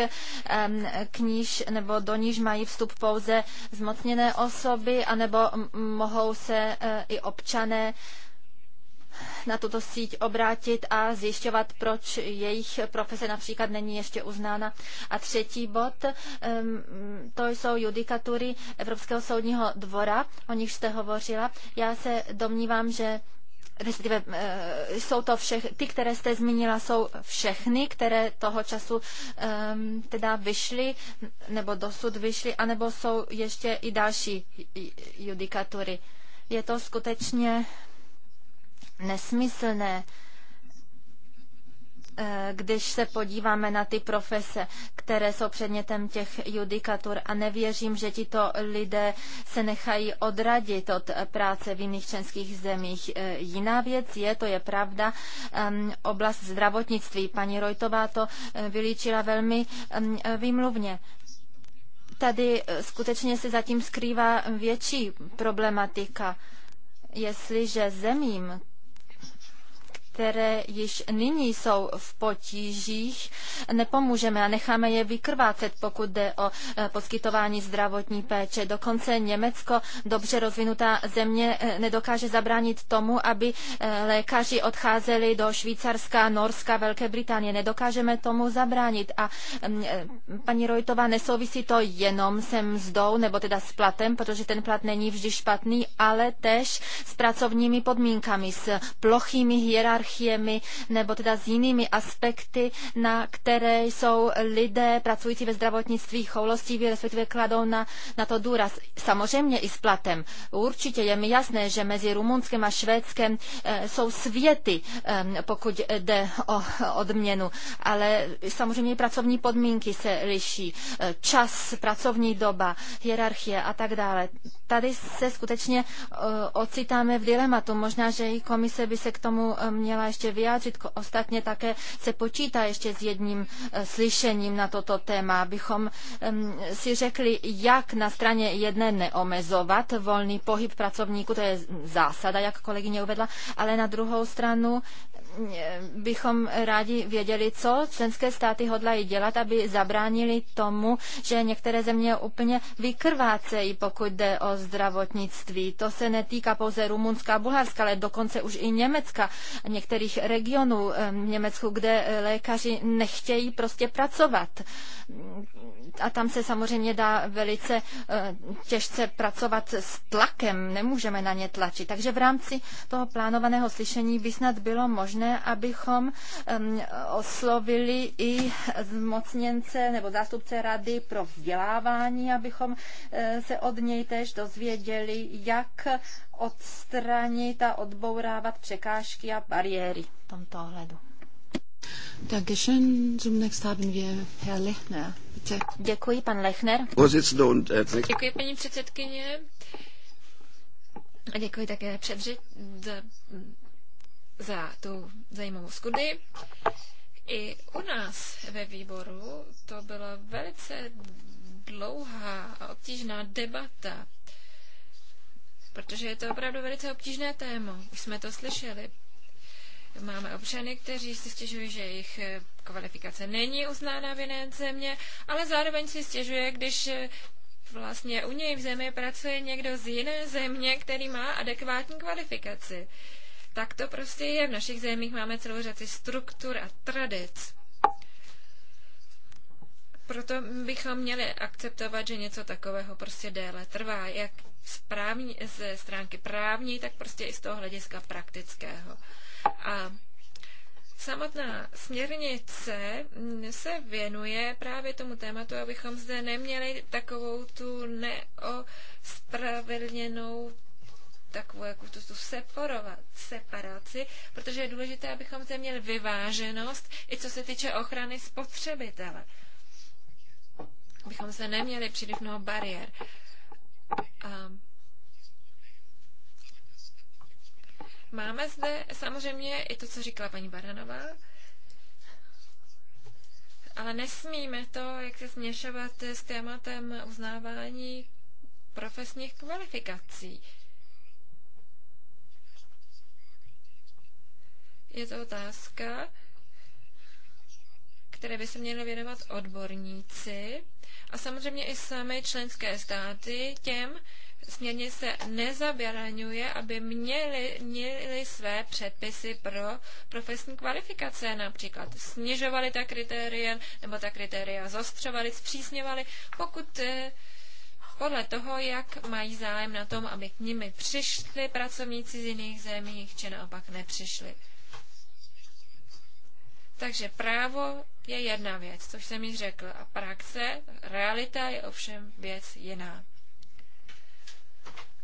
ehm, kníž, nebo do níž mají vstup pouze zmocněné osoby, anebo mohou se eh, i občané na tuto síť obrátit a zjišťovat, proč jejich profese například není ještě uznána. A třetí bod, ehm, to jsou judikatury Evropského soudního dvora, o nich jste hovořila. Já se domnívám, že respektive eh, jsou to všech, ty, které jste zmínila, jsou všechny, které toho času um, teda vyšly, nebo dosud vyšly, anebo jsou ještě i další judikatury. Je to skutečně nesmyslné Eh, když se podíváme na ty profese, které jsou předmětem těch judikatur a nevěřím, že tito lidé se nechají odradit od eh, práce v jiných členských zemích. Eh, jiná věc je, to je pravda, ehm, oblast zdravotnictví. Paní Rojtová to vylíčila velmi ehm, výmluvně tady skutečně se zatím skrývá větší problematika. Jestliže zemím, které již nyní jsou v potížích, nepomůžeme a necháme je vykrvácet, pokud jde o eh, poskytování zdravotní péče. Dokonce Německo, dobře rozvinutá země, eh, nedokáže zabránit tomu, aby eh, lékaři odcházeli do Švýcarska, Norska, Velké Británie. Nedokážeme tomu zabránit. A mm, paní Rojtová, nesouvisí to jenom se mzdou, nebo teda s platem, protože ten plat není vždy špatný, ale tež s pracovními podmínkami, s plochými hierarchiemi hierarchiemi nebo teda s jinými aspekty, na které jsou lidé pracující ve zdravotnictví choulostiví, respektive kladou na, na to důraz. Samozřejmě i s platem. Určitě je mi jasné, že mezi Rumunskem a Švédskem e, jsou světy, e, pokud jde o odměnu, ale samozřejmě pracovní podmínky se liší. E, čas, pracovní doba, hierarchie a tak dále. Tady se skutečně ocitáme v dilematu. Možná, že i komise by se k tomu měla měla ještě vyjádřit. Ostatně také se počítá ještě s jedním eh, slyšením na toto téma, abychom si řekli, jak na straně jedné neomezovat volný pohyb pracovníků, to je zásada, jak kolegyně uvedla, ale na druhou stranu bychom rádi věděli, co členské státy hodlají dělat, aby zabránili tomu, že některé země úplně vykrvácejí, pokud jde o zdravotnictví. To se netýká pouze Rumunska a Bulharska, ale dokonce už i Německa, některých regionů v Německu, kde eh, lékaři nechtějí prostě pracovat. A tam se samozřejmě dá velice eh, těžce pracovat s tlakem, nemůžeme na ně tlačit. Takže v rámci toho plánovaného slyšení by snad bylo možné nezbytné, abychom oslovili i zmocněnce nebo zástupce rady pro vzdělávání, abychom eh, se od něj též dozvěděli, jak odstranit a odbourávat překážky a bariéry v tomto ohledu. Dankeschön. Zum haben wir Herr Lechner. Bitte. Děkuji, pan Lechner. Äh, děkuji, paní předsedkyně. A děkuji také předři za tu zajímavou skudy. I u nás ve výboru to byla velice dlouhá a obtížná debata, protože je to opravdu velice obtížné téma. Už jsme to slyšeli. Máme občany, kteří si stěžují, že jejich kvalifikace není uznána v jiné země, ale zároveň si stěžuje, když vlastně u něj v zemi pracuje někdo z jiné země, který má adekvátní kvalifikaci. Uh, tak to prostě je. V našich zemích máme celou řadu struktur a tradic. Proto bychom měli akceptovat, že něco takového prostě déle trvá, jak z, právní, ze stránky právní, tak prostě i z toho hlediska praktického. A samotná směrnice se věnuje právě tomu tématu, abychom zde neměli takovou tu neospravedlněnou takovou jako tu, tu separovat, separaci, protože je důležité, abychom zde měli vyváženost, i co se týče ochrany spotřebitele. Abychom se neměli příliš mnoho bariér. A máme zde samozřejmě i to, co říkala paní Baranová, ale nesmíme to, jak se směšovat s tématem uznávání profesních kvalifikací. je to otázka, které by se měly věnovat odborníci a samozřejmě i samé členské státy těm se nezabraňuje, aby měli, měli své předpisy pro profesní kvalifikace, například snižovali ta kritéria nebo ta kritéria zostřovali, zpřísňovali, pokud eh, podle toho, jak mají zájem na tom, aby k nimi přišli pracovníci z jiných zemí, či naopak nepřišli. Takže právo je jedna věc, což jsem již řekl, a praxe, realita je ovšem věc jiná.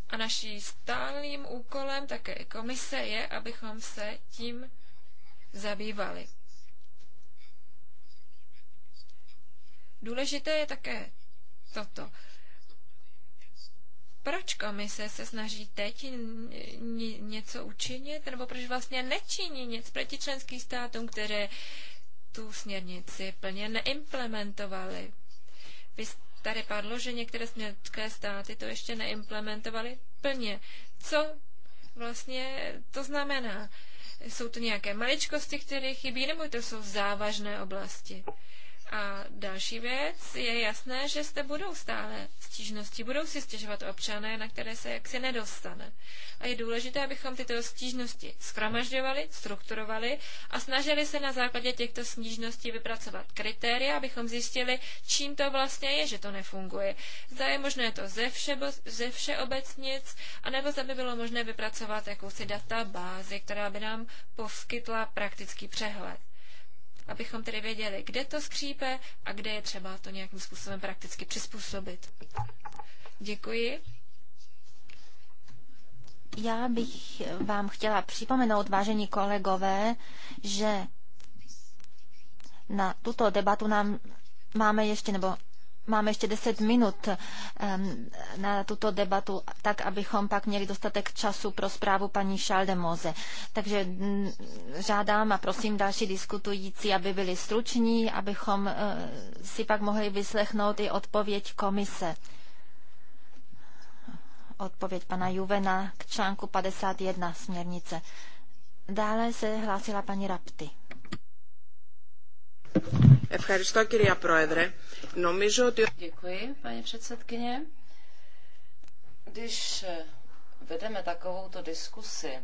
A naší stálým úkolem také i komise je, abychom se tím zabývali. Důležité je také toto proč se, se snaží teď něco učinit, nebo proč vlastně nečiní nic proti členským státům, které tu směrnici plně neimplementovaly. Vy tady padlo, že některé směrnické státy to ještě neimplementovaly plně. Co vlastně to znamená? Jsou to nějaké maličkosti, které chybí, nebo to jsou závažné oblasti? A další věc, je jasné, že zde budou stále stížnosti, budou si stěžovat občané, na které se jaksi nedostane. A je důležité, abychom tyto stížnosti schromažďovali, strukturovali a snažili se na základě těchto stížností vypracovat kritéria, abychom zjistili, čím to vlastně je, že to nefunguje. Zda je možné to ze, vše, ze všeobecnic, anebo zda by bylo možné vypracovat jakousi databázi, která by nám poskytla praktický přehled abychom tedy věděli, kde to skřípe a kde je třeba to nějakým způsobem prakticky přizpůsobit. Děkuji. Já bych vám chtěla připomenout, vážení kolegové, že na tuto debatu nám máme ještě, nebo máme ještě 10 minut ehm, na tuto debatu, tak abychom pak měli dostatek času pro zprávu paní Šaldemoze. Takže mm, žádám a prosím další diskutující, aby byli struční, abychom eh, si pak mohli vyslechnout i odpověď komise. Odpověď pana Juvena k článku 51 směrnice. Dále se hlásila paní Rapty. Ευχαριστώ, κυρία Πρόεδρε. Νομίζω ότι... Děkuji, paní předsedkyně. Když eh, vedeme takovouto diskusi,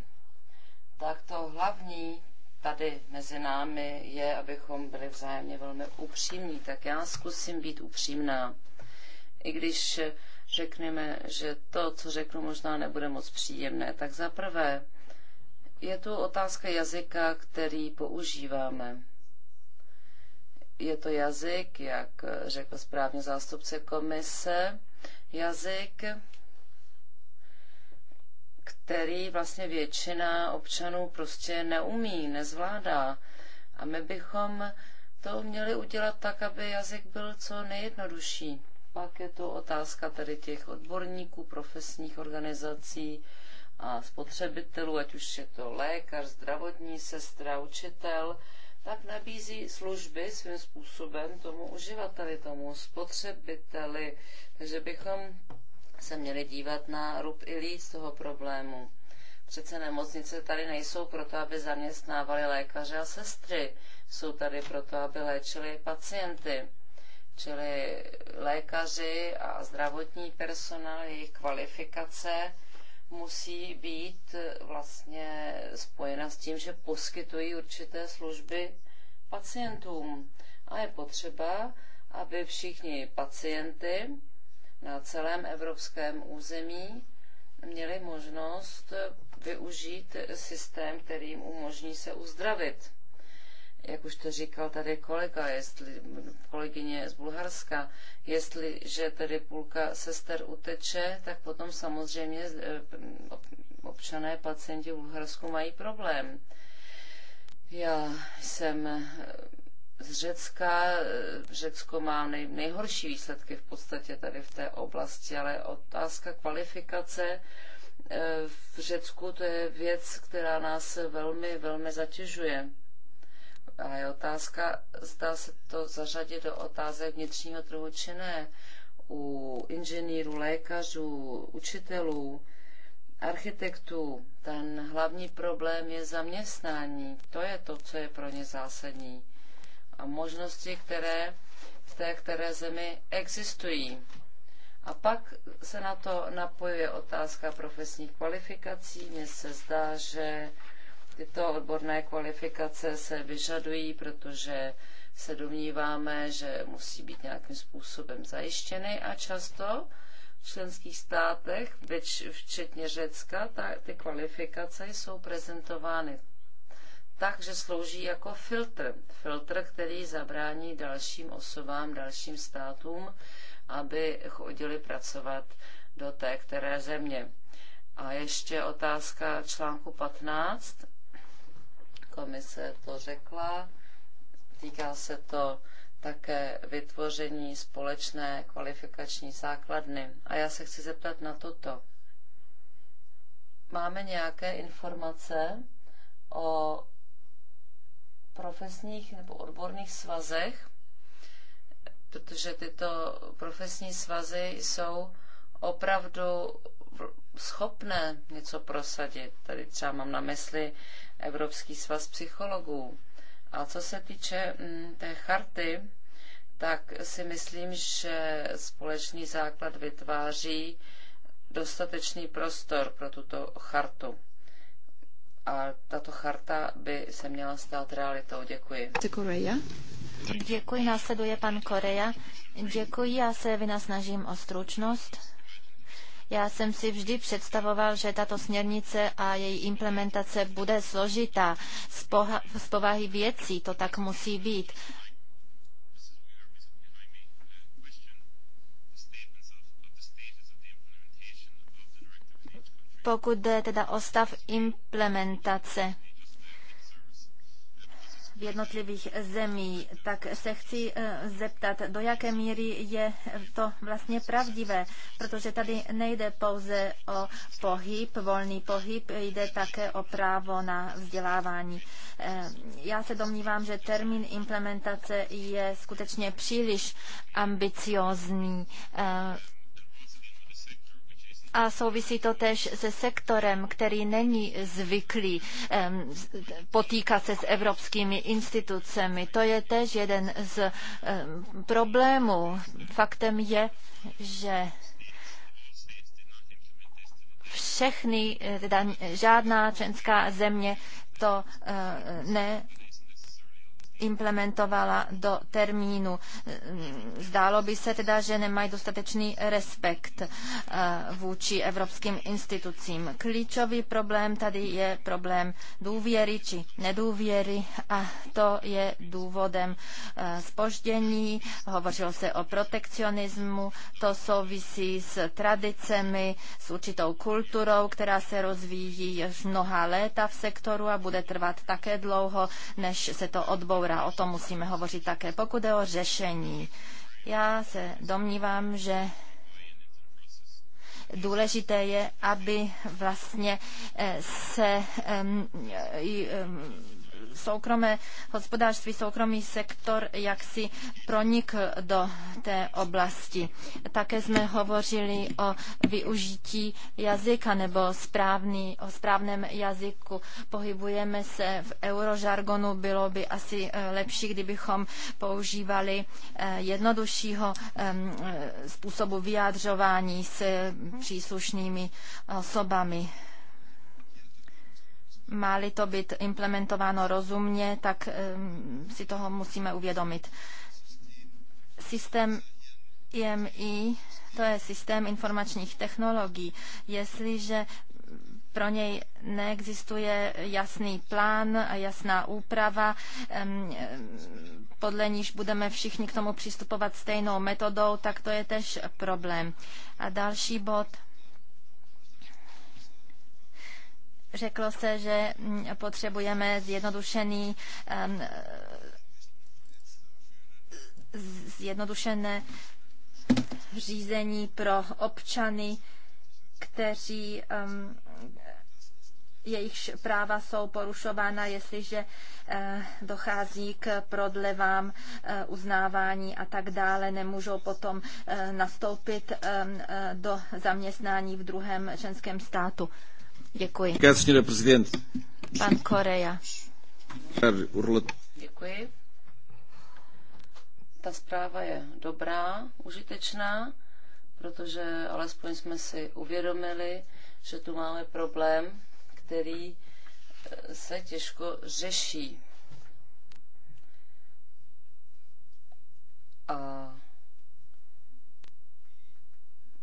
tak to hlavní tady mezi námi je, abychom byli vzájemně velmi upřímní. Tak já zkusím být upřímná. I když eh, řekneme, že to, co řeknu, možná nebude moc příjemné, tak za prvé je tu otázka jazyka, který používáme je to jazyk, jak řekl správně zástupce komise, jazyk, který vlastně většina občanů prostě neumí, nezvládá. A my bychom to měli udělat tak, aby jazyk byl co nejjednodušší. Pak je to otázka tedy těch odborníků, profesních organizací a spotřebitelů, ať už je to lékař, zdravotní sestra, učitel, tak nabízí služby svým způsobem tomu uživateli, tomu spotřebiteli. Takže bychom se měli dívat na rub i líc toho problému. Přece nemocnice tady nejsou proto, aby zaměstnávali lékaře a sestry. Jsou tady proto, aby léčili pacienty. Čili lékaři a zdravotní personál, jejich kvalifikace, musí být eh, vlastně spojena s tím, že poskytují určité služby pacientům. A je potřeba, aby všichni pacienty na celém evropském území měli možnost eh, využít systém, který jim umožní se uzdravit jak už to říkal tady kolega, jestli, kolegyně z Bulharska, jestliže tedy půlka sester uteče, tak potom samozřejmě eh, občané, pacienti v Bulharsku mají problém. Já jsem eh, z Řecka. Eh, Řecko má nej, nejhorší výsledky v podstatě tady v té oblasti, ale otázka kvalifikace v Řecku to je věc, která nás velmi, velmi zatěžuje. A je otázka, zda se to zařadí do otázek vnitřního trhu či ne. U inženýrů, lékařů, učitelů, architektů, ten hlavní problém je zaměstnání. To je to, co je pro ně zásadní. A možnosti, které v té které zemi existují. A pak se na to napojuje otázka profesních kvalifikací. Mně se zdá, že Tyto odborné kvalifikace se vyžadují, protože se domníváme, že musí být nějakým způsobem zajištěny a často v členských státech, včetně Řecka, ta, ty kvalifikace jsou prezentovány tak, že slouží jako filtr. Filtr, který zabrání dalším osobám, dalším státům, aby chodili pracovat do té které země. A ještě otázka článku 15 komise to řekla. Týká se to také vytvoření společné kvalifikační základny. A já se chci zeptat na toto. Máme nějaké informace o profesních nebo odborných svazech, protože tyto profesní svazy jsou opravdu schopné něco prosadit. Tady třeba mám na mysli Evropský svaz psychologů. A co se týče mm, té charty, tak si myslím, že společný základ vytváří dostatečný prostor pro tuto chartu. A tato charta by se měla stát realitou. Děkuji. Děkuji, následuje pan Korea. Děkuji, já se vynasnažím o stručnost. Já jsem si vždy představoval, že tato směrnice a její implementace bude složitá. Z, poha- z povahy věcí to tak musí být. Pokud jde teda o stav implementace v jednotlivých zemí, tak se chci eh, zeptat, do jaké míry je to vlastně pravdivé, protože tady nejde pouze o pohyb, volný pohyb, jde také o právo na vzdělávání. Eh, já se domnívám, že termín implementace je skutečně příliš ambiciozní eh, a souvisí to tež se sektorem, který není zvyklý potýkat se s evropskými institucemi. To je tež jeden z problémů. Faktem je, že všechny, e, teda žádná členská země to e, ne implementovala do termínu. Zdálo by se teda, že nemají dostatečný respekt eh, vůči evropským institucím. Klíčový problém tady je problém důvěry či nedůvěry a to je důvodem spoždění. Eh, Hovořilo se o protekcionismu, to souvisí s tradicemi, s určitou kulturou, která se rozvíjí už mnoha léta v sektoru a bude trvat také dlouho, než se to odbourá kultura, O tom musíme hovořit také. Pokud je o řešení, já se domnívám, že důležité je, aby vlastně eh, se soukromé hospodářství, soukromý sektor jak si pronikl do té oblasti. Také jsme hovořili o využití jazyka nebo správný, o správném jazyku. Pohybujeme se v eurožargonu, bylo by asi eh, lepší, kdybychom používali eh, jednoduššího eh, způsobu vyjádřování s příslušnými osobami má-li to být implementováno rozumně, tak eh, si toho musíme uvědomit. Systém IMI, to je systém informačních technologií. Jestliže pro něj neexistuje jasný plán a jasná úprava, podle níž budeme všichni k tomu přistupovat stejnou metodou, tak to je tež problém. A další bod – Řeklo se, že mm, potřebujeme zjednodušený zjednodušené řízení pro občany, kteří jejichž práva jsou porušována, jestliže eh, dochází k prodlevám, eh, uznávání a tak dále, nemůžou potom eh, nastoupit do zaměstnání v druhém ženském státu. Děkuji. Pan Korea. Děkuji. Ta zpráva je dobrá, užitečná, protože alespoň jsme si uvědomili, že tu máme problém, který eh, se těžko řeší. A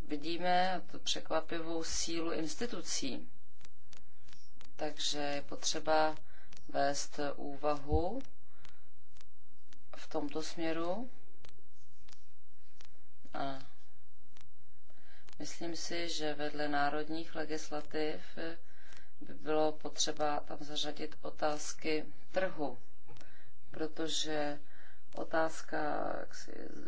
vidíme tu překvapivou sílu institucí. Takže je potřeba vést úvahu v tomto směru. A myslím si, že vedle národních legislativ by bylo potřeba tam zařadit otázky trhu, protože otázka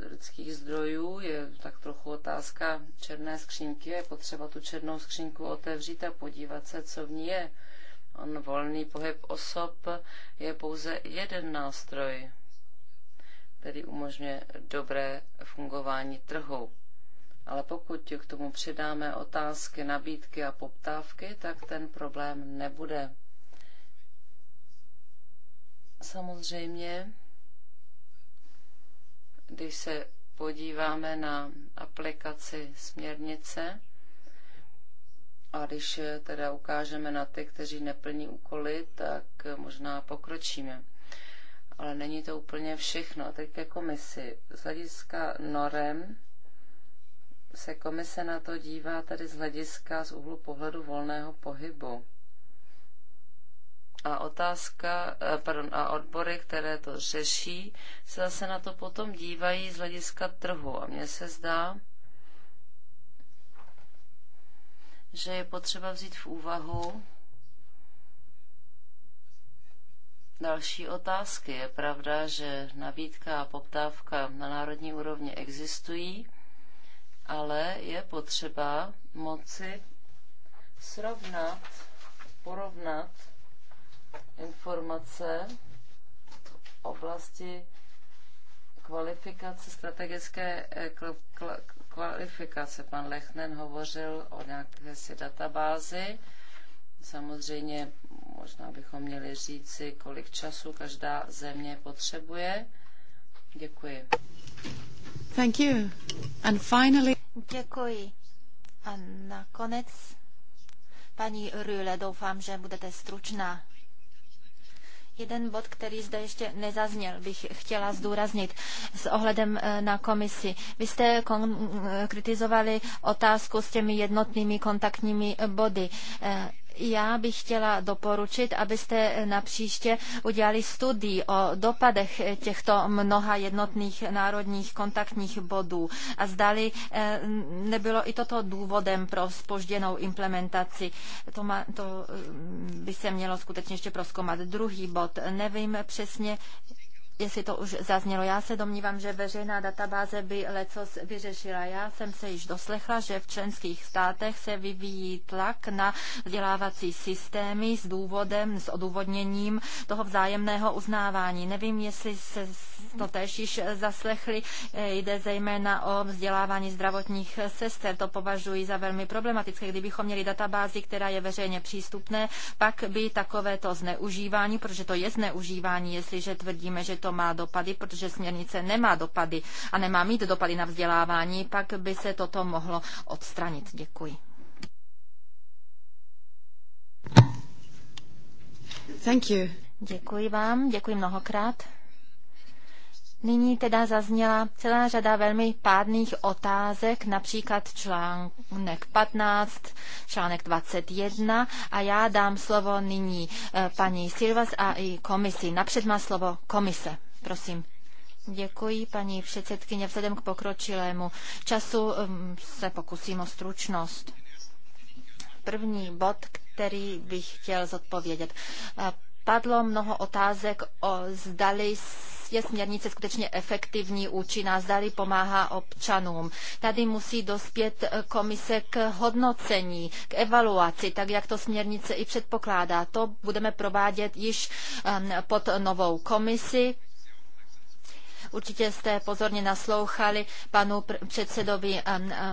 lidských zdrojů je tak trochu otázka černé skřínky. Je potřeba tu černou skřínku otevřít a podívat se, co v ní je. On volný pohyb osob je pouze jeden nástroj, který umožňuje dobré fungování trhu. Ale pokud k tomu přidáme otázky, nabídky a poptávky, tak ten problém nebude. Samozřejmě, když se podíváme na aplikaci směrnice, a když teda ukážeme na ty, kteří neplní úkoly, tak možná pokročíme. Ale není to úplně všechno. Teď ke komisi. Z hlediska norem se komise na to dívá tady z hlediska z úhlu pohledu volného pohybu. A otázka, eh, pardon, a odbory, které to řeší, se zase na to potom dívají z hlediska trhu. A mně se zdá, že je potřeba vzít v úvahu další otázky. Je pravda, že nabídka a poptávka na národní úrovni existují, ale je potřeba moci srovnat, porovnat informace v oblasti kvalifikace strategické eh, kvalifikace. Pan Lechnen hovořil o nějaké si databázi. Samozřejmě možná bychom měli říci, kolik času každá země potřebuje. Děkuji. Thank you. And finally... Děkuji. A nakonec, paní Rüle, doufám, že budete stručná. Jeden bod, který zde ještě nezazněl, bych chtěla zdůraznit s ohledem eh, na komisi. Vy jste eh, kritizovali otázku s těmi jednotnými kontaktními body. Eh, já bych chtěla doporučit, abyste na příště udělali studii o dopadech těchto mnoha jednotných národních kontaktních bodů a zdali eh, nebylo i toto důvodem pro spožděnou implementaci. To, má, to eh, by se mělo skutečně ještě proskoumat. Druhý bod. Nevím přesně, jestli to už zaznělo. Já se domnívám, že veřejná databáze by lecos vyřešila. Já jsem se již doslechla, že v členských státech se vyvíjí tlak na vzdělávací systémy s důvodem, s odůvodněním toho vzájemného uznávání. Nevím, jestli se to tež již zaslechli. Jde zejména o vzdělávání zdravotních sester. To považuji za velmi problematické. Kdybychom měli databázi, která je veřejně přístupné, pak by takovéto zneužívání, protože to je zneužívání, jestliže tvrdíme, že to to má dopady, protože směrnice nemá dopady a nemá mít dopady na vzdělávání, pak by se toto mohlo odstranit. Děkuji. Thank you. Děkuji vám, děkuji mnohokrát. Nyní teda zazněla celá řada velmi pádných otázek, například článek 15, článek 21 a já dám slovo nyní eh, paní Silvas a i komisi. Napřed má slovo komise. Prosím. Děkuji, paní předsedkyně. Vzhledem k pokročilému času ehm, se pokusím o stručnost. První bod, který bych chtěl zodpovědět. Eh, Padlo mnoho otázek o zdali je směrnice skutečně efektivní, účinná, zdali pomáhá občanům. Tady musí dospět eh, komise k hodnocení, k evaluaci, tak jak to směrnice i předpokládá. To budeme provádět již ehm, pod novou komisi Určitě jste pozorně naslouchali panu předsedovi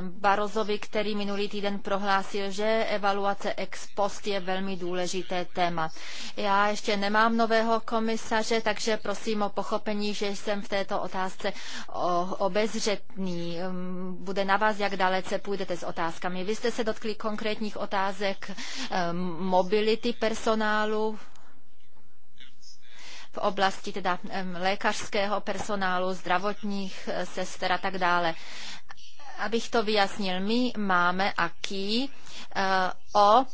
Barozovi, který minulý týden prohlásil, že evaluace ex post je velmi důležité téma. Já ještě nemám nového komisaře, takže prosím o pochopení, že jsem v této otázce obezřetný. Bude na vás, jak dalece půjdete s otázkami. Vy jste se dotkli konkrétních otázek mobility personálu v oblasti teda lékařského personálu, zdravotních eh, sester a tak dále. Abych to vyjasnil, my máme aký eh, o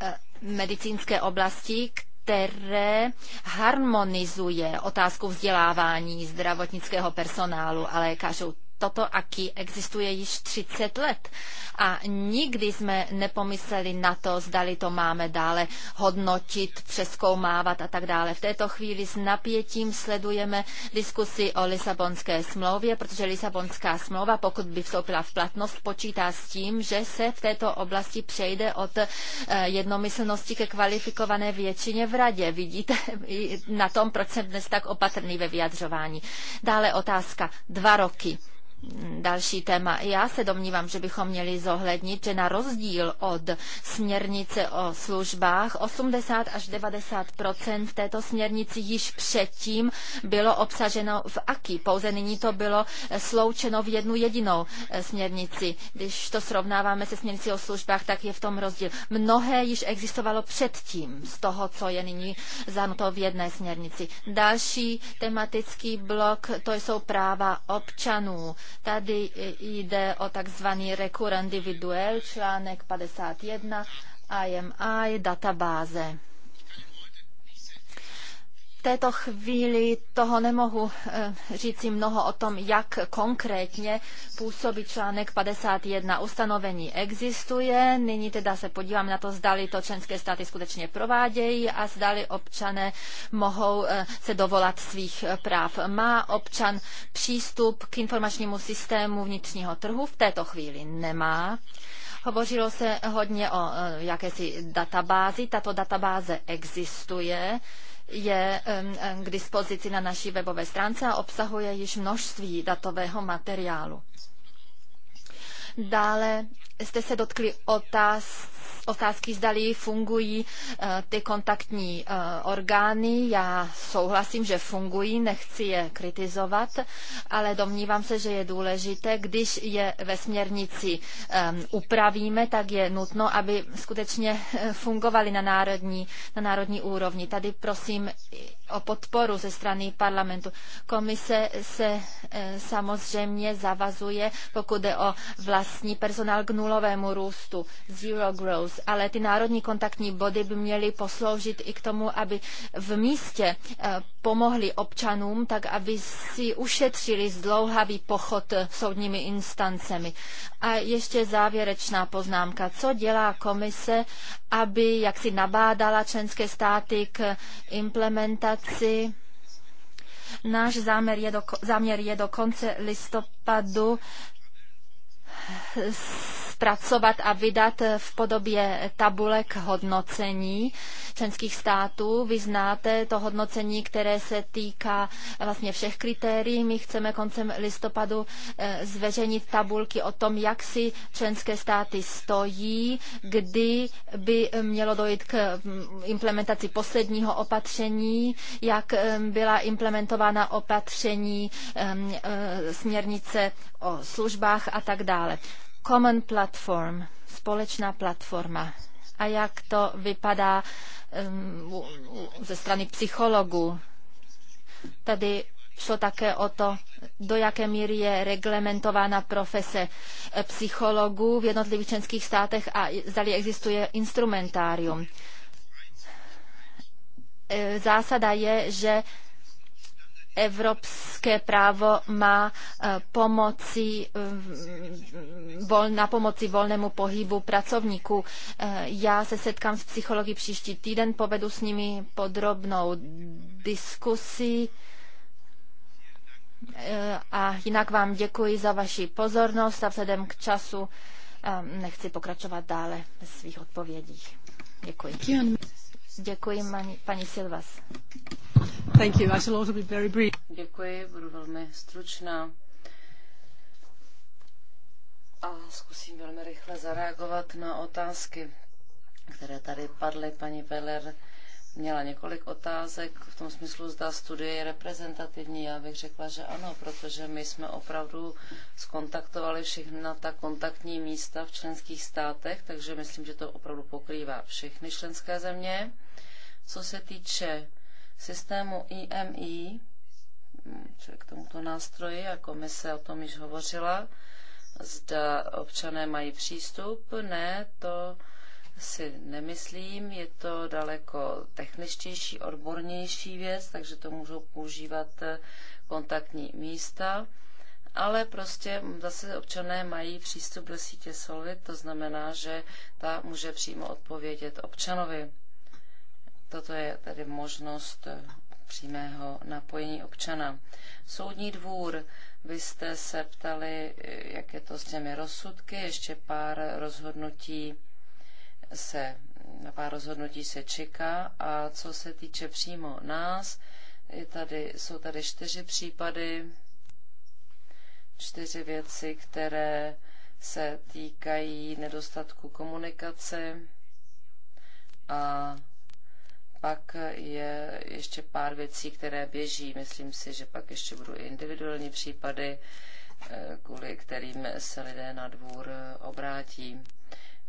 eh, medicínské oblasti, které harmonizuje otázku vzdělávání zdravotnického personálu a lékařů toto aký existuje již 30 let a nikdy jsme nepomysleli na to, zdali to máme dále hodnotit, přeskoumávat a tak dále. V této chvíli s napětím sledujeme diskusi o Lisabonské smlouvě, protože Lisabonská smlouva, pokud by vstoupila v platnost, počítá s tím, že se v této oblasti přejde od eh, jednomyslnosti ke kvalifikované většině v radě. Vidíte na tom, proč jsem dnes tak opatrný ve vyjadřování. Dále otázka dva roky další téma. Já se domnívám, že bychom měli zohlednit, že na rozdíl od směrnice o službách 80 až 90 v této směrnici již předtím bylo obsaženo v AKI. Pouze nyní to bylo sloučeno v jednu jedinou eh, směrnici. Když to srovnáváme se směrnicí o službách, tak je v tom rozdíl. Mnohé již existovalo předtím z toho, co je nyní zanuto v jedné směrnici. Další tematický blok, to jsou práva občanů Tady jde o takzvaný rekur individuel, článek 51 IMI databáze této chvíli toho nemohu eh, říci mnoho o tom, jak konkrétně působí článek 51. Ustanovení existuje, nyní teda se podívám na to, zdali to členské státy skutečně provádějí a zdali občané mohou eh, se dovolat svých eh, práv. Má občan přístup k informačnímu systému vnitřního trhu? V této chvíli nemá. Hovořilo se hodně o jakési databázi. Tato databáze existuje je k dispozici na naší webové stránce a obsahuje již množství datového materiálu. Dále jste se dotkli otázky, otázky, zdali fungují eh, ty kontaktní eh, orgány. Já souhlasím, že fungují, nechci je kritizovat, ale domnívám se, že je důležité, když je ve směrnici eh, upravíme, tak je nutno, aby skutečně fungovaly na národní, na národní úrovni. Tady prosím o podporu ze strany parlamentu. Komise se samozřejmě zavazuje, pokud jde o vlastní personál k nulovému růstu, zero growth ale ty národní kontaktní body by měly posloužit i k tomu, aby v místě eh, pomohli občanům, tak aby si ušetřili zdlouhavý pochod soudními instancemi. A ještě závěrečná poznámka. Co dělá komise, aby jaksi nabádala členské státy k implementaci? Náš záměr je do, záměr je do konce listopadu zpracovat a vydat v podobě tabulek hodnocení členských států. Vy znáte to hodnocení, které se týká eh, vlastně všech kritérií. My chceme koncem listopadu eh, zveřejnit tabulky o tom, jak si členské státy stojí, kdy by eh, mělo dojít k mm, implementaci posledního opatření, jak byla implementována opatření ehm, směrnice o službách a tak dále. Common Platform, společná platforma. A jak to vypadá um, ze strany psychologů? Tady šlo také o to, do jaké míry je reglementována profese eh, psychologů v jednotlivých členských státech a zdali existuje instrumentárium. Eh, zásada je, že evropské právo má eh, pomoci, eh, na pomoci volnému pohybu pracovníků. Eh, já se setkám s psychologi příští týden, povedu s nimi podrobnou diskusi a jinak vám děkuji za vaši pozornost a vzhledem k času nechci pokračovat dále ve svých odpovědích. Děkuji. Děkuji, mani, paní Silvas. Thank you. I shall also be very brief. Děkuji, budu velmi stručná. A zkusím velmi rychle zareagovat na otázky, které tady padly. Paní Peller měla několik otázek v tom smyslu, zda studie je reprezentativní. Já bych řekla, že ano, protože my jsme opravdu skontaktovali všechna ta kontaktní místa v členských státech, takže myslím, že to opravdu pokrývá všechny členské země. Co se týče systému IMI, e e, k tomuto nástroji, a komise o tom již hovořila, zda občané mají přístup. Ne, to si nemyslím, je to daleko techničtější, odbornější věc, takže to můžou používat eh, kontaktní místa. Ale prostě zase občané mají přístup do sítě Solvit, to znamená, že ta může přímo odpovědět občanovi. Toto je tady možnost eh, přímého napojení občana. Soudní dvůr, vy jste se ptali, eh, jak je to s těmi rozsudky, ještě pár rozhodnutí se, na pár rozhodnutí se čeká a co se týče přímo nás, je tady, jsou tady čtyři případy, čtyři věci, které se týkají nedostatku komunikace a pak je ještě pár věcí, které běží. Myslím si, že pak ještě budou individuální případy, eh, kvůli kterým se lidé na dvůr eh, obrátí.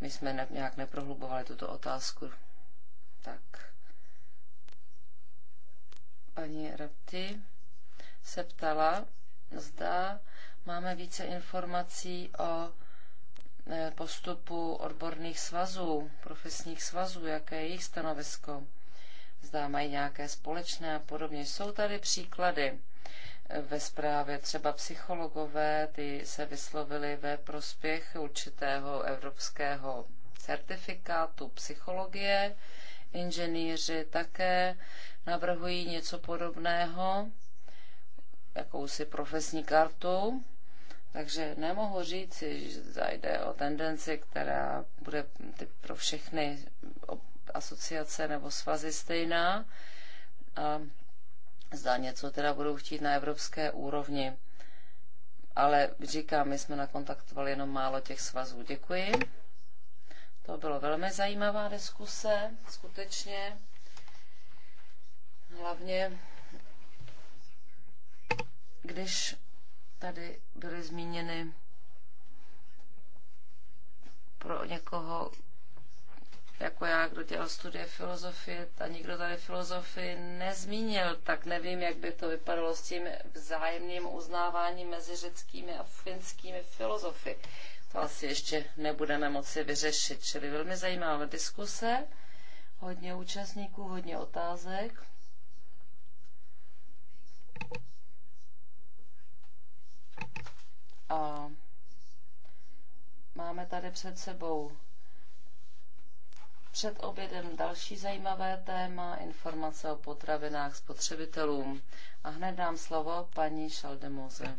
My jsme ne, nějak neprohlubovali tuto otázku. Tak. Paní Rapti se ptala, zda máme více informací o eh, postupu odborných svazů, profesních svazů, jaké je jejich stanovisko zda mají nějaké společné a podobně. Jsou tady příklady ve zprávě. Třeba psychologové, ty se vyslovili ve prospěch určitého evropského certifikátu psychologie. Inženýři také navrhují něco podobného, jakousi profesní kartu. Takže nemohu říct, že zajde o tendenci, která bude pro všechny asociace nebo svazy stejná a zda něco teda budou chtít na evropské úrovni. Ale říkám, my jsme nakontaktovali jenom málo těch svazů. Děkuji. To bylo velmi zajímavá diskuse, skutečně. Hlavně, když tady byly zmíněny pro někoho, jako já, kdo dělal studie filozofie a nikdo tady filozofii nezmínil, tak nevím, jak by to vypadalo s tím vzájemným uznáváním mezi řeckými a finskými filozofy. To asi ještě nebudeme moci vyřešit, čili velmi zajímavé diskuse, hodně účastníků, hodně otázek. A máme tady před sebou před obědem další zajímavé téma, informace o potravinách spotřebitelům. A hned dám slovo paní Šaldemoze.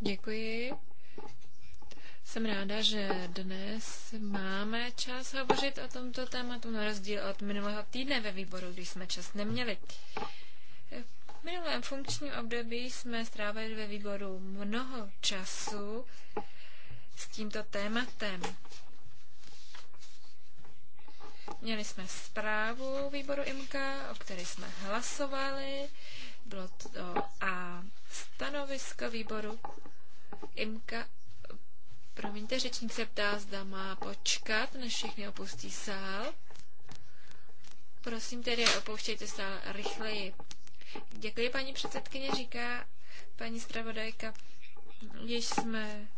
Děkuji. Jsem ráda, že dnes máme čas hovořit o tomto tématu, na rozdíl od minulého týdne ve výboru, když jsme čas neměli. V minulém funkčním období jsme strávili ve výboru mnoho času s tímto tématem. Měli jsme zprávu výboru IMKA, o které jsme hlasovali, bylo to a stanovisko výboru IMKA. Promiňte, řečník se ptá, zda má počkat, než všichni opustí sál. Prosím tedy, opouštějte sál rychleji. Děkuji, paní předsedkyně, říká paní zpravodajka. Již jsme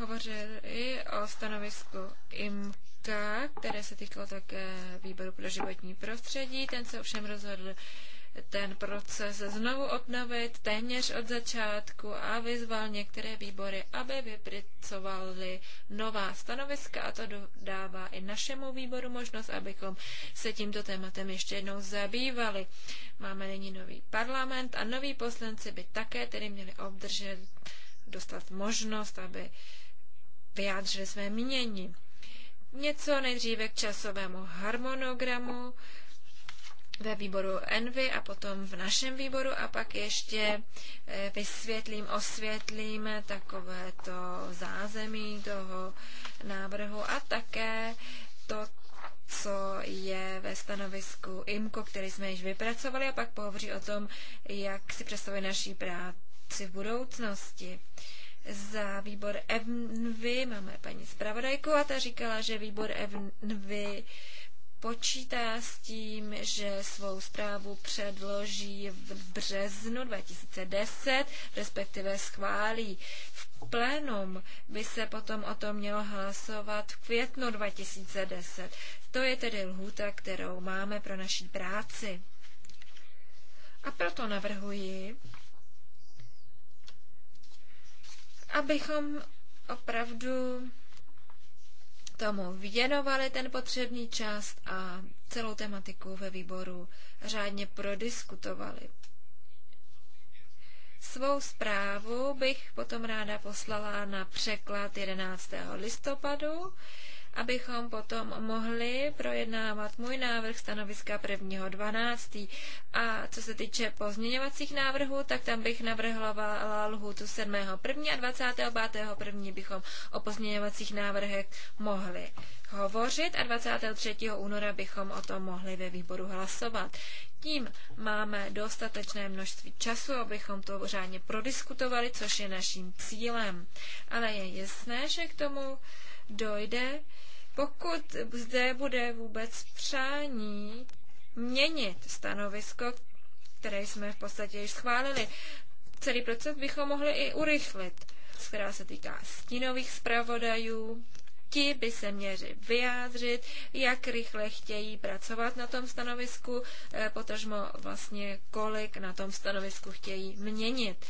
hovořili o stanovisku IMKA, které se týkalo také výboru pro životní prostředí. Ten se ovšem rozhodl ten proces znovu obnovit téměř od začátku a vyzval některé výbory, aby vypracovali nová stanoviska a to dává i našemu výboru možnost, abychom se tímto tématem ještě jednou zabývali. Máme nyní nový parlament a noví poslanci by také tedy měli obdržet, dostat možnost, aby vyjádřili své mínění. Něco nejdříve k časovému harmonogramu ve výboru Envy a potom v našem výboru a pak ještě eh, vysvětlím, osvětlím takové to zázemí toho návrhu a také to, co je ve stanovisku IMKO, který jsme již vypracovali a pak pohovoří o tom, jak si představuje naší práci v budoucnosti. Uh, za výbor ENVY, máme paní zpravodajku a ta říkala, že výbor ENVY počítá s tím, že svou zprávu předloží v březnu 2010, respektive schválí. V plénum by se potom o tom mělo hlasovat v květnu 2010. To je tedy lhůta, kterou máme pro naší práci. A proto navrhuji, abychom opravdu tomu věnovali ten potřebný část a celou tematiku ve výboru řádně prodiskutovali. Svou zprávu bych potom ráda poslala na překlad 11. listopadu abychom potom mohli projednávat můj návrh stanoviska 1.12. A co se týče pozměňovacích návrhů, tak tam bych navrhovala lhůtu 7.1. a 25.1. bychom o pozměňovacích návrhech mohli hovořit a 23. února bychom o tom mohli ve výboru hlasovat. Tím máme dostatečné množství času, abychom to řádně prodiskutovali, což je naším cílem. Ale je jasné, že k tomu dojde, pokud zde bude vůbec přání měnit stanovisko, které jsme v podstatě již schválili. Celý proces bychom mohli i urychlit, která se týká stínových zpravodajů, ti by se měli vyjádřit, jak rychle chtějí pracovat na tom stanovisku, eh, potažmo vlastně kolik na tom stanovisku chtějí měnit.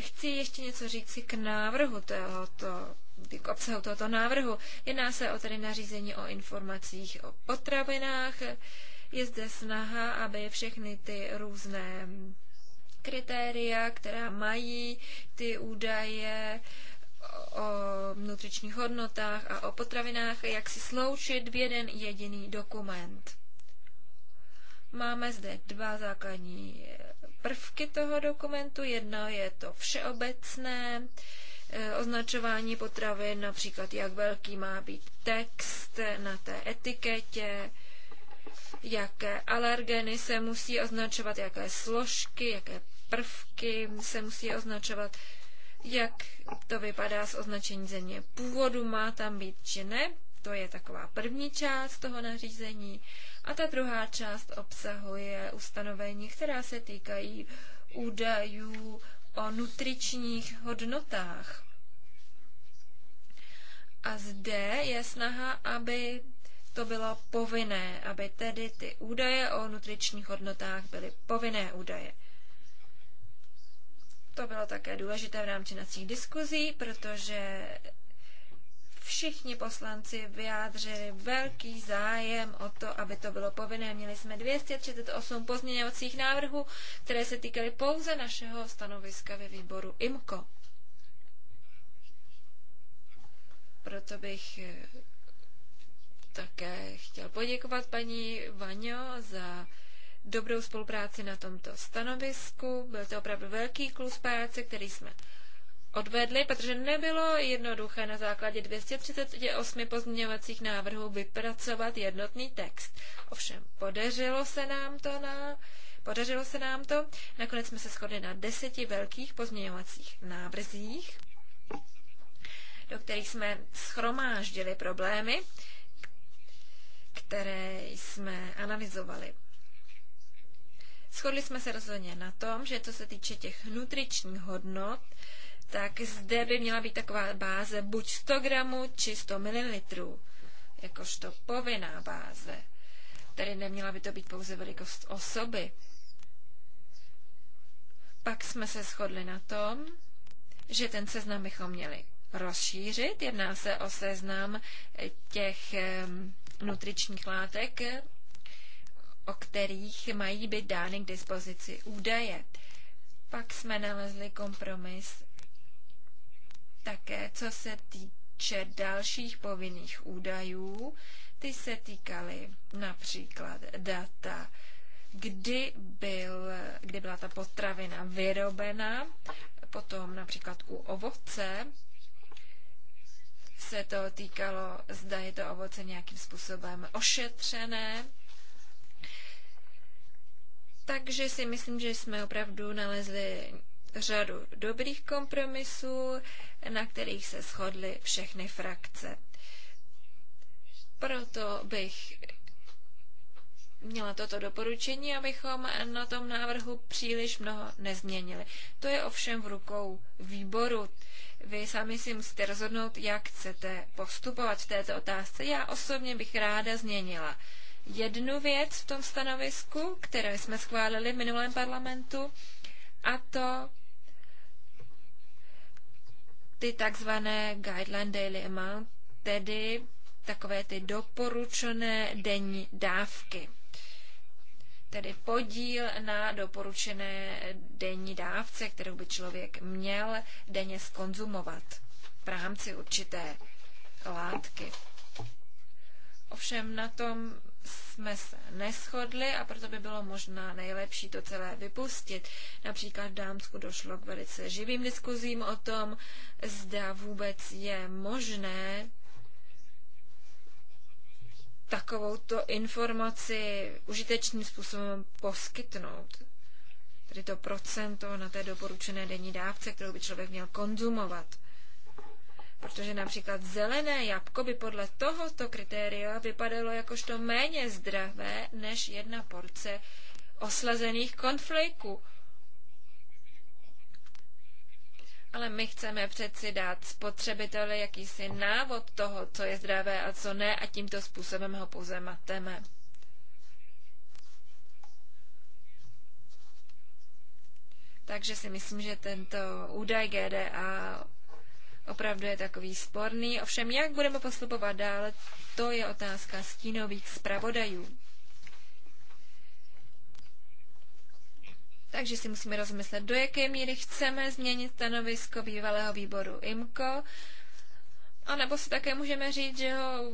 Chci ještě něco říct si k návrhu tohoto k obsahu tohoto návrhu. Jedná se o tedy nařízení o informacích o potravinách. Je zde snaha, aby všechny ty různé kritéria, která mají ty údaje o nutričních hodnotách a o potravinách, jak si sloučit v jeden jediný dokument. Máme zde dva základní prvky toho dokumentu. Jedno je to všeobecné, Eh, označování potravy, například jak velký má být text na té etiketě, jaké alergeny se musí označovat, jaké složky, jaké prvky se musí označovat, jak to vypadá s označení země původu, má tam být či ne. To je taková první část toho nařízení. A ta druhá část obsahuje ustanovení, která se týkají údajů o nutričních hodnotách. A zde je snaha, aby to bylo povinné, aby tedy ty údaje o nutričních hodnotách byly povinné údaje. To bylo také důležité v rámci nacích diskuzí, protože všichni poslanci vyjádřili velký zájem o to, aby to bylo povinné. Měli jsme 238 pozměňovacích návrhů, které se týkaly pouze našeho stanoviska ve výboru Imko. Proto bych eh, také chtěl poděkovat paní Vaňo za dobrou spolupráci na tomto stanovisku. Byl to opravdu velký klus práce, který jsme odvedli, protože nebylo jednoduché na základě 238 pozměňovacích návrhů vypracovat jednotný text. Ovšem, podařilo se nám to na... Podařilo se nám to. Nakonec jsme se shodli na deseti velkých pozměňovacích návrzích, do kterých jsme schromáždili problémy, které jsme analyzovali. Shodli jsme se rozhodně na tom, že co se týče těch nutričních hodnot, tak zde by měla být taková báze buď 100 gramů či 100 ml, jakožto povinná báze. Tedy neměla by to být pouze velikost osoby. Pak jsme se shodli na tom, že ten seznam bychom měli rozšířit. Jedná se o seznam těch nutričních látek, o kterých mají být dány k dispozici údaje. Pak jsme nalezli kompromis také co se týče dalších povinných údajů. Ty se týkaly například data, kdy, byl, kdy byla ta potravina vyrobena, potom například u ovoce se to týkalo, zda je to ovoce nějakým způsobem ošetřené, takže si myslím, že jsme opravdu nalezli řadu dobrých kompromisů, na kterých se shodly všechny frakce. Proto bych měla toto doporučení, abychom na tom návrhu příliš mnoho nezměnili. To je ovšem v rukou výboru. Vy sami si musíte rozhodnout, jak chcete postupovat v této otázce. Já osobně bych ráda změnila jednu věc v tom stanovisku, které jsme schválili v minulém parlamentu, a to ty takzvané guideline daily amount, tedy takové ty doporučené denní dávky. Tedy podíl na doporučené denní dávce, kterou by člověk měl denně skonzumovat v rámci určité látky. Ovšem na tom jsme se neschodli a proto by bylo možná nejlepší to celé vypustit. Například v Dámsku došlo k velice živým diskuzím o tom, zda vůbec je možné takovouto informaci užitečným způsobem poskytnout. Tedy to procento na té doporučené denní dávce, kterou by člověk měl konzumovat. Protože například zelené jabko by podle tohoto kritéria vypadalo jakožto méně zdravé než jedna porce oslazených konfliků. Ale my chceme přeci dát spotřebiteli jakýsi návod toho, co je zdravé a co ne, a tímto způsobem ho pouze mateme. Takže si myslím, že tento údaj GDA opravdu je takový sporný. Ovšem, jak budeme postupovat dále, to je otázka stínových zpravodajů. Takže si musíme rozmyslet, do jaké míry chceme změnit stanovisko bývalého výboru IMCO, a nebo si také můžeme říct, že ho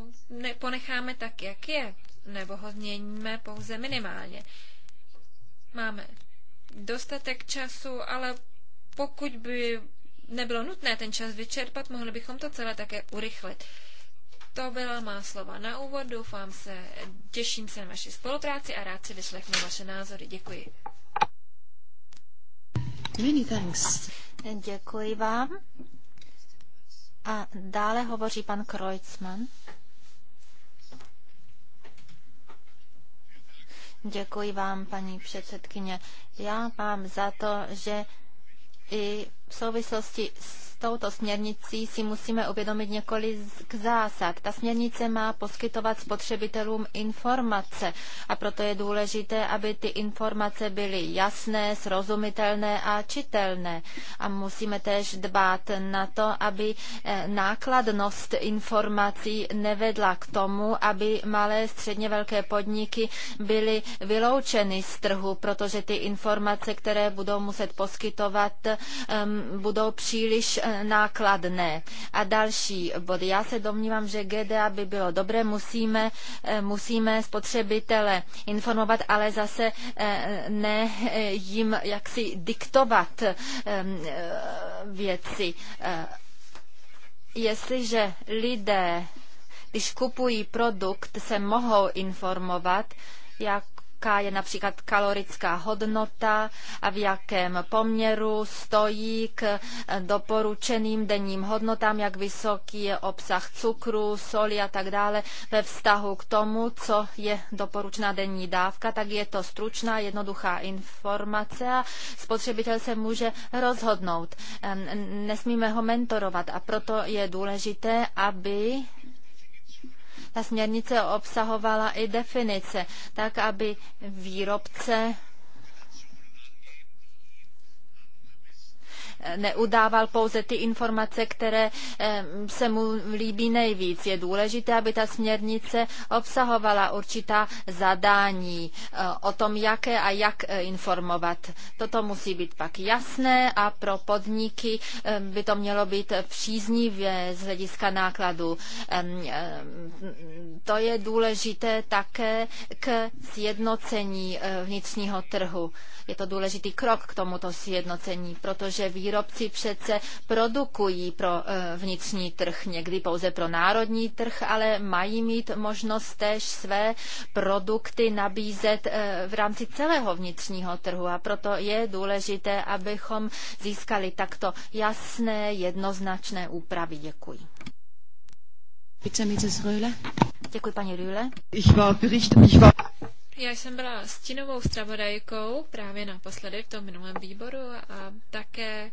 ponecháme tak, jak je, nebo ho změníme pouze minimálně. Máme dostatek času, ale pokud by nebylo nutné ten čas vyčerpat, mohli bychom to celé také urychlit. To byla má slova na úvod, doufám se, těším se na vaši spolupráci a rád si vyslechnu vaše názory. Děkuji. Many thanks. Děkuji vám. A dále hovoří pan Kreutzmann. Děkuji vám, paní předsedkyně. Já mám za to, že i v souvislosti s touto směrnicí si musíme uvědomit několik zásad. Ta směrnice má poskytovat spotřebitelům informace a proto je důležité, aby ty informace byly jasné, srozumitelné a čitelné. A musíme též dbát na to, aby eh, nákladnost informací nevedla k tomu, aby malé, středně velké podniky byly vyloučeny z trhu, protože ty informace, které budou muset poskytovat, ehm, budou příliš Eh, nákladné. A další body. Já se domnívám, že GDA by bylo dobré, musíme, eh, musíme spotřebitele informovat, ale zase eh, ne jim jaksi diktovat věci. Jestliže lidé, když kupují produkt, se mohou informovat, jak jaká je například kalorická hodnota a v jakém poměru stojí k eh, doporučeným denním hodnotám, jak vysoký je obsah cukru, soli a tak dále ve vztahu k tomu, co je doporučná denní dávka, tak je to stručná, jednoduchá informace a spotřebitel se může rozhodnout. Nesmíme ho mentorovat a proto je důležité, aby ta směrnice obsahovala i definice, tak aby výrobce neudával pouze ty informace, které eh, se mu líbí nejvíc. Je důležité, aby ta směrnice obsahovala určitá zadání eh, o tom, jaké a jak eh, informovat. Toto musí být pak jasné a pro podniky by to mělo být příznivě z hlediska nákladů. To je důležité také k sjednocení vnitřního trhu. Je to důležitý krok k tomuto sjednocení, protože výrobky výrobci přece produkují pro eh, vnitřní trh, někdy pouze pro národní trh, ale mají mít možnost též své produkty nabízet eh, v rámci celého vnitřního trhu a proto je důležité, abychom získali takto jasné, jednoznačné úpravy. Děkuji. Děkuji, paní Rühle. Ich war Bericht, ich war... Já jsem byla stínovou zpravodajkou právě naposledy v tom minulém výboru a také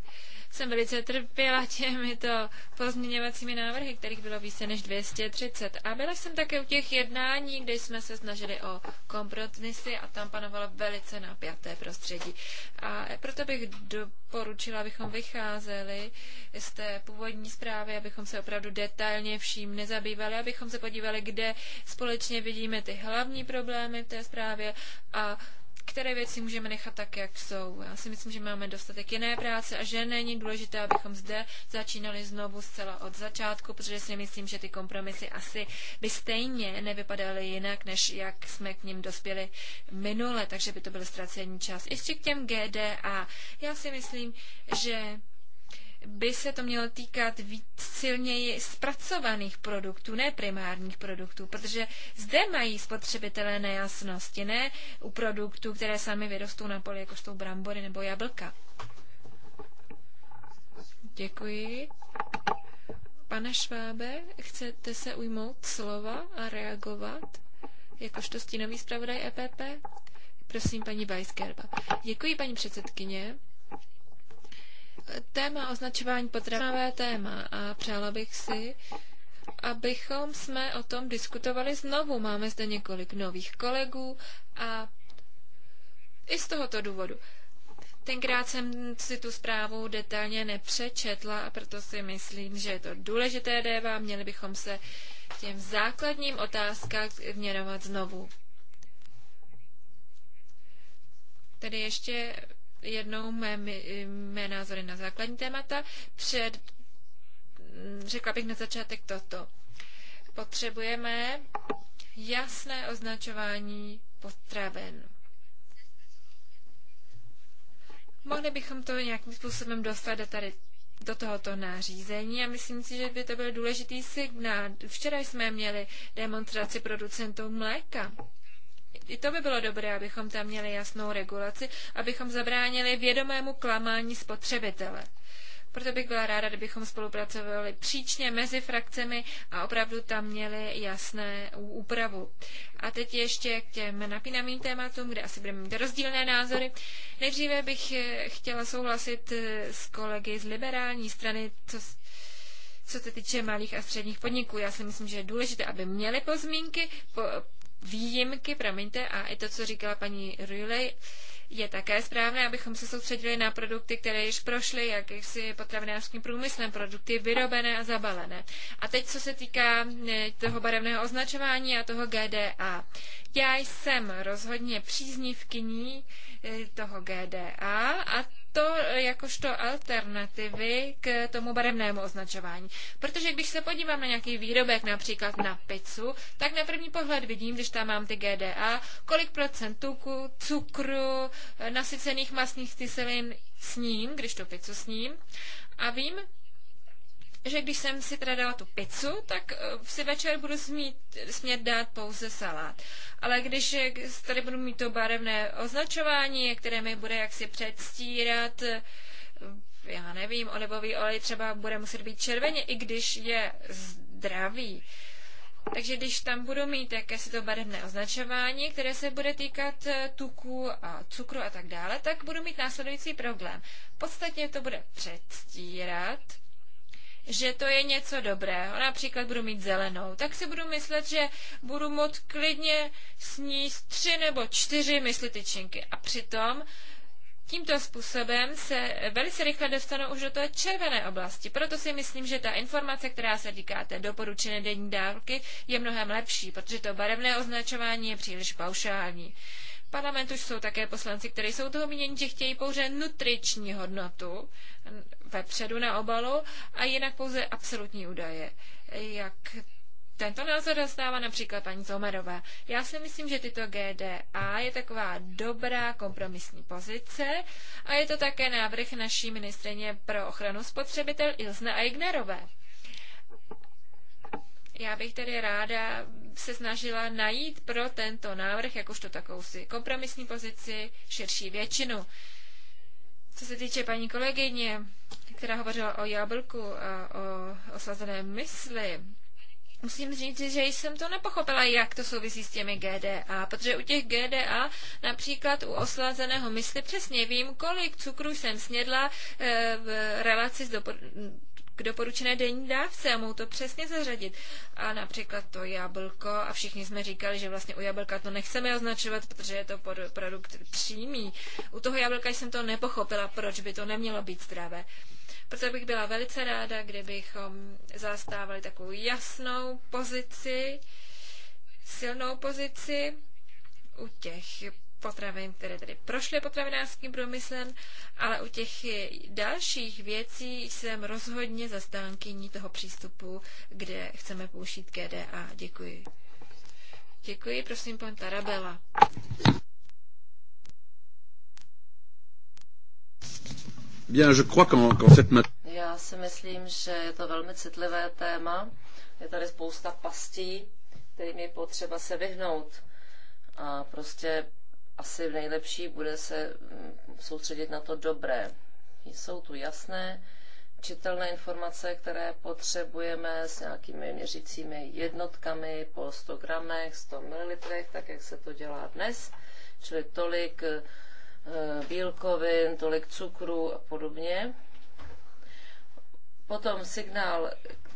jsem velice trpěla těmito pozměňovacími návrhy, kterých bylo více než 230. A byla jsem také u těch jednání, kde jsme se snažili o kompromisy a tam panovalo velice napjaté prostředí. A proto bych doporučila, abychom vycházeli z té původní zprávy, abychom se opravdu detailně vším nezabývali, abychom se podívali, kde společně vidíme ty hlavní problémy v té zprávě a které věci můžeme nechat tak, jak jsou. Já si myslím, že máme dostatek jiné práce a že není důležité, abychom zde začínali znovu zcela od začátku, protože si myslím, že ty kompromisy asi by stejně nevypadaly jinak, než jak jsme k ním dospěli minule, takže by to byl ztracený čas. Ještě k těm GDA. Já si myslím, že by se to mělo týkat víc silněji zpracovaných produktů, ne primárních produktů, protože zde mají spotřebitelé nejasnosti, ne u produktů, které sami vyrostou na poli, jako jsou brambory nebo jablka. Děkuji. Pane Švábe, chcete se ujmout slova a reagovat? Jakožto stínový zpravodaj EPP? Prosím, paní Weisgerba. Děkuji, paní předsedkyně. Téma označování potravinové téma a přála bych si, abychom jsme o tom diskutovali znovu. Máme zde několik nových kolegů a i z tohoto důvodu. Tenkrát jsem si tu zprávu detailně nepřečetla a proto si myslím, že je to důležité déva. Měli bychom se těm základním otázkám věnovat znovu. Tedy ještě jednou mé, mé názory na základní témata. Před, řekla bych na začátek toto. Potřebujeme jasné označování potraven. Mohli bychom to nějakým způsobem dostat do tady do tohoto nářízení a myslím si, že by to byl důležitý signál. Včera jsme měli demonstraci producentů mléka. I to by bylo dobré, abychom tam měli jasnou regulaci, abychom zabránili vědomému klamání spotřebitele. Proto bych byla ráda, kdybychom spolupracovali příčně mezi frakcemi a opravdu tam měli jasné úpravu. A teď ještě k těm napínavým tématům, kde asi budeme mít rozdílné názory. Nejdříve bych eh, chtěla souhlasit eh, s kolegy z liberální strany, co, co se týče malých a středních podniků. Já si myslím, že je důležité, aby měli pozmínky, po, výjimky, promiňte, a i to, co říkala paní Riley, je také správné, abychom se soustředili na produkty, které již prošly jakýsi potravinářským průmyslem, produkty vyrobené a zabalené. A teď, co se týká eh, toho barevného označování a toho GDA. Já jsem rozhodně příznivkyní eh, toho GDA a to jakožto alternativy k tomu barevnému označování. Protože když se podívám na nějaký výrobek, například na pizzu, tak na první pohled vidím, když tam mám ty GDA, kolik procent tuku, cukru, eh, nasycených masných kyselin sním, když to pizzu sním. A vím, že když jsem si teda dala tu pizzu, tak eh, si večer budu smít, smět dát pouze salát. Ale eh, když tady budu mít to barevné označování, které mi bude jaksi předstírat, eh, já nevím, olivový olej třeba bude muset být červeně, i když je zdravý. Takže když tam budu mít jakési to barevné označování, které se bude týkat tuku a cukru a tak dále, tak budu mít následující problém. V podstatě to bude předstírat, že to je něco dobrého, například budu mít zelenou, tak si budu myslet, že budu moct klidně sníst tři nebo čtyři tyčinky. A přitom Tímto způsobem se velice rychle dostanou už do té červené oblasti. Proto si myslím, že ta informace, která se týká té doporučené denní dálky, je mnohem lepší, protože to barevné označování je příliš paušální. V parlamentu jsou také poslanci, kteří jsou toho mínění, že chtějí pouze nutriční hodnotu vepředu na obalu a jinak pouze absolutní údaje. Jak tento názor zastává například paní Zomerová. Já si myslím, že tyto GDA je taková dobrá kompromisní pozice a je to také návrh naší ministrině pro ochranu spotřebitel Ilzne Eignerové. Já bych tedy ráda se snažila najít pro tento návrh jakožto takovou si kompromisní pozici širší většinu. Co se týče paní kolegyně, která hovořila o jablku a o osazené mysli, musím říct, že jsem to nepochopila, jak to souvisí s těmi GDA, protože u těch GDA, například u oslazeného mysli, přesně vím, kolik cukru jsem snědla eh, v relaci s dopor- k doporučené denní dávce a mohu to přesně zařadit. A například to jablko, a všichni jsme říkali, že vlastně u jablka to nechceme označovat, protože je to produkt přímý. U toho jablka jsem to nepochopila, proč by to nemělo být zdravé. Uh, proto bych byla velice ráda, kdybychom zastávali takovou jasnou pozici, silnou pozici u těch potravin, které tedy prošly potravinářským průmyslem, ale u těch dalších věcí jsem rozhodně zastánkyní toho přístupu, kde chceme použít GDA. Děkuji. Děkuji, prosím, pan Tarabela. Bien, je crois qu'en, cette Já si myslím, že je to velmi citlivé téma. Je tady spousta pastí, kterým je potřeba se vyhnout. A prostě asi nejlepší bude se mm, soustředit na to dobré. Jsou tu jasné, čitelné informace, které potřebujeme s nějakými měřícími jednotkami po 100 gramech, 100 ml, tak jak se to dělá dnes, čili tolik Eh, bílkovin, tolik cukru a podobně. Potom signál,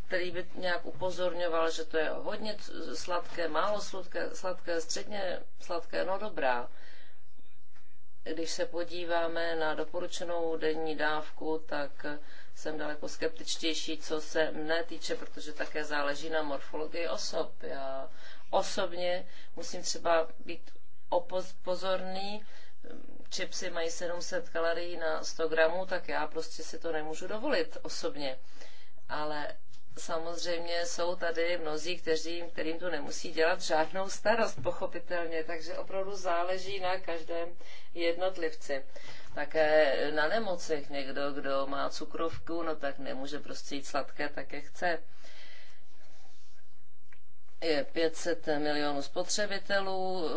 který by nějak upozorňoval, že to je hodně sladké, málo sladké, sladké středně sladké, no dobrá. Když se podíváme na doporučenou denní dávku, tak jsem daleko skeptičtější, co se mne týče, protože také záleží na morfologii osob. Já osobně musím třeba být opozorný, čipsy mají 700 kalorií na 100 gramů, tak já prostě si to nemůžu dovolit osobně. Ale samozřejmě jsou tady mnozí, kteří, kterým to nemusí dělat žádnou starost, pochopitelně, takže opravdu záleží na každém jednotlivci. Také na nemocech někdo, kdo má cukrovku, no tak nemůže prostě jít sladké, tak jak chce je 500 milionů spotřebitelů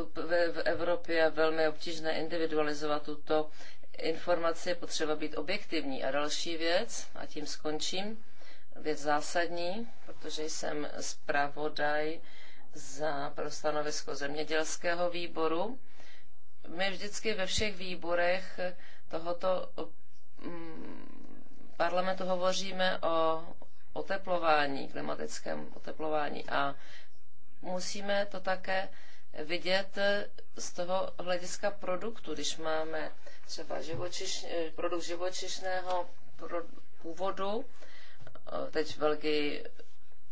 v Evropě je velmi obtížné individualizovat tuto informaci, je potřeba být objektivní. A další věc, a tím skončím, věc zásadní, protože jsem zpravodaj za, pro stanovisko zemědělského výboru. My vždycky ve všech výborech tohoto mm, parlamentu hovoříme o oteplování, klimatickém oteplování. A musíme to také vidět eh, z toho hlediska produktu. Když máme třeba živočiš, eh, produkt živočišného původu, eh, teď v Belgii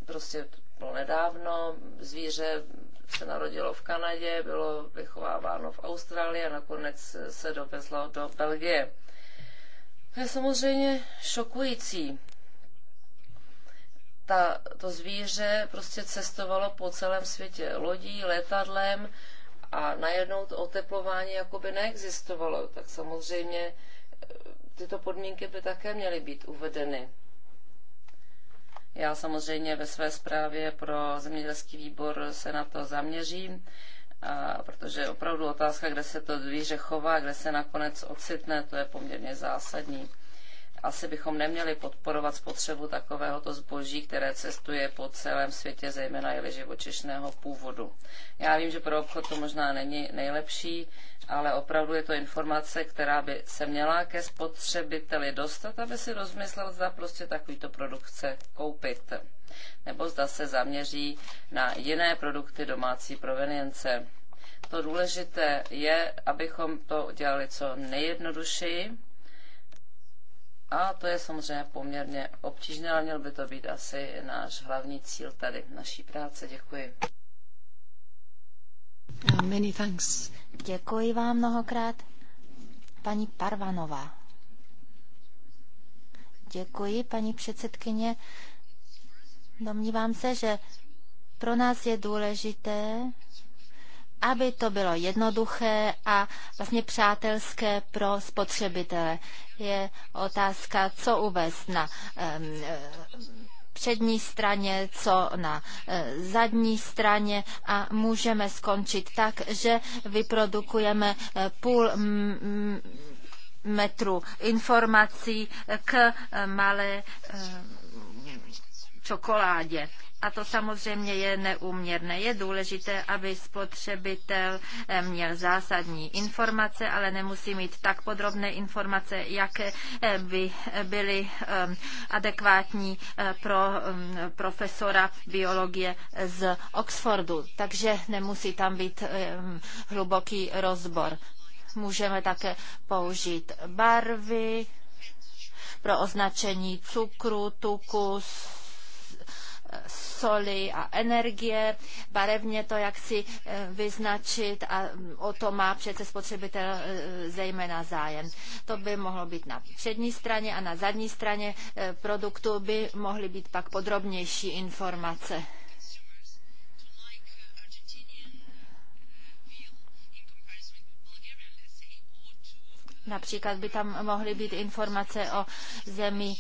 prostě bylo nedávno, zvíře se narodilo v Kanadě, bylo vychováváno v Austrálii a nakonec se dovezlo do Belgie. To je samozřejmě šokující ta, to zvíře prostě cestovalo po celém světě lodí, letadlem a najednou to oteplování jakoby neexistovalo. Tak samozřejmě e, tyto podmínky by také měly být uvedeny. Já samozřejmě ve své zprávě pro zemědělský výbor se na to zaměřím, a protože opravdu otázka, kde se to zvíře chová, kde se nakonec ocitne, to je poměrně zásadní. Asi bychom neměli podporovat spotřebu takovéhoto zboží, které cestuje po celém světě, zejména i živočišného původu. Já vím, že pro obchod to možná není nejlepší, ale opravdu je to informace, která by se měla ke spotřebiteli dostat, aby si rozmyslel, zda prostě takovýto produkt chce koupit. Nebo zda se zaměří na jiné produkty domácí provenience. To důležité je, abychom to dělali co nejjednodušeji, a to je samozřejmě poměrně obtížné, ale měl by to být asi náš hlavní cíl tady naší práce. Děkuji. many thanks. Děkuji vám mnohokrát. Paní Parvanová. Děkuji, paní předsedkyně. Domnívám se, že pro nás je důležité aby to bylo jednoduché a vlastně přátelské pro spotřebitele. Je otázka, co uvést na um, přední straně, co na eh, zadní straně a můžeme skončit tak, že vyprodukujeme eh, půl metru informací k malé čokoládě. A to samozřejmě je neúměrné. Je důležité, aby spotřebitel eh, měl zásadní informace, ale nemusí mít tak podrobné informace, jaké eh, by byly eh, adekvátní pro mm, profesora biologie z Oxfordu. Takže nemusí tam být hluboký rozbor. Můžeme také použít barvy pro označení cukru, tuku, soli a energie, barevně to jak si eh, vyznačit a mm, o to má přece spotřebitel eh, zejména zájem. To by mohlo být na přední straně a na zadní straně eh, produktu by mohly být pak podrobnější informace. Například by tam mohly být informace o zemi e,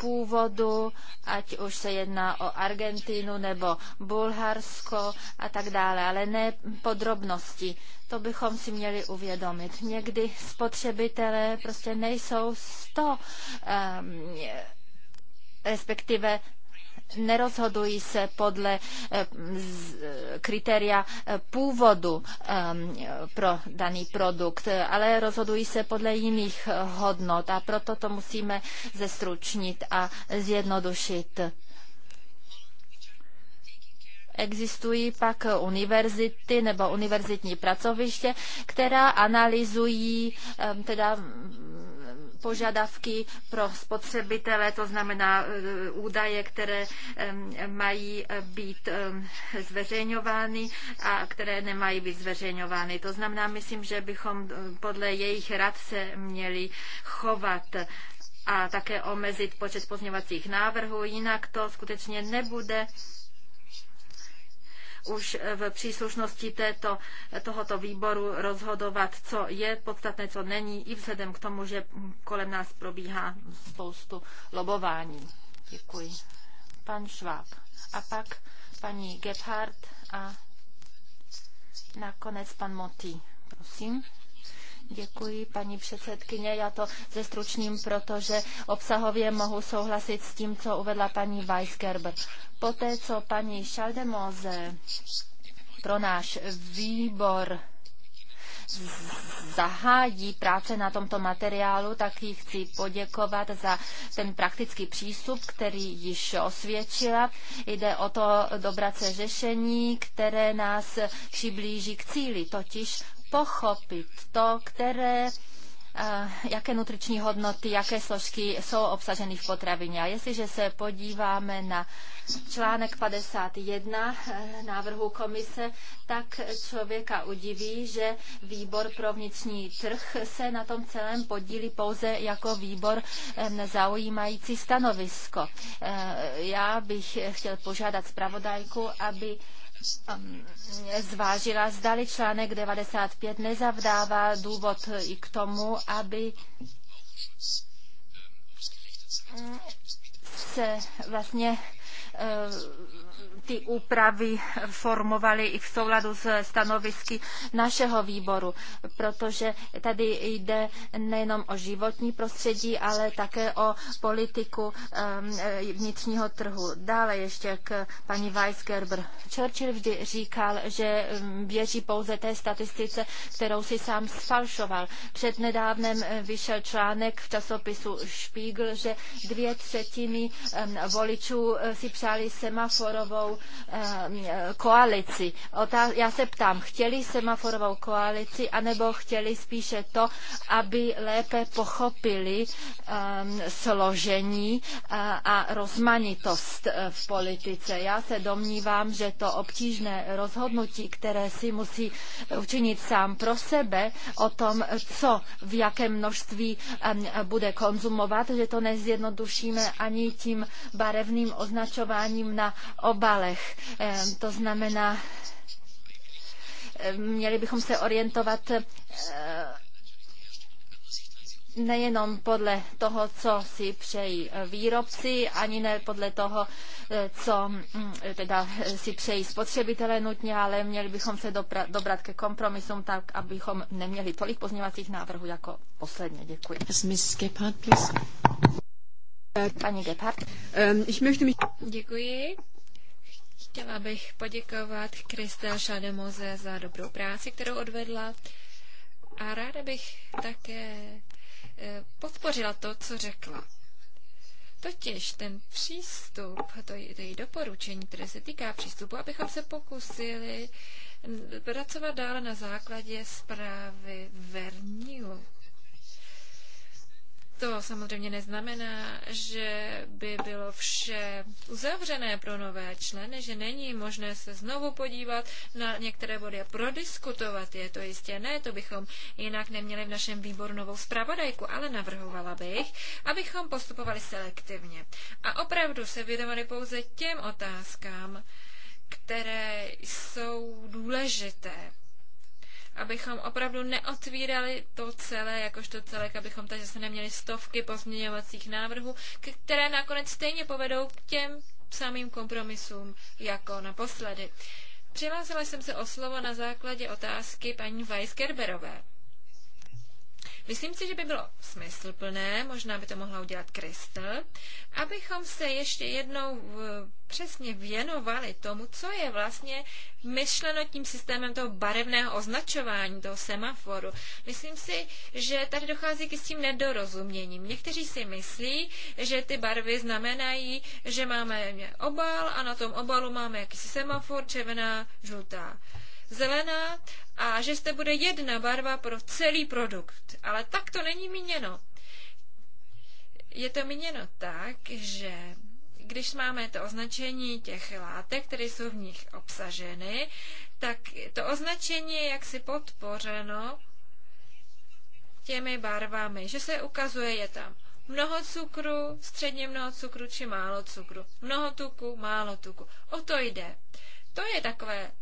původu, ať už se jedná o Argentinu nebo Bulharsko a tak dále, ale ne podrobnosti. To bychom si měli uvědomit. Někdy spotřebitelé prostě nejsou sto, um, respektive nerozhodují se podle eh, kritéria eh, původu ehm, pro daný produkt, ale rozhodují se podle jiných eh, hodnot a proto to musíme zestručnit a zjednodušit. Existují pak univerzity nebo univerzitní pracoviště, která analyzují ehm, teda požadavky pro spotřebitele, to znamená e, údaje, které mají e, být e, zveřejňovány a které nemají být zveřejňovány. To znamená, myslím, že bychom podle jejich rad se měli chovat a také omezit počet pozměňovacích návrhů, jinak to skutečně nebude už v příslušnosti této, tohoto výboru rozhodovat, co je podstatné, co není, i vzhledem k tomu, že kolem nás probíhá spoustu lobování. Děkuji. Pan Šváb. A pak paní Gebhardt a nakonec pan Motý. Prosím. Děkuji, paní předsedkyně. Já to zestručním protože obsahově mohu souhlasit s tím, co uvedla paní Weisgerber. Poté, co paní Šaldemoze pro náš výbor zahájí práce na tomto materiálu, tak jí chci poděkovat za ten praktický přístup, který již osvědčila. Jde o to dobrat se řešení, které nás přiblíží k cíli, totiž pochopit to, které eh, jaké nutriční hodnoty, jaké složky jsou obsaženy v potravině. A jestliže se podíváme na článek 51 eh, návrhu komise, tak člověka udiví, že výbor pro vnitřní trh se na tom celém podílí pouze jako výbor eh, zaujímající stanovisko. Já bych chtěl požádat zpravodajku, aby zvážila, zdali článek 95 nezavdává důvod i k tomu, aby se vlastně eh, ty úpravy formovaly i v souladu s stanovisky našeho výboru, protože tady jde nejenom o životní prostředí, ale také o politiku ehm, e, vnitřního trhu. Dále ještě k paní Weisgerber. Churchill vždy říkal, že ehm, věří pouze té statistice, kterou si sám sfalšoval. Před nedávnem e, vyšel článek v časopisu Spiegel, že dvě třetiny ehm, voličů e, si přáli semaforovou Eh, koalici. Já se ptám, chtěli semaforovou koalici, anebo chtěli spíše to, aby lépe pochopili ehm, složení eh, a rozmanitost eh, v politice. Já se domnívám, že to obtížné rozhodnutí, které si musí učinit sám pro sebe o tom, co v jakém množství ehm, bude konzumovat, že to nezjednodušíme ani tím barevným označováním na obale cílech. To znamená, měli bychom se orientovat nejenom podle toho, co si přejí výrobci, ani ne podle toho, e, co teda si přejí spotřebitelé nutně, ale měli bychom se dobra, dobrat ke kompromisům tak, abychom neměli tolik pozměňovacích návrhů jako posledně. Děkuji. Paní Gephardt. Děkuji. Chtěla bych poděkovat Kristel Šademoze za dobrou práci, kterou odvedla. A ráda bych také e, podpořila to, co řekla. Totiž ten přístup, to, to její doporučení, které se týká přístupu, abychom se pokusili pracovat dále na základě zprávy Verniu. To samozřejmě neznamená, že by bylo vše uzavřené pro nové členy, že není možné se znovu podívat na některé body a prodiskutovat je. To jistě ne, to bychom jinak neměli v našem výboru novou zpravodajku, ale navrhovala bych, abychom postupovali selektivně a opravdu se věnovali pouze těm otázkám, které jsou důležité abychom opravdu neotvírali to celé, jakožto celek, abychom tady zase neměli stovky pozměňovacích návrhů, které nakonec stejně povedou k těm samým kompromisům jako naposledy. Přihlásila jsem se o slovo na základě otázky paní Weisgerberové. Myslím si, že by bylo smysluplné, možná by to mohla udělat Kristel, abychom se ještě jednou eh, přesně věnovali tomu, co je vlastně myšleno tím systémem toho barevného označování, toho semaforu. Myslím si, že tady dochází k s tím nedorozuměním. Někteří si myslí, že ty barvy znamenají, že máme obal a na tom obalu máme jakýsi semafor, červená, žlutá zelená a že zde bude jedna barva pro celý produkt. Ale tak to není míněno. Je to míněno tak, že když máme to označení těch látek, které jsou v nich obsaženy, tak to označení je jaksi podpořeno těmi barvami, že se ukazuje, je tam mnoho cukru, středně mnoho cukru či málo cukru, mnoho tuku, málo tuku. O to jde. To je takové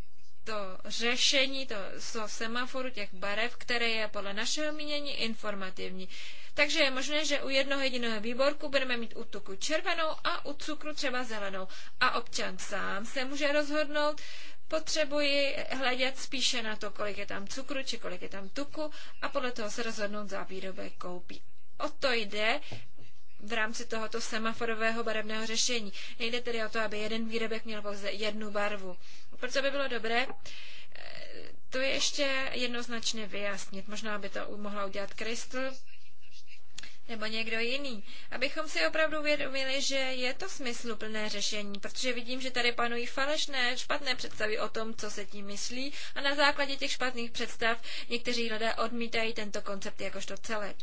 to řešení, to, to semaforu těch barev, které je podle našeho mínění informativní. Takže je možné, že u jednoho jediného výborku budeme mít u tuku červenou a u cukru třeba zelenou. A občan sám se může rozhodnout, potřebuji hledět spíše na to, kolik je tam cukru či kolik je tam tuku a podle toho se rozhodnout za výrobek koupí. O to jde, v rámci tohoto semaforového barevného řešení. Nejde tedy o to, aby jeden výrobek měl pouze jednu barvu. Proto by bylo dobré eh, to je ještě jednoznačně vyjasnit. Možná by to mohla udělat Kristl nebo někdo jiný. Abychom si opravdu uvědomili, že je to smysluplné řešení, protože vidím, že tady panují falešné, špatné představy o tom, co se tím myslí a na základě těch špatných představ někteří lidé odmítají tento koncept jakožto celé.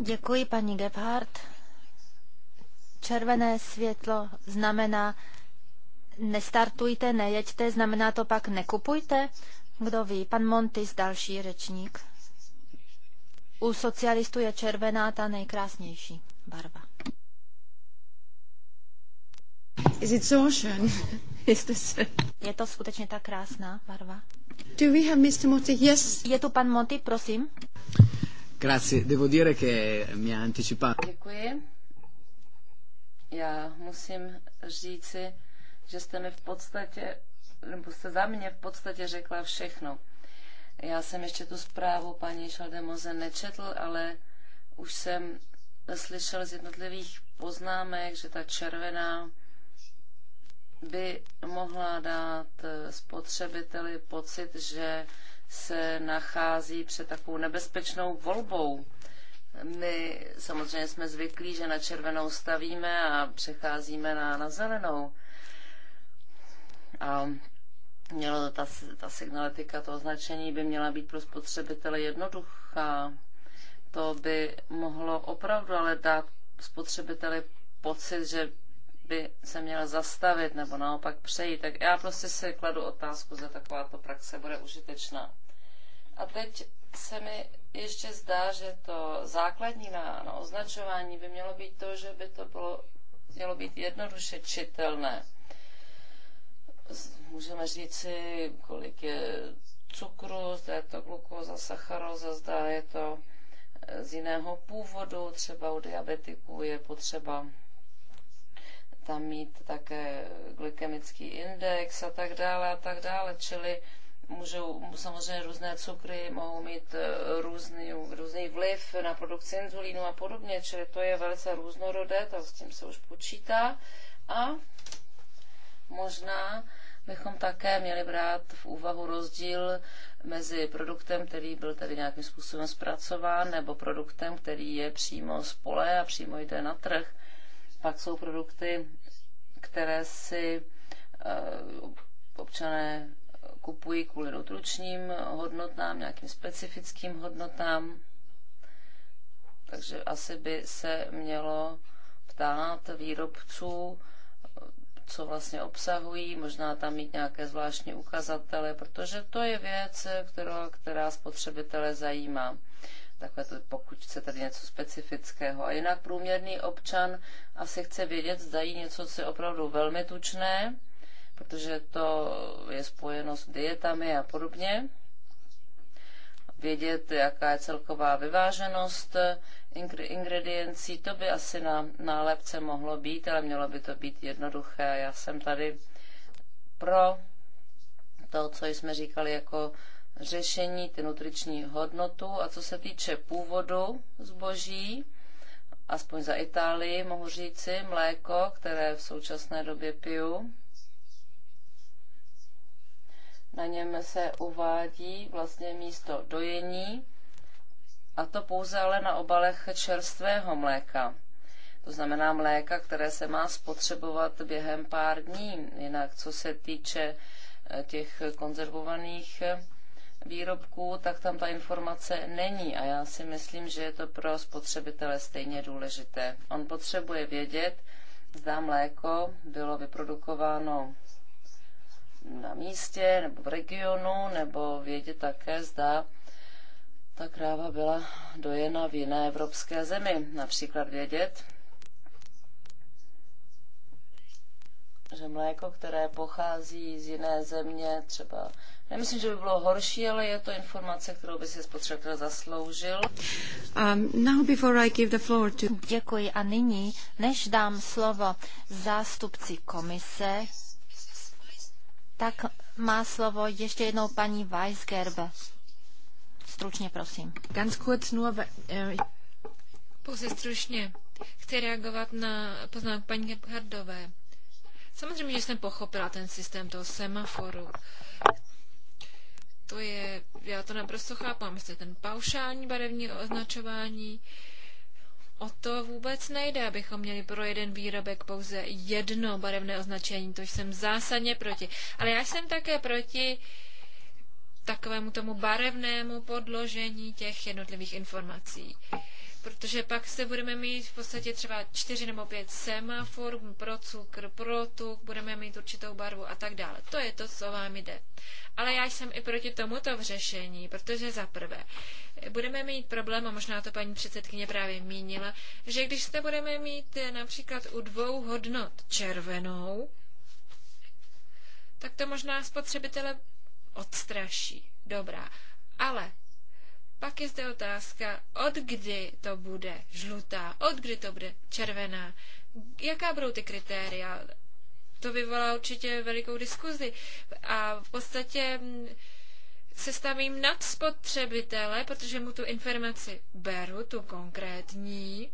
Děkuji, paní Gebhardt. Červené světlo znamená nestartujte, nejeďte, znamená to pak nekupujte? Kdo ví? Pan Montis, další řečník. U socialistů je červená ta nejkrásnější barva. Is it so schön? Is this... Je to skutečně ta krásná barva? Do we have Mr. Monti? Yes. Je tu pan Monti, prosím. Grazie, devo dire che mi ha anticipato. Děkuji. Já musím říci, že jste mi v podstatě, nebo jste za mě v podstatě řekla všechno. Já jsem ještě tu zprávu paní Šaldemoze nečetl, ale už jsem slyšel z jednotlivých poznámek, že ta červená by mohla dát eh, spotřebiteli pocit, že se nachází před takovou nebezpečnou volbou. My samozřejmě jsme zvyklí, že na červenou stavíme a přecházíme na, na zelenou. A mělo ta, ta signaletika, to označení by měla být pro spotřebitele jednoduchá. To by mohlo opravdu ale dát spotřebiteli pocit, že by se měl zastavit nebo naopak přejít. Tak já prostě si kladu otázku, zda takováto praxe bude užitečná. A teď se mi ještě zdá, že to základní na, na označování by mělo být to, že by to bylo, mělo být jednoduše čitelné můžeme říci, kolik je cukru, zda je to glukóza, sacharoza, zda je to eh, z jiného původu, třeba u diabetiků je potřeba tam mít také glykemický index a tak dále a tak dále, čili můžou, samozřejmě různé cukry mohou mít eh, různý, různý vliv na produkci inzulínu a podobně, čili to je velice různorodé, to s tím se už počítá a možná bychom také měli brát v úvahu rozdíl mezi produktem, který byl tedy nějakým způsobem zpracován, nebo produktem, který je přímo z pole a přímo jde na trh. Pak jsou produkty, které si eh, občané kupují kvůli nutričním hodnotám, nějakým specifickým hodnotám. Takže asi by se mělo ptát výrobců, co vlastně obsahují, možná tam mít nějaké zvláštní ukazatele, protože to je věc, která, která spotřebitele zajímá. Takhle to, pokud chce tady něco specifického. A jinak průměrný občan asi chce vědět, zda jí něco, co je opravdu velmi tučné, protože to je spojeno s dietami a podobně vědět, jaká je celková vyváženost eh, ingrediencí. To by asi na nálepce mohlo být, ale mělo by to být jednoduché. Já jsem tady pro to, co jsme říkali jako řešení, ty nutriční hodnotu. A co se týče původu zboží, aspoň za Itálii mohu říci, mléko, které v současné době piju, na něm se uvádí vlastně místo dojení, a to pouze ale na obalech čerstvého mléka. To znamená mléka, které se má spotřebovat během pár dní. Jinak, co se týče eh, těch konzervovaných eh, výrobků, tak tam ta informace není a já si myslím, že je to pro spotřebitele stejně důležité. On potřebuje vědět, zda mléko bylo vyprodukováno na místě nebo v regionu, nebo vědět také, zda ta kráva byla dojena v jiné evropské zemi. Například vědět, že mléko, které pochází z jiné země, třeba nemyslím, že by bylo horší, ale je to informace, kterou by si spotřebitel zasloužil. Um, now before I give the floor to... Děkuji a nyní, než dám slovo zástupci komise, tak má slovo ještě jednou paní Weisgerbe. Stručně, prosím. Ganz kurz nur, äh, pouze stručně. Chci reagovat na poznámku paní Hardové. Samozřejmě, že jsem pochopila ten systém toho semaforu. To je, já to naprosto chápám, jestli ten paušální barevní označování, o to vůbec nejde, abychom měli pro jeden výrobek pouze jedno barevné označení, to jsem zásadně proti. Ale já jsem také proti takovému tomu barevnému podložení těch jednotlivých informací protože pak se budeme mít v podstatě třeba čtyři nebo pět semafor pro cukr, pro tuk, budeme mít určitou barvu a tak dále. To je to, co vám jde. Ale já jsem i proti tomuto v řešení, protože za prvé budeme mít problém, a možná to paní předsedkyně právě mínila, že když se budeme mít například u dvou hodnot červenou, tak to možná spotřebitele odstraší. Dobrá. Ale pak je zde otázka, od kdy to bude žlutá, od kdy to bude červená, jaká budou ty kritéria. To vyvolá určitě velikou diskuzi a v podstatě mm, se stavím nad spotřebitele, protože mu tu informaci beru, tu konkrétní,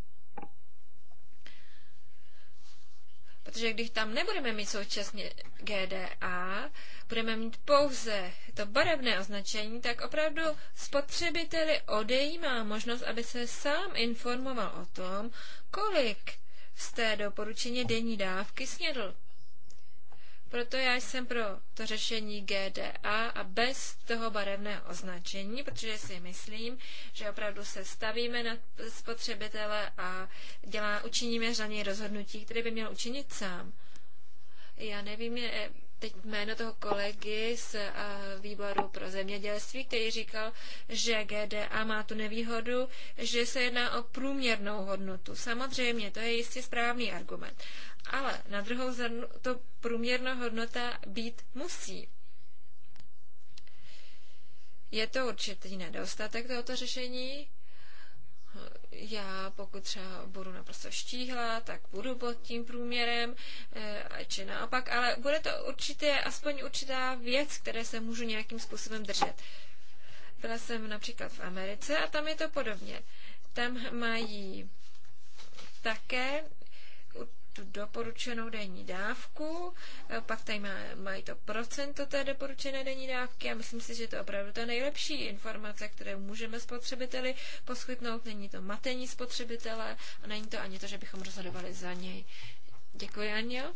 Protože když tam nebudeme mít současně GDA, budeme mít pouze to barevné označení, tak opravdu spotřebiteli odejímá možnost, aby se sám informoval o tom, kolik z té doporučeně denní dávky snědl. Proto já jsem pro to řešení GDA a bez toho barevného označení, protože si myslím, že opravdu se stavíme na spotřebitele a dělá, učiníme za něj rozhodnutí, které by měl učinit sám. Já nevím, je, teď jméno toho kolegy z eh, výboru pro zemědělství, který říkal, že GDA má tu nevýhodu, že se jedná o průměrnou hodnotu. Samozřejmě, to je jistě správný argument. Ale na druhou stranu to průměrná hodnota být musí. Je to určitý nedostatek tohoto řešení, já pokud třeba budu naprosto štíhla, tak budu pod tím průměrem, eh, či naopak, ale bude to určitě aspoň určitá věc, které se můžu nějakým způsobem držet. Byla jsem například v Americe a tam je to podobně. Tam mají také tu doporučenou denní dávku, eh, pak tady má, mají to procento té doporučené denní dávky a myslím si, že to je opravdu ta nejlepší informace, které můžeme spotřebiteli poskytnout. Není to matení spotřebitele a není to ani to, že bychom rozhodovali za něj. Děkuji, Anjo.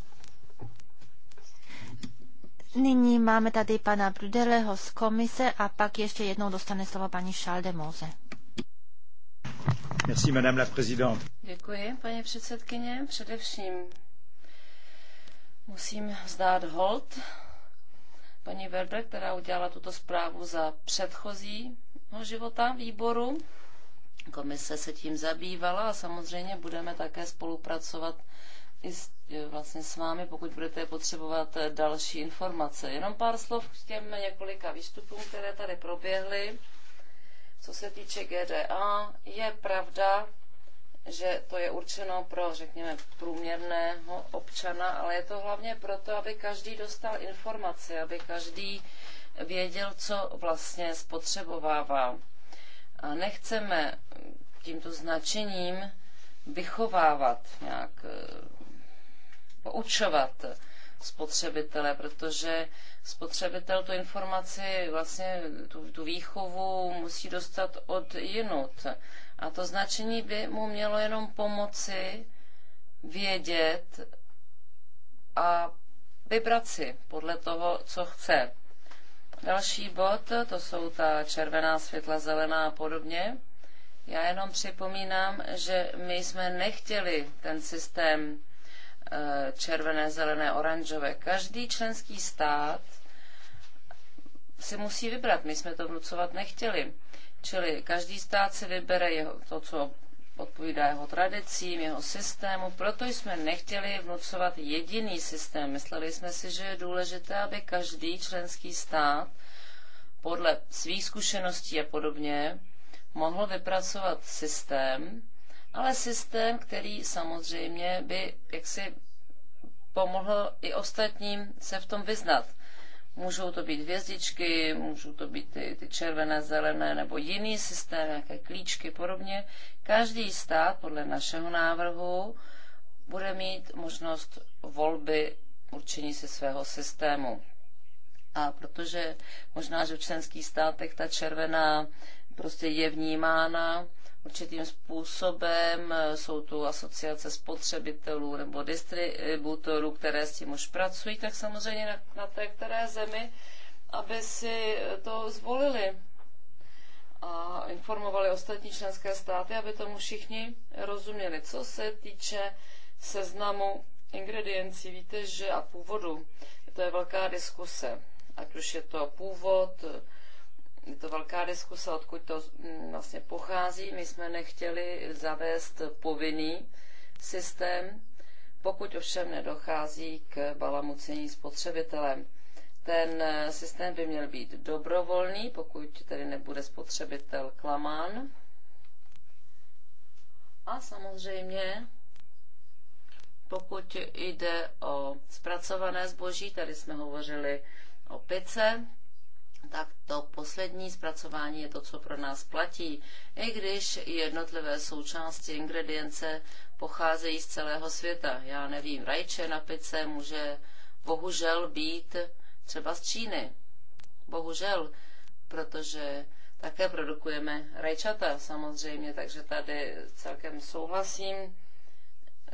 Nyní máme tady pana Brudeleho z komise a pak ještě jednou dostane slovo paní Šaldemose. Merci, madame la présidente. Děkuji, paní předsedkyně. Především musím vzdát hold paní Verde, která udělala tuto zprávu za předchozího života výboru. Komise se tím zabývala a samozřejmě budeme také spolupracovat i s, vlastně s vámi, pokud budete potřebovat další informace. Jenom pár slov k těm několika výstupům, které tady proběhly. Co se týče GDA, je pravda, že to je určeno pro, řekněme, průměrného občana, ale je to hlavně proto, aby každý dostal informace, aby každý věděl, co vlastně spotřebovává. A nechceme tímto značením vychovávat, nějak eh, poučovat spotřebitele, protože spotřebitel tu informaci, vlastně tu, tu výchovu musí dostat od jinut. A to značení by mu mělo jenom pomoci vědět a vybrat si podle toho, co chce. Další bod, to jsou ta červená, světla, zelená a podobně. Já jenom připomínám, že my jsme nechtěli ten systém Eh, červené, zelené, oranžové. Každý členský stát si musí vybrat. My jsme to vnucovat nechtěli. Čili každý stát si vybere jeho, to, co odpovídá jeho tradicím, jeho systému. Proto jsme nechtěli vnucovat jediný systém. Mysleli jsme si, že je důležité, aby každý členský stát podle svých zkušeností a podobně mohl vypracovat systém, ale systém, který samozřejmě by jaksi pomohl i ostatním se v tom vyznat. Můžou to být hvězdičky, můžou to být ty, ty červené, zelené nebo jiný systém, nějaké klíčky podobně. Každý stát podle našeho návrhu bude mít možnost volby určení si svého systému. A protože možná, že v členských státech ta červená prostě je vnímána určitým způsobem. Jsou tu asociace spotřebitelů nebo distributorů, které s tím už pracují, tak samozřejmě na, na té které zemi, aby si to zvolili a informovali ostatní členské státy, aby tomu všichni rozuměli. Co se týče seznamu ingrediencí, víte, že a původu, to je velká diskuse. Ať už je to původ, je to velká diskuse, odkud to mm, vlastně pochází. My jsme nechtěli zavést povinný systém, pokud ovšem nedochází k balamucení spotřebitelem. Ten eh, systém by měl být dobrovolný, pokud tedy nebude spotřebitel klamán. A samozřejmě, pokud jde o zpracované zboží, tady jsme hovořili o pice, tak to poslední zpracování je to, co pro nás platí, i když jednotlivé součásti ingredience pocházejí z celého světa. Já nevím, rajče na pice může bohužel být třeba z Číny. Bohužel, protože také produkujeme rajčata samozřejmě, takže tady celkem souhlasím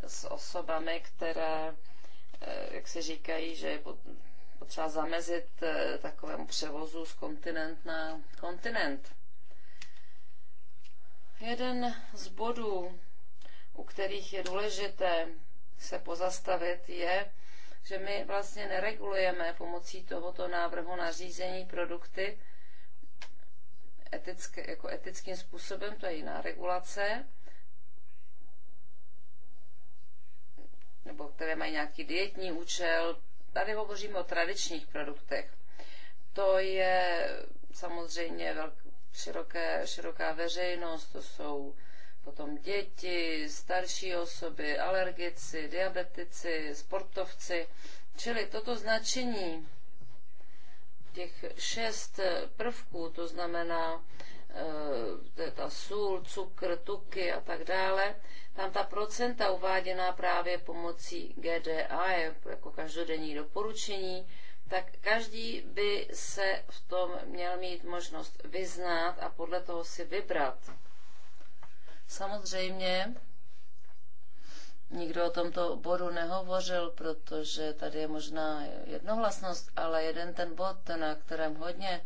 s osobami, které, eh, jak se říkají, že je potřeba zamezit eh, takovému převozu z kontinent na kontinent. Jeden z bodů, u kterých je důležité se pozastavit, je, že my vlastně neregulujeme pomocí tohoto návrhu nařízení produkty etické, jako etickým způsobem, to je jiná regulace, nebo které mají nějaký dietní účel, tady hovoříme o tradičních produktech. To je samozřejmě velk, široké, široká veřejnost, to jsou potom děti, starší osoby, alergici, diabetici, sportovci. Čili toto značení těch šest prvků, to znamená Eh, ta sůl, cukr, tuky a tak dále, tam ta procenta uváděná právě pomocí GDA jako každodenní doporučení, tak každý by se v tom měl mít možnost vyznát a podle toho si vybrat. Samozřejmě nikdo o tomto bodu nehovořil, protože tady je možná jednohlasnost, ale jeden ten bod, na kterém hodně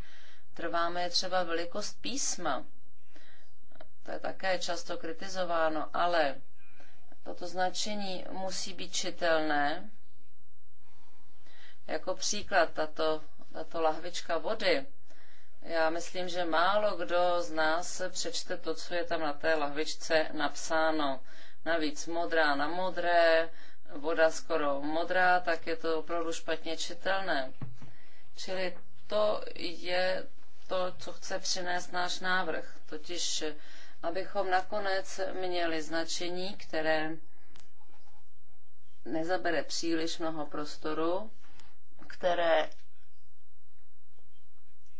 trváme třeba velikost písma. To je také často kritizováno, ale toto značení musí být čitelné. Jako příklad tato, tato lahvička vody. Já myslím, že málo kdo z nás přečte to, co je tam na té lahvičce napsáno. Navíc modrá na modré, voda skoro modrá, tak je to opravdu špatně čitelné. Čili to je to, co chce přinést náš návrh, totiž abychom nakonec měli značení, které nezabere příliš mnoho prostoru, které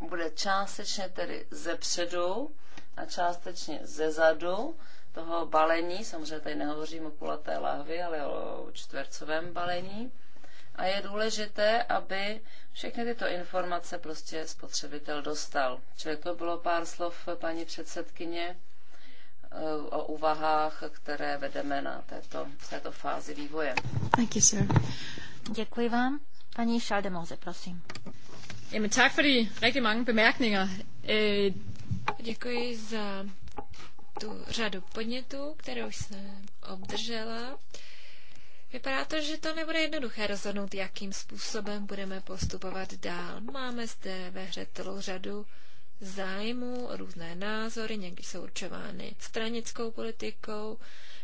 bude částečně tedy ze předu a částečně ze zadu toho balení. Samozřejmě tady nehovořím o kulaté lahvi, ale o čtvercovém balení. A je důležité, aby všechny tyto informace prostě spotřebitel dostal. Čili to bylo pár slov paní předsedkyně eh, o úvahách, které vedeme na této, této fázi vývoje. Thank you, sir. Děkuji vám. Paní Šaldemoze, prosím. Jamen, tak for de rigtig mange bemærkninger. Øh, děkuji za tu řadu podnětů, kterou jsem obdržela. Vypadá to, že to nebude jednoduché rozhodnout, jakým způsobem budeme postupovat dál. Máme zde ve hře celou řadu zájmů, různé názory, někdy jsou určovány stranickou politikou,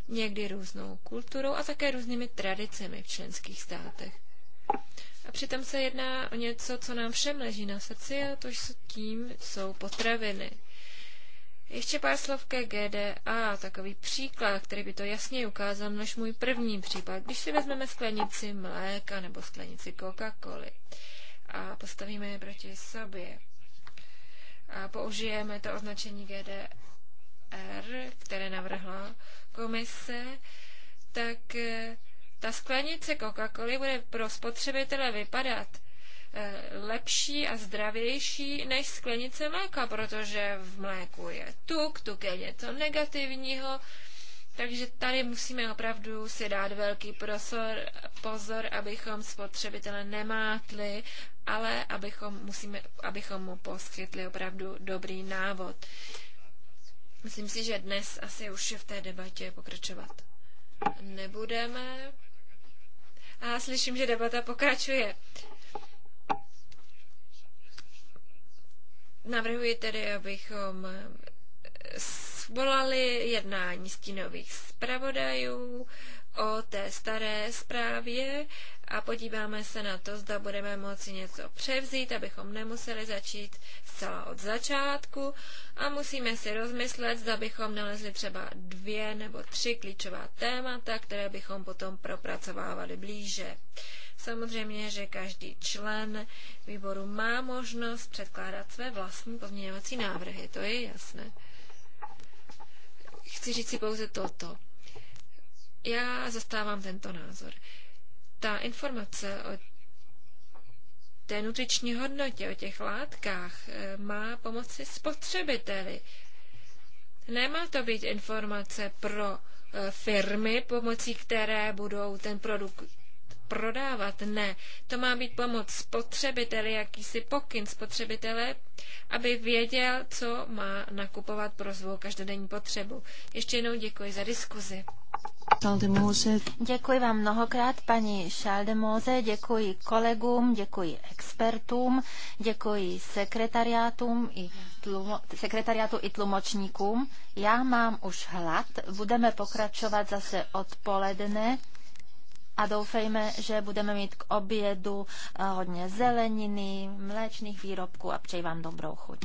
někdy různou kulturou a také různými tradicemi v členských státech. A přitom se jedná o něco, co nám všem leží na srdci, a to tím jsou potraviny. Ještě pár slov ke GDA, takový příklad, který by to jasně ukázal než můj první případ. Když si vezmeme sklenici mléka nebo sklenici Coca-Coly a postavíme je proti sobě a použijeme to označení GDR, které navrhla komise, tak eh, ta sklenice Coca-Coly bude pro spotřebitele vypadat Eh, lepší a zdravější než sklenice mléka, protože v mléku je tuk, tuk je něco negativního, takže tady musíme opravdu si dát velký prosor, pozor, abychom spotřebitele nemátli, ale abychom, musíme, abychom mu poskytli opravdu dobrý návod. Myslím si, že dnes asi už v té debatě pokračovat nebudeme. A slyším, že debata pokračuje. Navrhuji tedy, abychom eh, svolali jednání stínových zpravodajů o té staré zprávě a podíváme se na to, zda budeme moci něco převzít, abychom nemuseli začít zcela od začátku a musíme si rozmyslet, zda bychom nalezli třeba dvě nebo tři klíčová témata, které bychom potom propracovávali blíže. Samozřejmě, že každý člen výboru má možnost předkládat své vlastní pozměňovací návrhy, to je jasné. Chci říct si pouze toto. Já zastávám tento názor. Ta informace o té nutriční hodnotě, o těch látkách, eh, má pomoci spotřebiteli. Nemá to být informace pro eh, firmy, pomocí které budou ten produkt prodávat. Ne, to má být pomoc spotřebiteli, jakýsi pokyn spotřebitele, aby věděl, co má nakupovat pro svou každodenní potřebu. Ještě jednou děkuji za diskuzi. Děkuji vám mnohokrát, paní Šaldemóze, děkuji kolegům, děkuji expertům, děkuji sekretariátům i tlumo, sekretariátu i tlumočníkům. Já mám už hlad, budeme pokračovat zase odpoledne a doufejme, že budeme mít k obědu eh, hodně zeleniny, mléčných výrobků a přeji vám dobrou chuť.